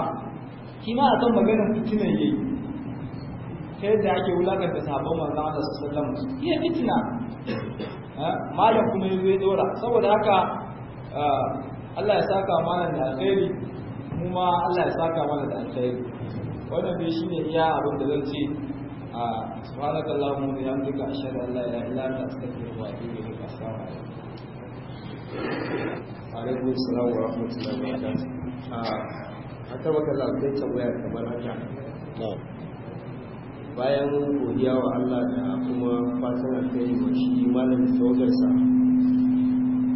shi ma a san maganar fitina yi ta yadda ake wulakar da sabon manzon Allah sallallahu alaihi wasallam iya fitina malam kuma yayi dora saboda haka ah, Allah ya saka malam da alheri kuma Allah ya saka mana da alkhairi wannan dai shine iya abin da zan ce a subhanakallahu wa bihamdika ashhadu an la ilaha illa anta astaghfiruka wa atubu ilaik assalamu alaikum alaikum assalam wa rahmatullahi wa barakatuh a ta baka za ka tambaya kamar haka bayan godiya wa Allah da kuma fatan alkhairi shi malamin tawagarsa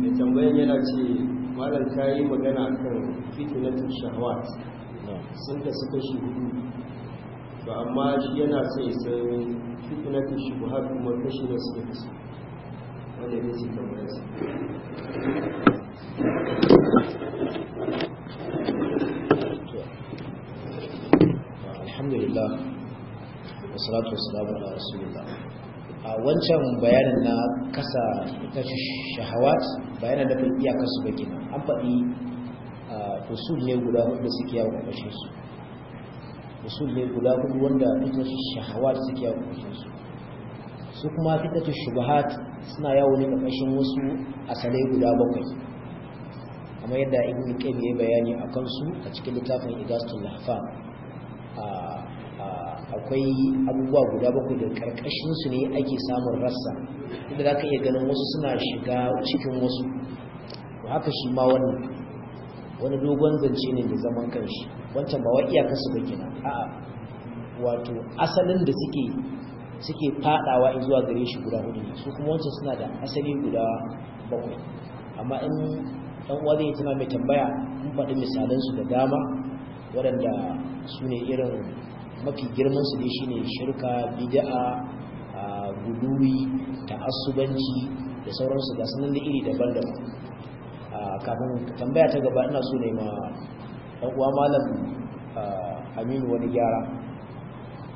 mai tambayan yana ce malam ta yi magana kan fitinatul shahawat sun da suka shi hudu to amma shi yana sai sai fitinatul shubuhat kuma kashi da suka kasu wanda ne su kamar su alhamdulillah wa salatu wa salamu ala rasulillah a wancan bayanin na kasa ta shahawat bayanin da kan iyakar su bakina an faɗi usul ne guda hudu suke yawon ƙarshen su usul ne guda hudu wanda fitar shahawar suke yawon ƙarshen su su kuma fitar shubahat suna yawo ne ƙarshen wasu asalai guda bakwai amma yadda ibn qayyim ya bayani a kansu a cikin littafin igastun lafa akwai abubuwa guda bakwai da karkashin su ne ake samun rassa inda za ka iya ganin wasu suna shiga cikin wasu haka shi ma wannan wani dogon zance ne da zaman kanshi wancan ba wa iyaka su ba kenan a'a wato asalin da suke suke fadawa zuwa gare shi guda hudu su kuma wancan suna da asali guda bakwai amma in dan uwa zai tana mai tambaya in faɗi misalan su da dama waɗanda su ne irin mafi girman su ne shine shirka bid'a guduwi asubanci da sauransu ga sanan da iri daban-daban kafin tambaya ta gaba ina so ne ma dan uwa malam aminu wani gyara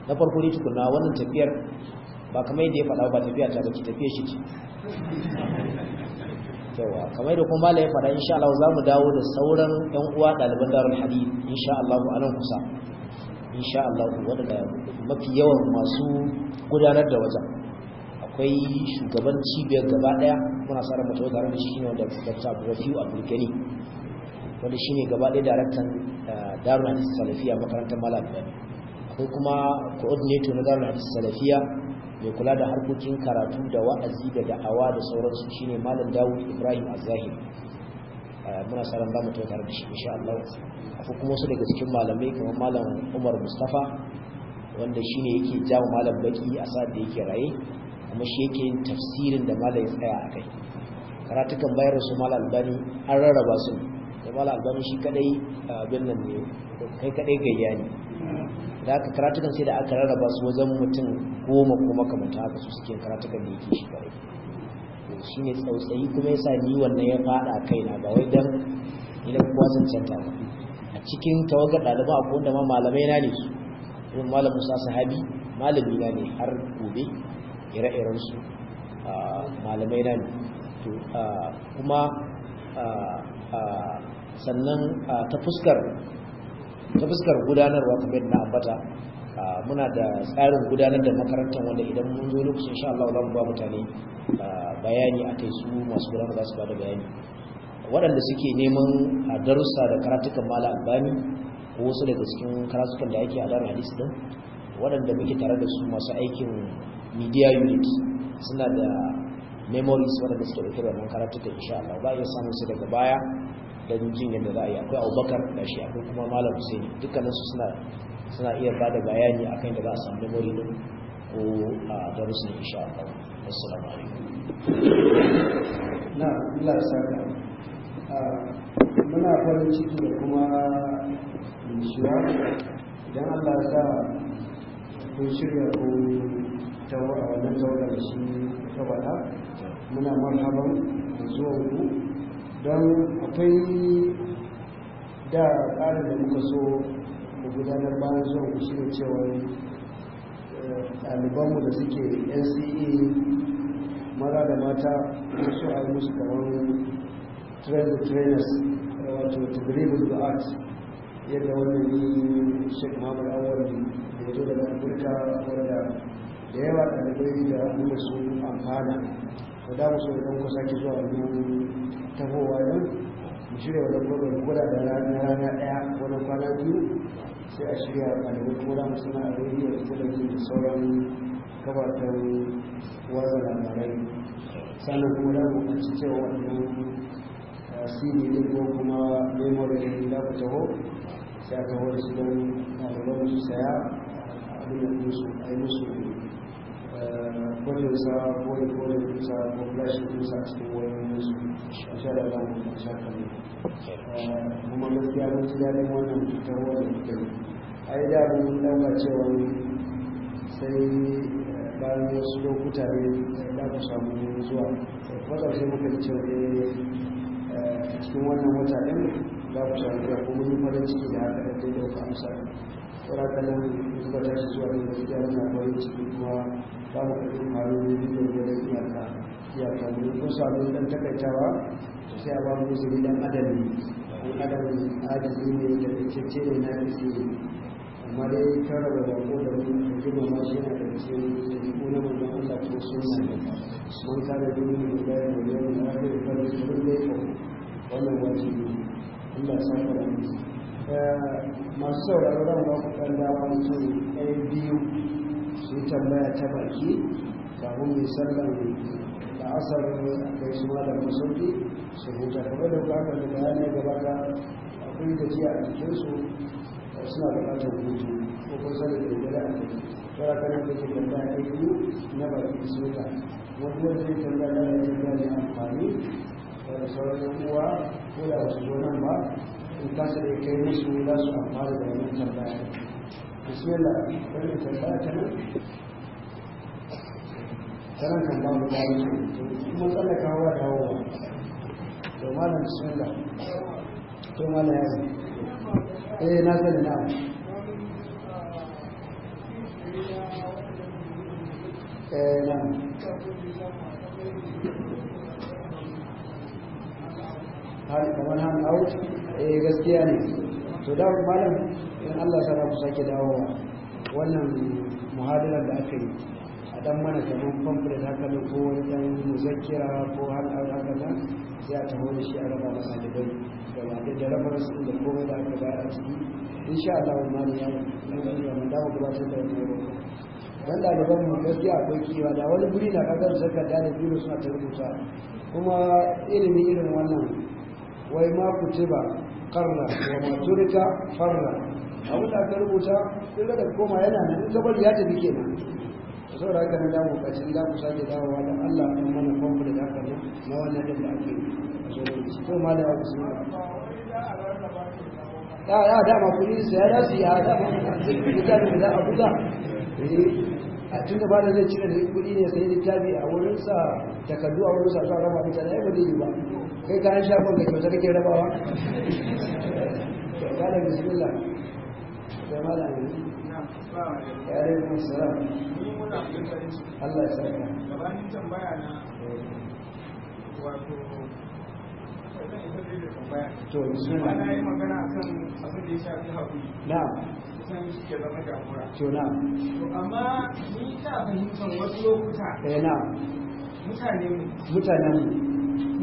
na farko ne tukuna wannan tafiyar ba kamar yadda ya faɗa ba tafiya ta baki tafiya shi ce yawa kamar da kuma malam ya faɗa insha Allah za mu dawo da sauran ɗan uwa ɗaliban darul hadith insha Allah a nan kusa insha Allah waɗanda mafi yawan masu gudanar da wajen akwai shugaban cibiyar gaba ɗaya muna sa ran tare da shi ne wanda Dr. Rafiu Abdulgani wanda shi ne gaba ɗaya daraktan eh, Darul Hadith Salafiya makarantar Malam Abdulgani akwai kuma coordinator na Darul Hadith Salafiya mai kula da harkokin karatu da wa'azi da da'awa da sauransu shi ne Malam Dawud Ibrahim Azahiri eh, muna sa ran za tare da shi insha Allah akwai kuma wasu daga cikin malamai kamar Malam Umar Mustafa wanda shi ne yake jawo Malam Baki a sa da yake raye kuma shi yake yin tafsirin da malai tsaya a kai karatukan bayar su mal albani an rarraba su da mal albani shi kadai abin nan ne kai kadai gayya ne da aka karatukan sai da aka rarraba su wajen mutum goma ko makamanta haka su suke karatukan da yake shi kare shi ne tsautsayi kuma ya sa ni wannan ya fada kaina ba wai dan idan kuwa sun canta a cikin tawagar ɗaliba akwai wanda ma malamai na ne su irin malam musa sahabi malami na ne har gobe ire-iren su ah, malamai na to ah, kuma ah, sannan ta fuskar gudanarwa kuma yadda na ambata muna da tsarin gudanar da makarantar wanda idan mun zo lokacin sha Allah za ba mutane bayani kai su masu gudanar za su ba da bayani waɗanda suke neman darussa da karatukan mala albani ko wasu daga cikin karatukan da ake a daren hadis din waɗanda muke tare da su masu aikin media unit suna da memories waɗanda suke ɗauke da wannan karatuka insha Allah ba ya samun su daga baya don jin yadda za a yi akwai abubakar da shi akwai kuma malam husaini dukkaninsu su suna suna iya bada bayani akan da za a samu memory din ko a darussan insha Allah assalamu alaikum na Allah ya saka muna farin ciki da kuma nishiwa idan Allah ya sa kun shirya ko a wannan tawara da shi ta faɗa muna marhaban da zuwa ku don akwai da tsarin da muka so mu gudanar bayan zuwa ku shi ne cewa eh, ɗalibanmu da suke nce maza da mata su a musu kamar train the trainers wato to believe in the art yadda wannan yi shek mahabar awon da ya zo daga afirka wadda da yawa ɗalibai da abu da su amfana da damu so da ku sake zuwa wani tahowa yau mu shirya wani gwamnati guda da rana rana daya wani kwana biyu sai a shirya ɗalibai ko da musamman a rediyo da talabijin da da sauran kabatar watsa labarai sannan kuma da mu ci cewa wannan sini eh, ne ko kuma memory da ku taho sai a taho da su don ɗalibai su saya abin da musu a yi musu gwajin sa ko da ko da kusa ko flashin a cikin wani yanzu a sha da zamu a sha kalli kuma gaskiya mun ji daɗin wannan cutar wannan cutar da mun ɗauka cewa sai bayan wasu lokuta ne za ku samu zuwa wata sai muka ji cewa cikin wannan wata ɗin za ku samu zuwa kuma mun farin ciki da da ta ɗauka saraka nan suka tashi zuwa ne gaskiya muna bayan ciki kuma za mu karɓi maloli biyu da wani iyaka iyaka ne ko samu dan takaitawa to sai a ba mu zuri dan adami dan adam adami ne da kicece ne na kisi amma dai tara da bako da mu da jima ma shi yana da cikin ko na mun Allah ko sunna mun kare duniya da bayan da yau na da farin cikin da wannan wajibi Allah ya saka mu Eh, masu sauraro ran ba ku a biyu su yi tambaya ta baki kafin mai sallan da asar kai su da masauki su huta kuma da ku aka da bayanai gaba ka akwai jiya a jikinsu suna buƙatar hutu ko kun sani da dare a jiki kira kan da ke tambaya ɗaya biyu na baki su huta wani wani zai tambaya na da tambaya ne amfani da sauran uwa ko da wasu zo nan ba in kasa da kai da kuma tsallaka wa dawo to malam bismillah to malam ya zai eh, eh kamar hand out a gaskiya ne to da malam in Allah sana ku sake dawowa wannan muhadara da aka yi a dan mana kamar pamphlet haka ne ko wani dan muzakkira ko hand out haka nan sai a taho da shi a raba da ɗalibai da da da rabar su da komai da aka bayar a ciki insha Allah malam ya yi ya mun dawo gabatar da wannan dan ɗaliban mu gaskiya akwai kiwa da wani guri na kasar zakka da biyu suna ta rubuta kuma ilimi irin wannan wai ma ku ba karna wa maturika farna abin da aka rubuta sai da koma yana nan gabar ya tafi kenan da saboda haka na damu bacin da ku sake dawowa da Allah ya mana kwanfu da haka ne na wannan da ake ko ma da ku da Da ya dama kuni sai ya da ya dama da za a buga a tun da bada zai cire da kuɗi ne sai littafi a wurinsa takardu a wurin sa raba mutane ya ba yi ba kai an shafon da kyauta kake rabawa ba da bismillah da ya rai ya yi magana ya shafi na san shi ke zama jagora to na to amma ni ina fahimtar wasu lokuta eh na mutane mutanen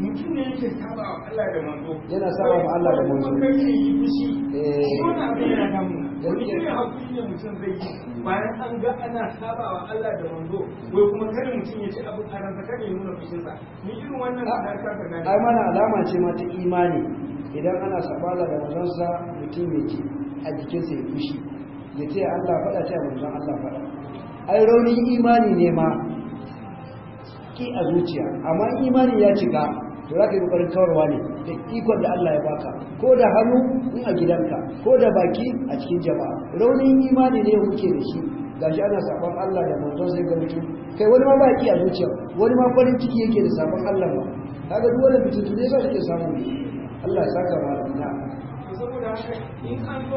mutum ne yake saba wa Allah da manzo yana saba wa Allah da manzo kuma kai yi fushi eh wannan abin yana damu wani ne hakuri ne mutum zai yi bayan an ga ana saba wa Allah da manzo wai kuma kada mutum ya ci abin aran sa kada ya nuna fushinsa ni irin wannan da ah, saka ga ai mana alama ce ma ta imani idan ana saba da manzon sa mutum ke. a jikinsa ya fushi ya ce Allah faɗa ce manzon Allah faɗa ai rauni imani ne ma ki a zuciya amma imani ya cika to za ka yi kokarin kawarwa ne da ikon da Allah ya baka ko da hannu in a gidanka ko da baki a cikin jama'a raunin imani ne kuke da shi gashi ana sabon Allah da manzon sai ga mutum kai wani ma baki a zuciya wani ma farin ciki yake da sabon Allah ba kaga duk wanda mutum ne sa ke samu Allah ya saka Allah saboda in an zo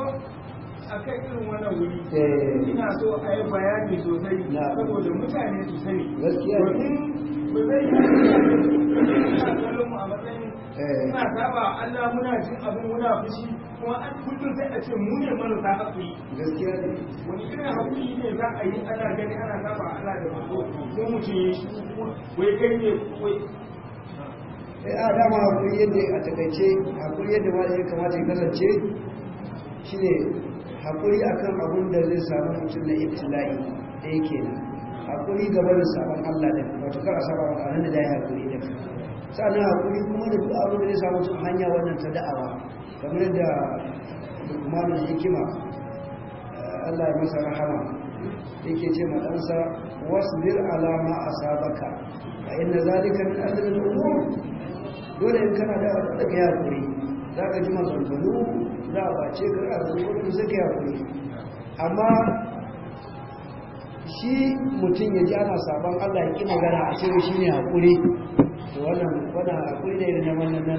a kai irin wani wuri eh. ina so a yi bayani sosai saboda mutane su sani domin ba zai yi ina kallon mu a matsayin ina eh. saba Allah muna jin abin muna fushi kuma an kullum sai a ce mu ne marasa haƙuri gaskiya ne wani irin haƙuri ne za a yi ana gani ana saba Allah da manzo ko mutum ya shi wai kai ne wai sai eh, a dama hakuri yadda a takaice hakuri yadda ma da ya kamata ya kasance shine hakuri akan abun da zai samu mutum na ibtila'i da yake nan hakuri gaba da sabon Allah da wato kar a saba a nan da ya hakuri da sannan hakuri kuma da duk abin da zai samu su hanya wannan ta da'awa kamar da Luqmanul Hikima eh, Allah ya masa rahama yake ce ma ɗansa wasbir ala ma a fa inna zalika min azmi al-umur dole in kana da yara daga kuri za ka ji mazantanu za a bace ka a zankonin zaka kuri amma shi mutum ya ji ana sabon allah ya magana a cewa shi ne haƙuri to wannan wannan haƙuri ne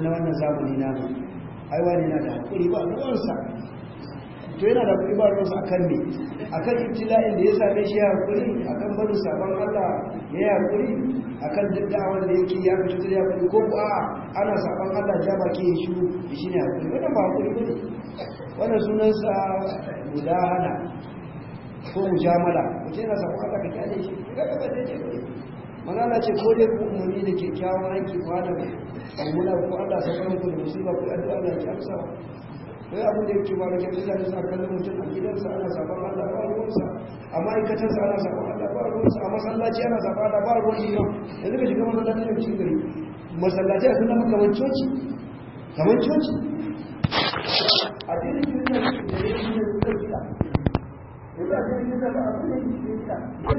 na wannan zamani na wa ne na da haƙuri ba ruwansa to yana da kuɗi ba ibarar a akan ne akan ibtila'in da ya same shi ya hakuri akan barin sabon Allah ya yi hakuri akan duk da yake ya fito da hakuri ko ko a'a ana sabon Allah ja ke ya da shi ne hakuri wannan ba hakuri ba ne wannan sunan sa mudahana ko mujamala Wace yana sabon Allah ka kyale shi ka ga ba dai ne na ce ko dai ku umarni da kyakkyawan aiki ko da mummuna ko Allah sabon ku da musiba ku addu'a Allah ya amsa kai abin da yake ba da kyau da mutum a gidansa ana saban Allah ba ruwansa a ma'aikatarsa ana saban Allah ba ruwansa a masallaci ana Allah ba ruwan imam yanzu ka shiga masallaci da cikin gari masallaci a sunan kamar coci kamar coci a cikin da ya yi da ya yi da ya yi da ya yi da ya yi da ya yi da